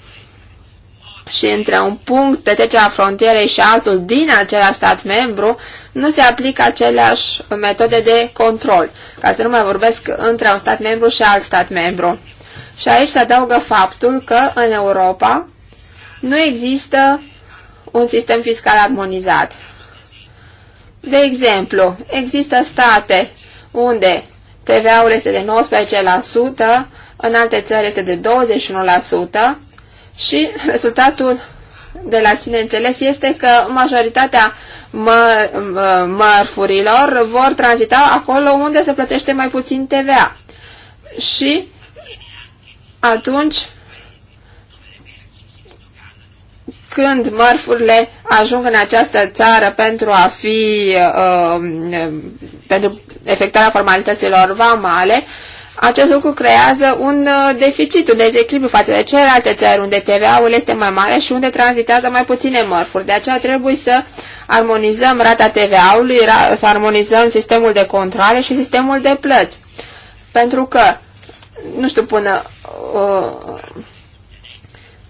Și între un punct de trecere a frontierei și altul din același stat membru, nu se aplică aceleași metode de control, ca să nu mai vorbesc între un stat membru și alt stat membru. Și aici se adaugă faptul că în Europa nu există un sistem fiscal armonizat. De exemplu, există state unde TVA-ul este de 19%, în alte țări este de 21% și rezultatul de la ține înțeles este că majoritatea mă, mă, mărfurilor vor tranzita acolo unde se plătește mai puțin TVA. Și atunci când mărfurile ajung în această țară pentru a fi uh, pentru efectuarea formalităților vamale, acest lucru creează un uh, deficit, un dezechilibru față de celelalte țări unde TVA-ul este mai mare și unde tranzitează mai puține mărfuri. De aceea trebuie să armonizăm rata TVA-ului, să armonizăm sistemul de controle și sistemul de plăți. Pentru că nu știu, până uh,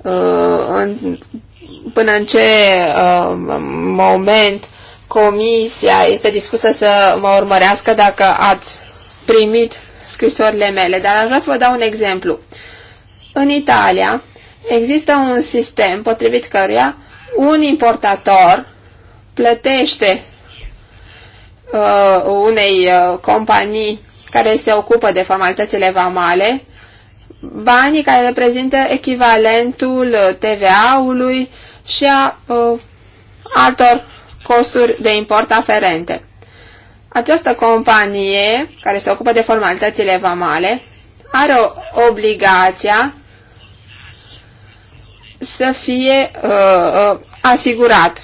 uh, în, până în ce uh, moment comisia este dispusă să mă urmărească dacă ați primit scrisorile mele, dar aș vrea să vă dau un exemplu. În Italia există un sistem potrivit căruia un importator plătește uh, unei uh, companii care se ocupă de formalitățile vamale, banii care reprezintă echivalentul TVA-ului și a uh, altor costuri de import aferente. Această companie, care se ocupă de formalitățile vamale, are o obligația să fie uh, uh, asigurat.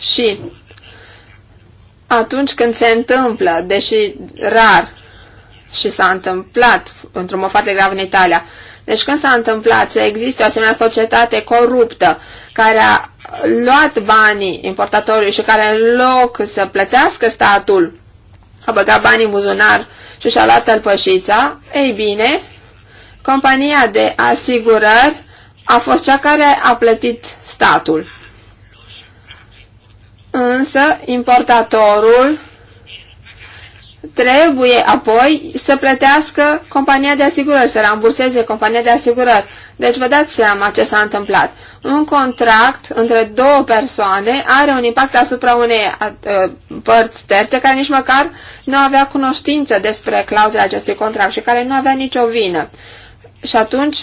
Și atunci când se întâmplă, deși rar și s-a întâmplat într-un mod foarte grav în Italia, deci când s-a întâmplat să existe o asemenea societate coruptă care a luat banii importatorului și care în loc să plătească statul a băgat banii în buzunar și și-a luat tălpășița, ei bine, compania de asigurări a fost cea care a plătit statul însă importatorul trebuie apoi să plătească compania de asigurări, să ramburseze compania de asigurări. Deci vă dați seama ce s-a întâmplat. Un contract între două persoane are un impact asupra unei ă, părți terțe care nici măcar nu avea cunoștință despre clauzele acestui contract și care nu avea nicio vină. Și atunci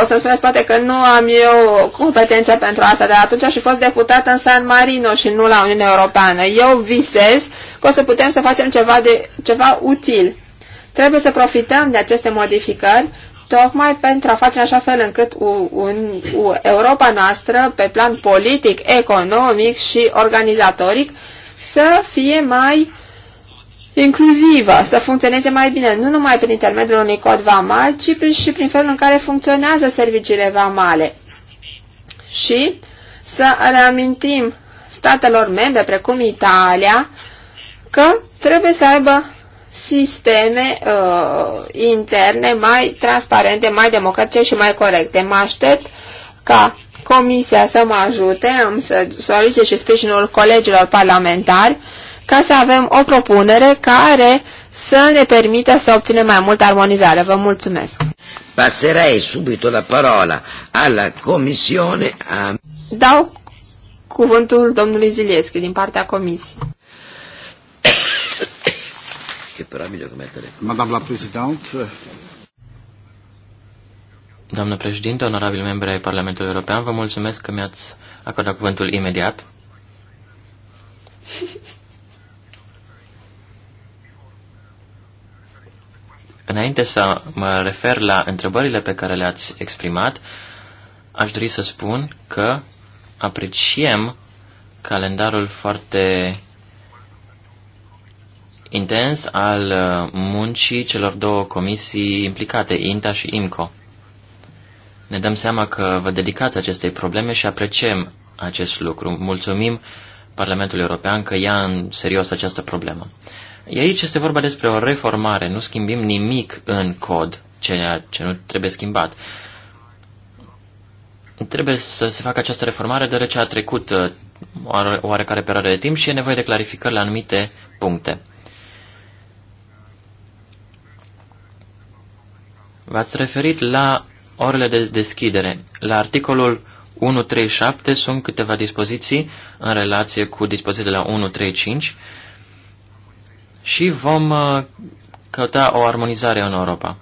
o să spuneți poate că nu am eu competențe pentru asta, dar atunci aș fi fost deputat în San Marino și nu la Uniunea Europeană. Eu visez că o să putem să facem ceva, de, ceva util. Trebuie să profităm de aceste modificări tocmai pentru a face în așa fel încât un, un, Europa noastră, pe plan politic, economic și organizatoric, să fie mai inclusivă, să funcționeze mai bine, nu numai prin intermediul unui cod vamal, ci prin, și prin felul în care funcționează serviciile vamale. Și să reamintim statelor membre, precum Italia, că trebuie să aibă sisteme uh, interne mai transparente, mai democratice și mai corecte. Mă aștept ca comisia să mă ajute, am să solicit și sprijinul colegilor parlamentari ca să avem o propunere care să ne permită să obținem mai multă armonizare. Vă mulțumesc! Passerei subito la parola alla Comisione. A... Dau cuvântul domnului Zilieschi din partea Comisiei. Che però meglio che mettere. Madame la Presidente, Doamnă președinte, onorabil membru ai Parlamentului European, vă mulțumesc că mi-ați acordat cuvântul imediat. Înainte să mă refer la întrebările pe care le-ați exprimat, aș dori să spun că apreciem calendarul foarte intens al uh, muncii celor două comisii implicate, INTA și IMCO. Ne dăm seama că vă dedicați acestei probleme și apreciem acest lucru. Mulțumim Parlamentului European că ia în serios această problemă. Aici este vorba despre o reformare, nu schimbim nimic în cod, ceea ce nu trebuie schimbat. Trebuie să se facă această reformare deoarece a trecut uh, oarecare perioadă de timp și e nevoie de clarificări la anumite puncte. V-ați referit la orele de deschidere. La articolul 137 sunt câteva dispoziții în relație cu dispozițiile la 135 și vom uh, căuta o armonizare în Europa.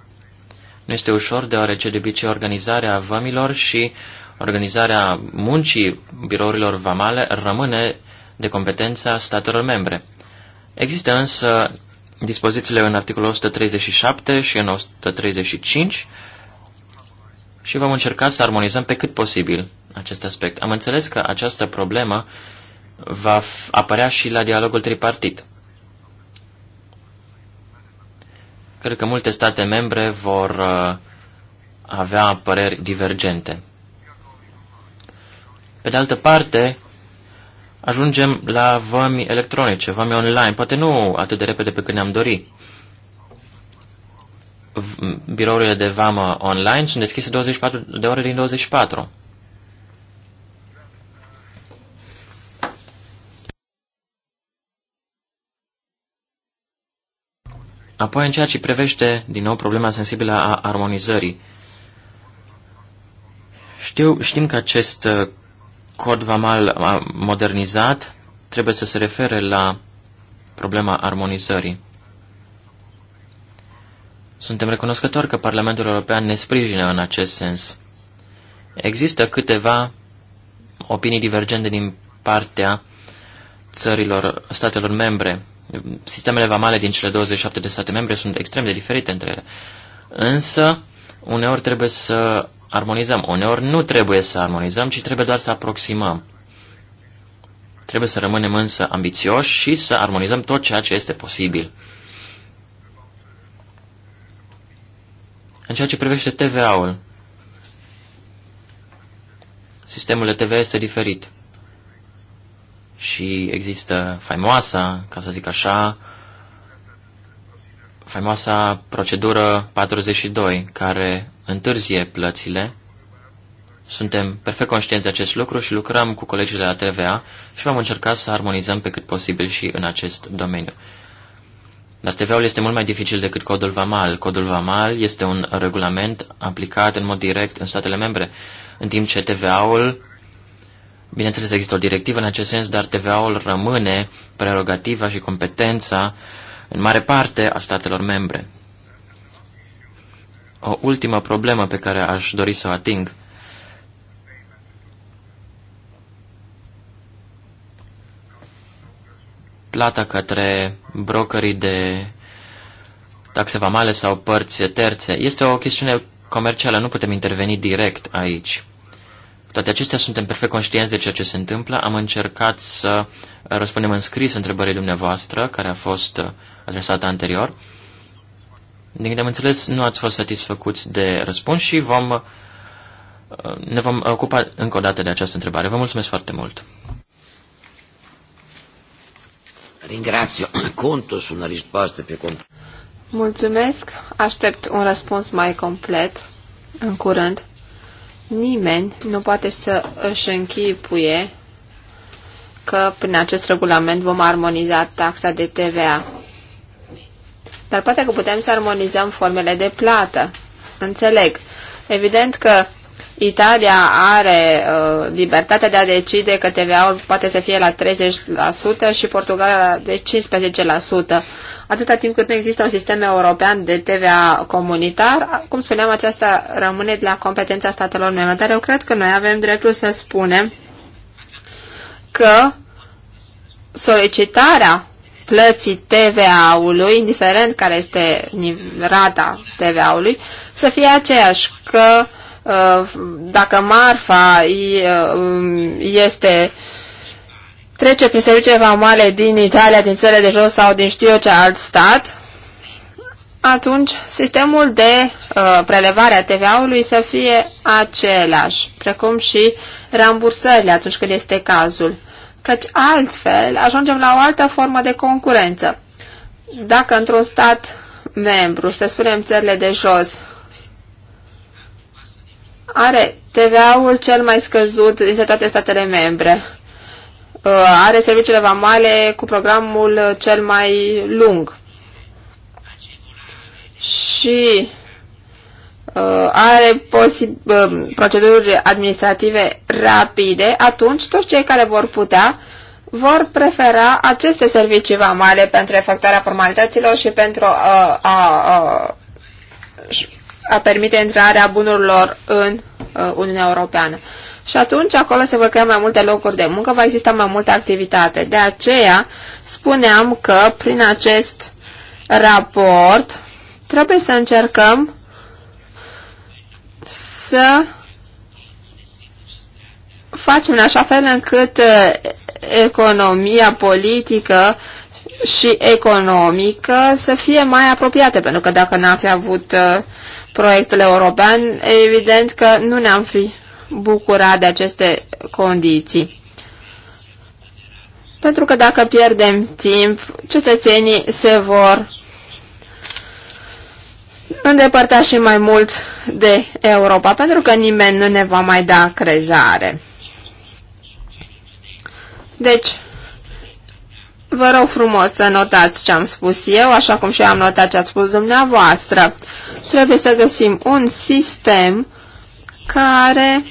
Nu este ușor, deoarece de obicei organizarea vămilor și organizarea muncii birourilor vamale rămâne de competența statelor membre. Există însă dispozițiile în articolul 137 și în 135 și vom încerca să armonizăm pe cât posibil acest aspect. Am înțeles că această problemă va apărea și la dialogul tripartit. Cred că multe state membre vor uh, avea păreri divergente. Pe de altă parte, ajungem la vămi electronice, vămi online, poate nu atât de repede pe cât ne-am dorit. Birourile de vamă online sunt deschise 24 de ore din 24. Apoi, în ceea ce privește, din nou, problema sensibilă a armonizării. Știu, știm că acest uh, cod vamal uh, modernizat trebuie să se refere la problema armonizării. Suntem recunoscători că Parlamentul European ne sprijină în acest sens. Există câteva opinii divergente din partea țărilor, statelor membre Sistemele vamale din cele 27 de state membre sunt extrem de diferite între ele. Însă, uneori trebuie să armonizăm, uneori nu trebuie să armonizăm, ci trebuie doar să aproximăm. Trebuie să rămânem însă ambițioși și să armonizăm tot ceea ce este posibil. În ceea ce privește TVA-ul, sistemul de TVA este diferit și există faimoasa, ca să zic așa, faimoasa procedură 42, care întârzie plățile. Suntem perfect conștienți de acest lucru și lucrăm cu colegii de la TVA și vom încerca să armonizăm pe cât posibil și în acest domeniu. Dar TVA-ul este mult mai dificil decât codul VAMAL. Codul VAMAL este un regulament aplicat în mod direct în statele membre, în timp ce TVA-ul Bineînțeles, există o directivă în acest sens, dar TVA-ul rămâne prerogativa și competența în mare parte a statelor membre. O ultimă problemă pe care aș dori să o ating plata către brokerii de taxe vamale sau părți terțe. Este o chestiune comercială, nu putem interveni direct aici. Cu toate acestea, suntem perfect conștienți de ceea ce se întâmplă. Am încercat să răspundem în scris întrebării dumneavoastră, care a fost adresată anterior. Din câte am înțeles, nu ați fost satisfăcuți de răspuns și vom, ne vom ocupa încă o dată de această întrebare. Vă mulțumesc foarte mult! Ringrazio, conto su una risposta più completa. Mulțumesc, aștept un răspuns mai complet în curând. Nimeni nu poate să își închipuie că prin acest regulament vom armoniza taxa de TVA. Dar poate că putem să armonizăm formele de plată. Înțeleg. Evident că Italia are uh, libertatea de a decide că TVA-ul poate să fie la 30% și Portugalia de 15%. Atâta timp cât nu există un sistem european de TVA comunitar, cum spuneam, aceasta rămâne de la competența statelor membre. Dar eu cred că noi avem dreptul să spunem că solicitarea plății TVA-ului, indiferent care este rata TVA-ului, să fie aceeași, că uh, dacă marfa uh, um, este trece prin servicii vamale din Italia, din țările de jos sau din știu eu ce alt stat, atunci sistemul de uh, prelevare a TVA-ului să fie același, precum și rambursările atunci când este cazul. Căci altfel ajungem la o altă formă de concurență. Dacă într-un stat membru, să spunem țările de jos, are TVA-ul cel mai scăzut dintre toate statele membre, Uh, are serviciile vamale cu programul cel mai lung. Și uh, are uh, proceduri administrative rapide, atunci toți cei care vor putea vor prefera aceste servicii vamale pentru efectuarea formalităților și pentru a, a, a, a permite intrarea bunurilor în Uniunea Europeană și atunci acolo se vor crea mai multe locuri de muncă, va exista mai multă activitate. De aceea spuneam că prin acest raport trebuie să încercăm să facem în așa fel încât uh, economia politică și economică să fie mai apropiate, pentru că dacă n-am fi avut uh, proiectul european, evident că nu ne-am fi bucura de aceste condiții. Pentru că dacă pierdem timp, cetățenii se vor îndepărta și mai mult de Europa, pentru că nimeni nu ne va mai da crezare. Deci, vă rog frumos să notați ce am spus eu, așa cum și eu am notat ce ați spus dumneavoastră. Trebuie să găsim un sistem care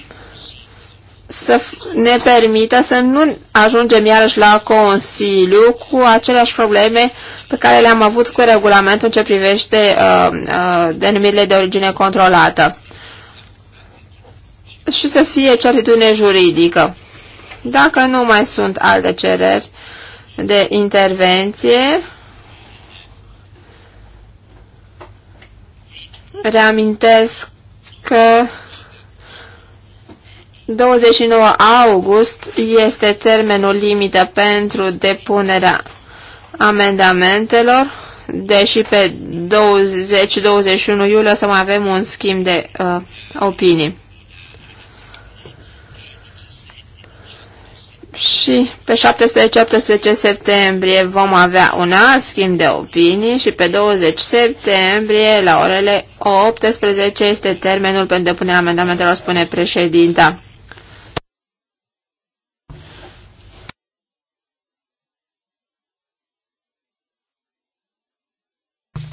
să ne permită să nu ajungem iarăși la Consiliu cu aceleași probleme pe care le-am avut cu regulamentul ce privește uh, uh, denumirile de origine controlată și să fie certitudine juridică. Dacă nu mai sunt alte cereri de intervenție, reamintesc că 29 august este termenul limită pentru depunerea amendamentelor, deși pe 20-21 iulie să mai avem un schimb de uh, opinii. Și pe 17-18 septembrie vom avea un alt schimb de opinii și pe 20 septembrie la orele 18 este termenul pentru depunerea amendamentelor, spune președinta.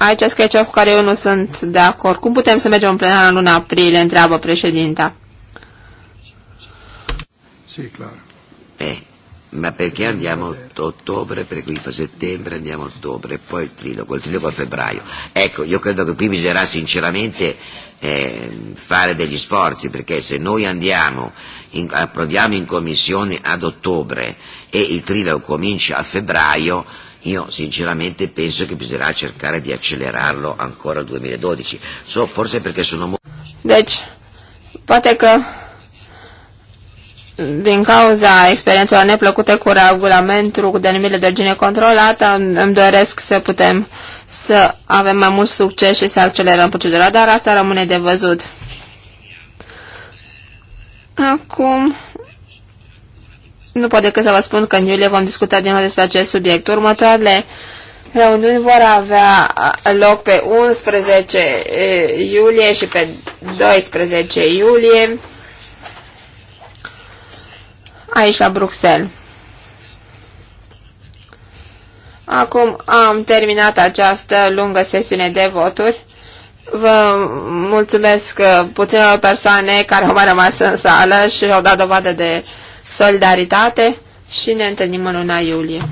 Aici scrie ceva cu care eu nu sunt de acord. Cum putem să mergem în plenar în luna aprilie, întreabă președinta. Sì, clar. Beh, ma perché andiamo ottobre, per cui fa settembre, andiamo ottobre, poi il trilogo, il trilogo a febbraio. Ecco, io credo che qui bisognerà sinceramente eh, fare degli sforzi, perché se noi andiamo, in, approviamo in commissione ad ottobre e il trilogo comincia a febbraio, Io sinceramente penso che bisognerà cercare di accelerarlo ancora al 2012, so, forse perché sono... molto... Deci, poate că din cauza experiențelor neplăcute cu regulamentul cu denumirile de origine controlată, îmi doresc să putem să avem mai mult succes și să accelerăm procedura, dar asta rămâne de văzut. Acum, nu pot decât să vă spun că în iulie vom discuta din nou despre acest subiect. Următoarele reuniuni vor avea loc pe 11 eh, iulie și pe 12 iulie aici la Bruxelles. Acum am terminat această lungă sesiune de voturi. Vă mulțumesc eh, puținelor persoane care au mai rămas în sală și au dat dovadă de solidaritate și ne întâlnim în luna iulie.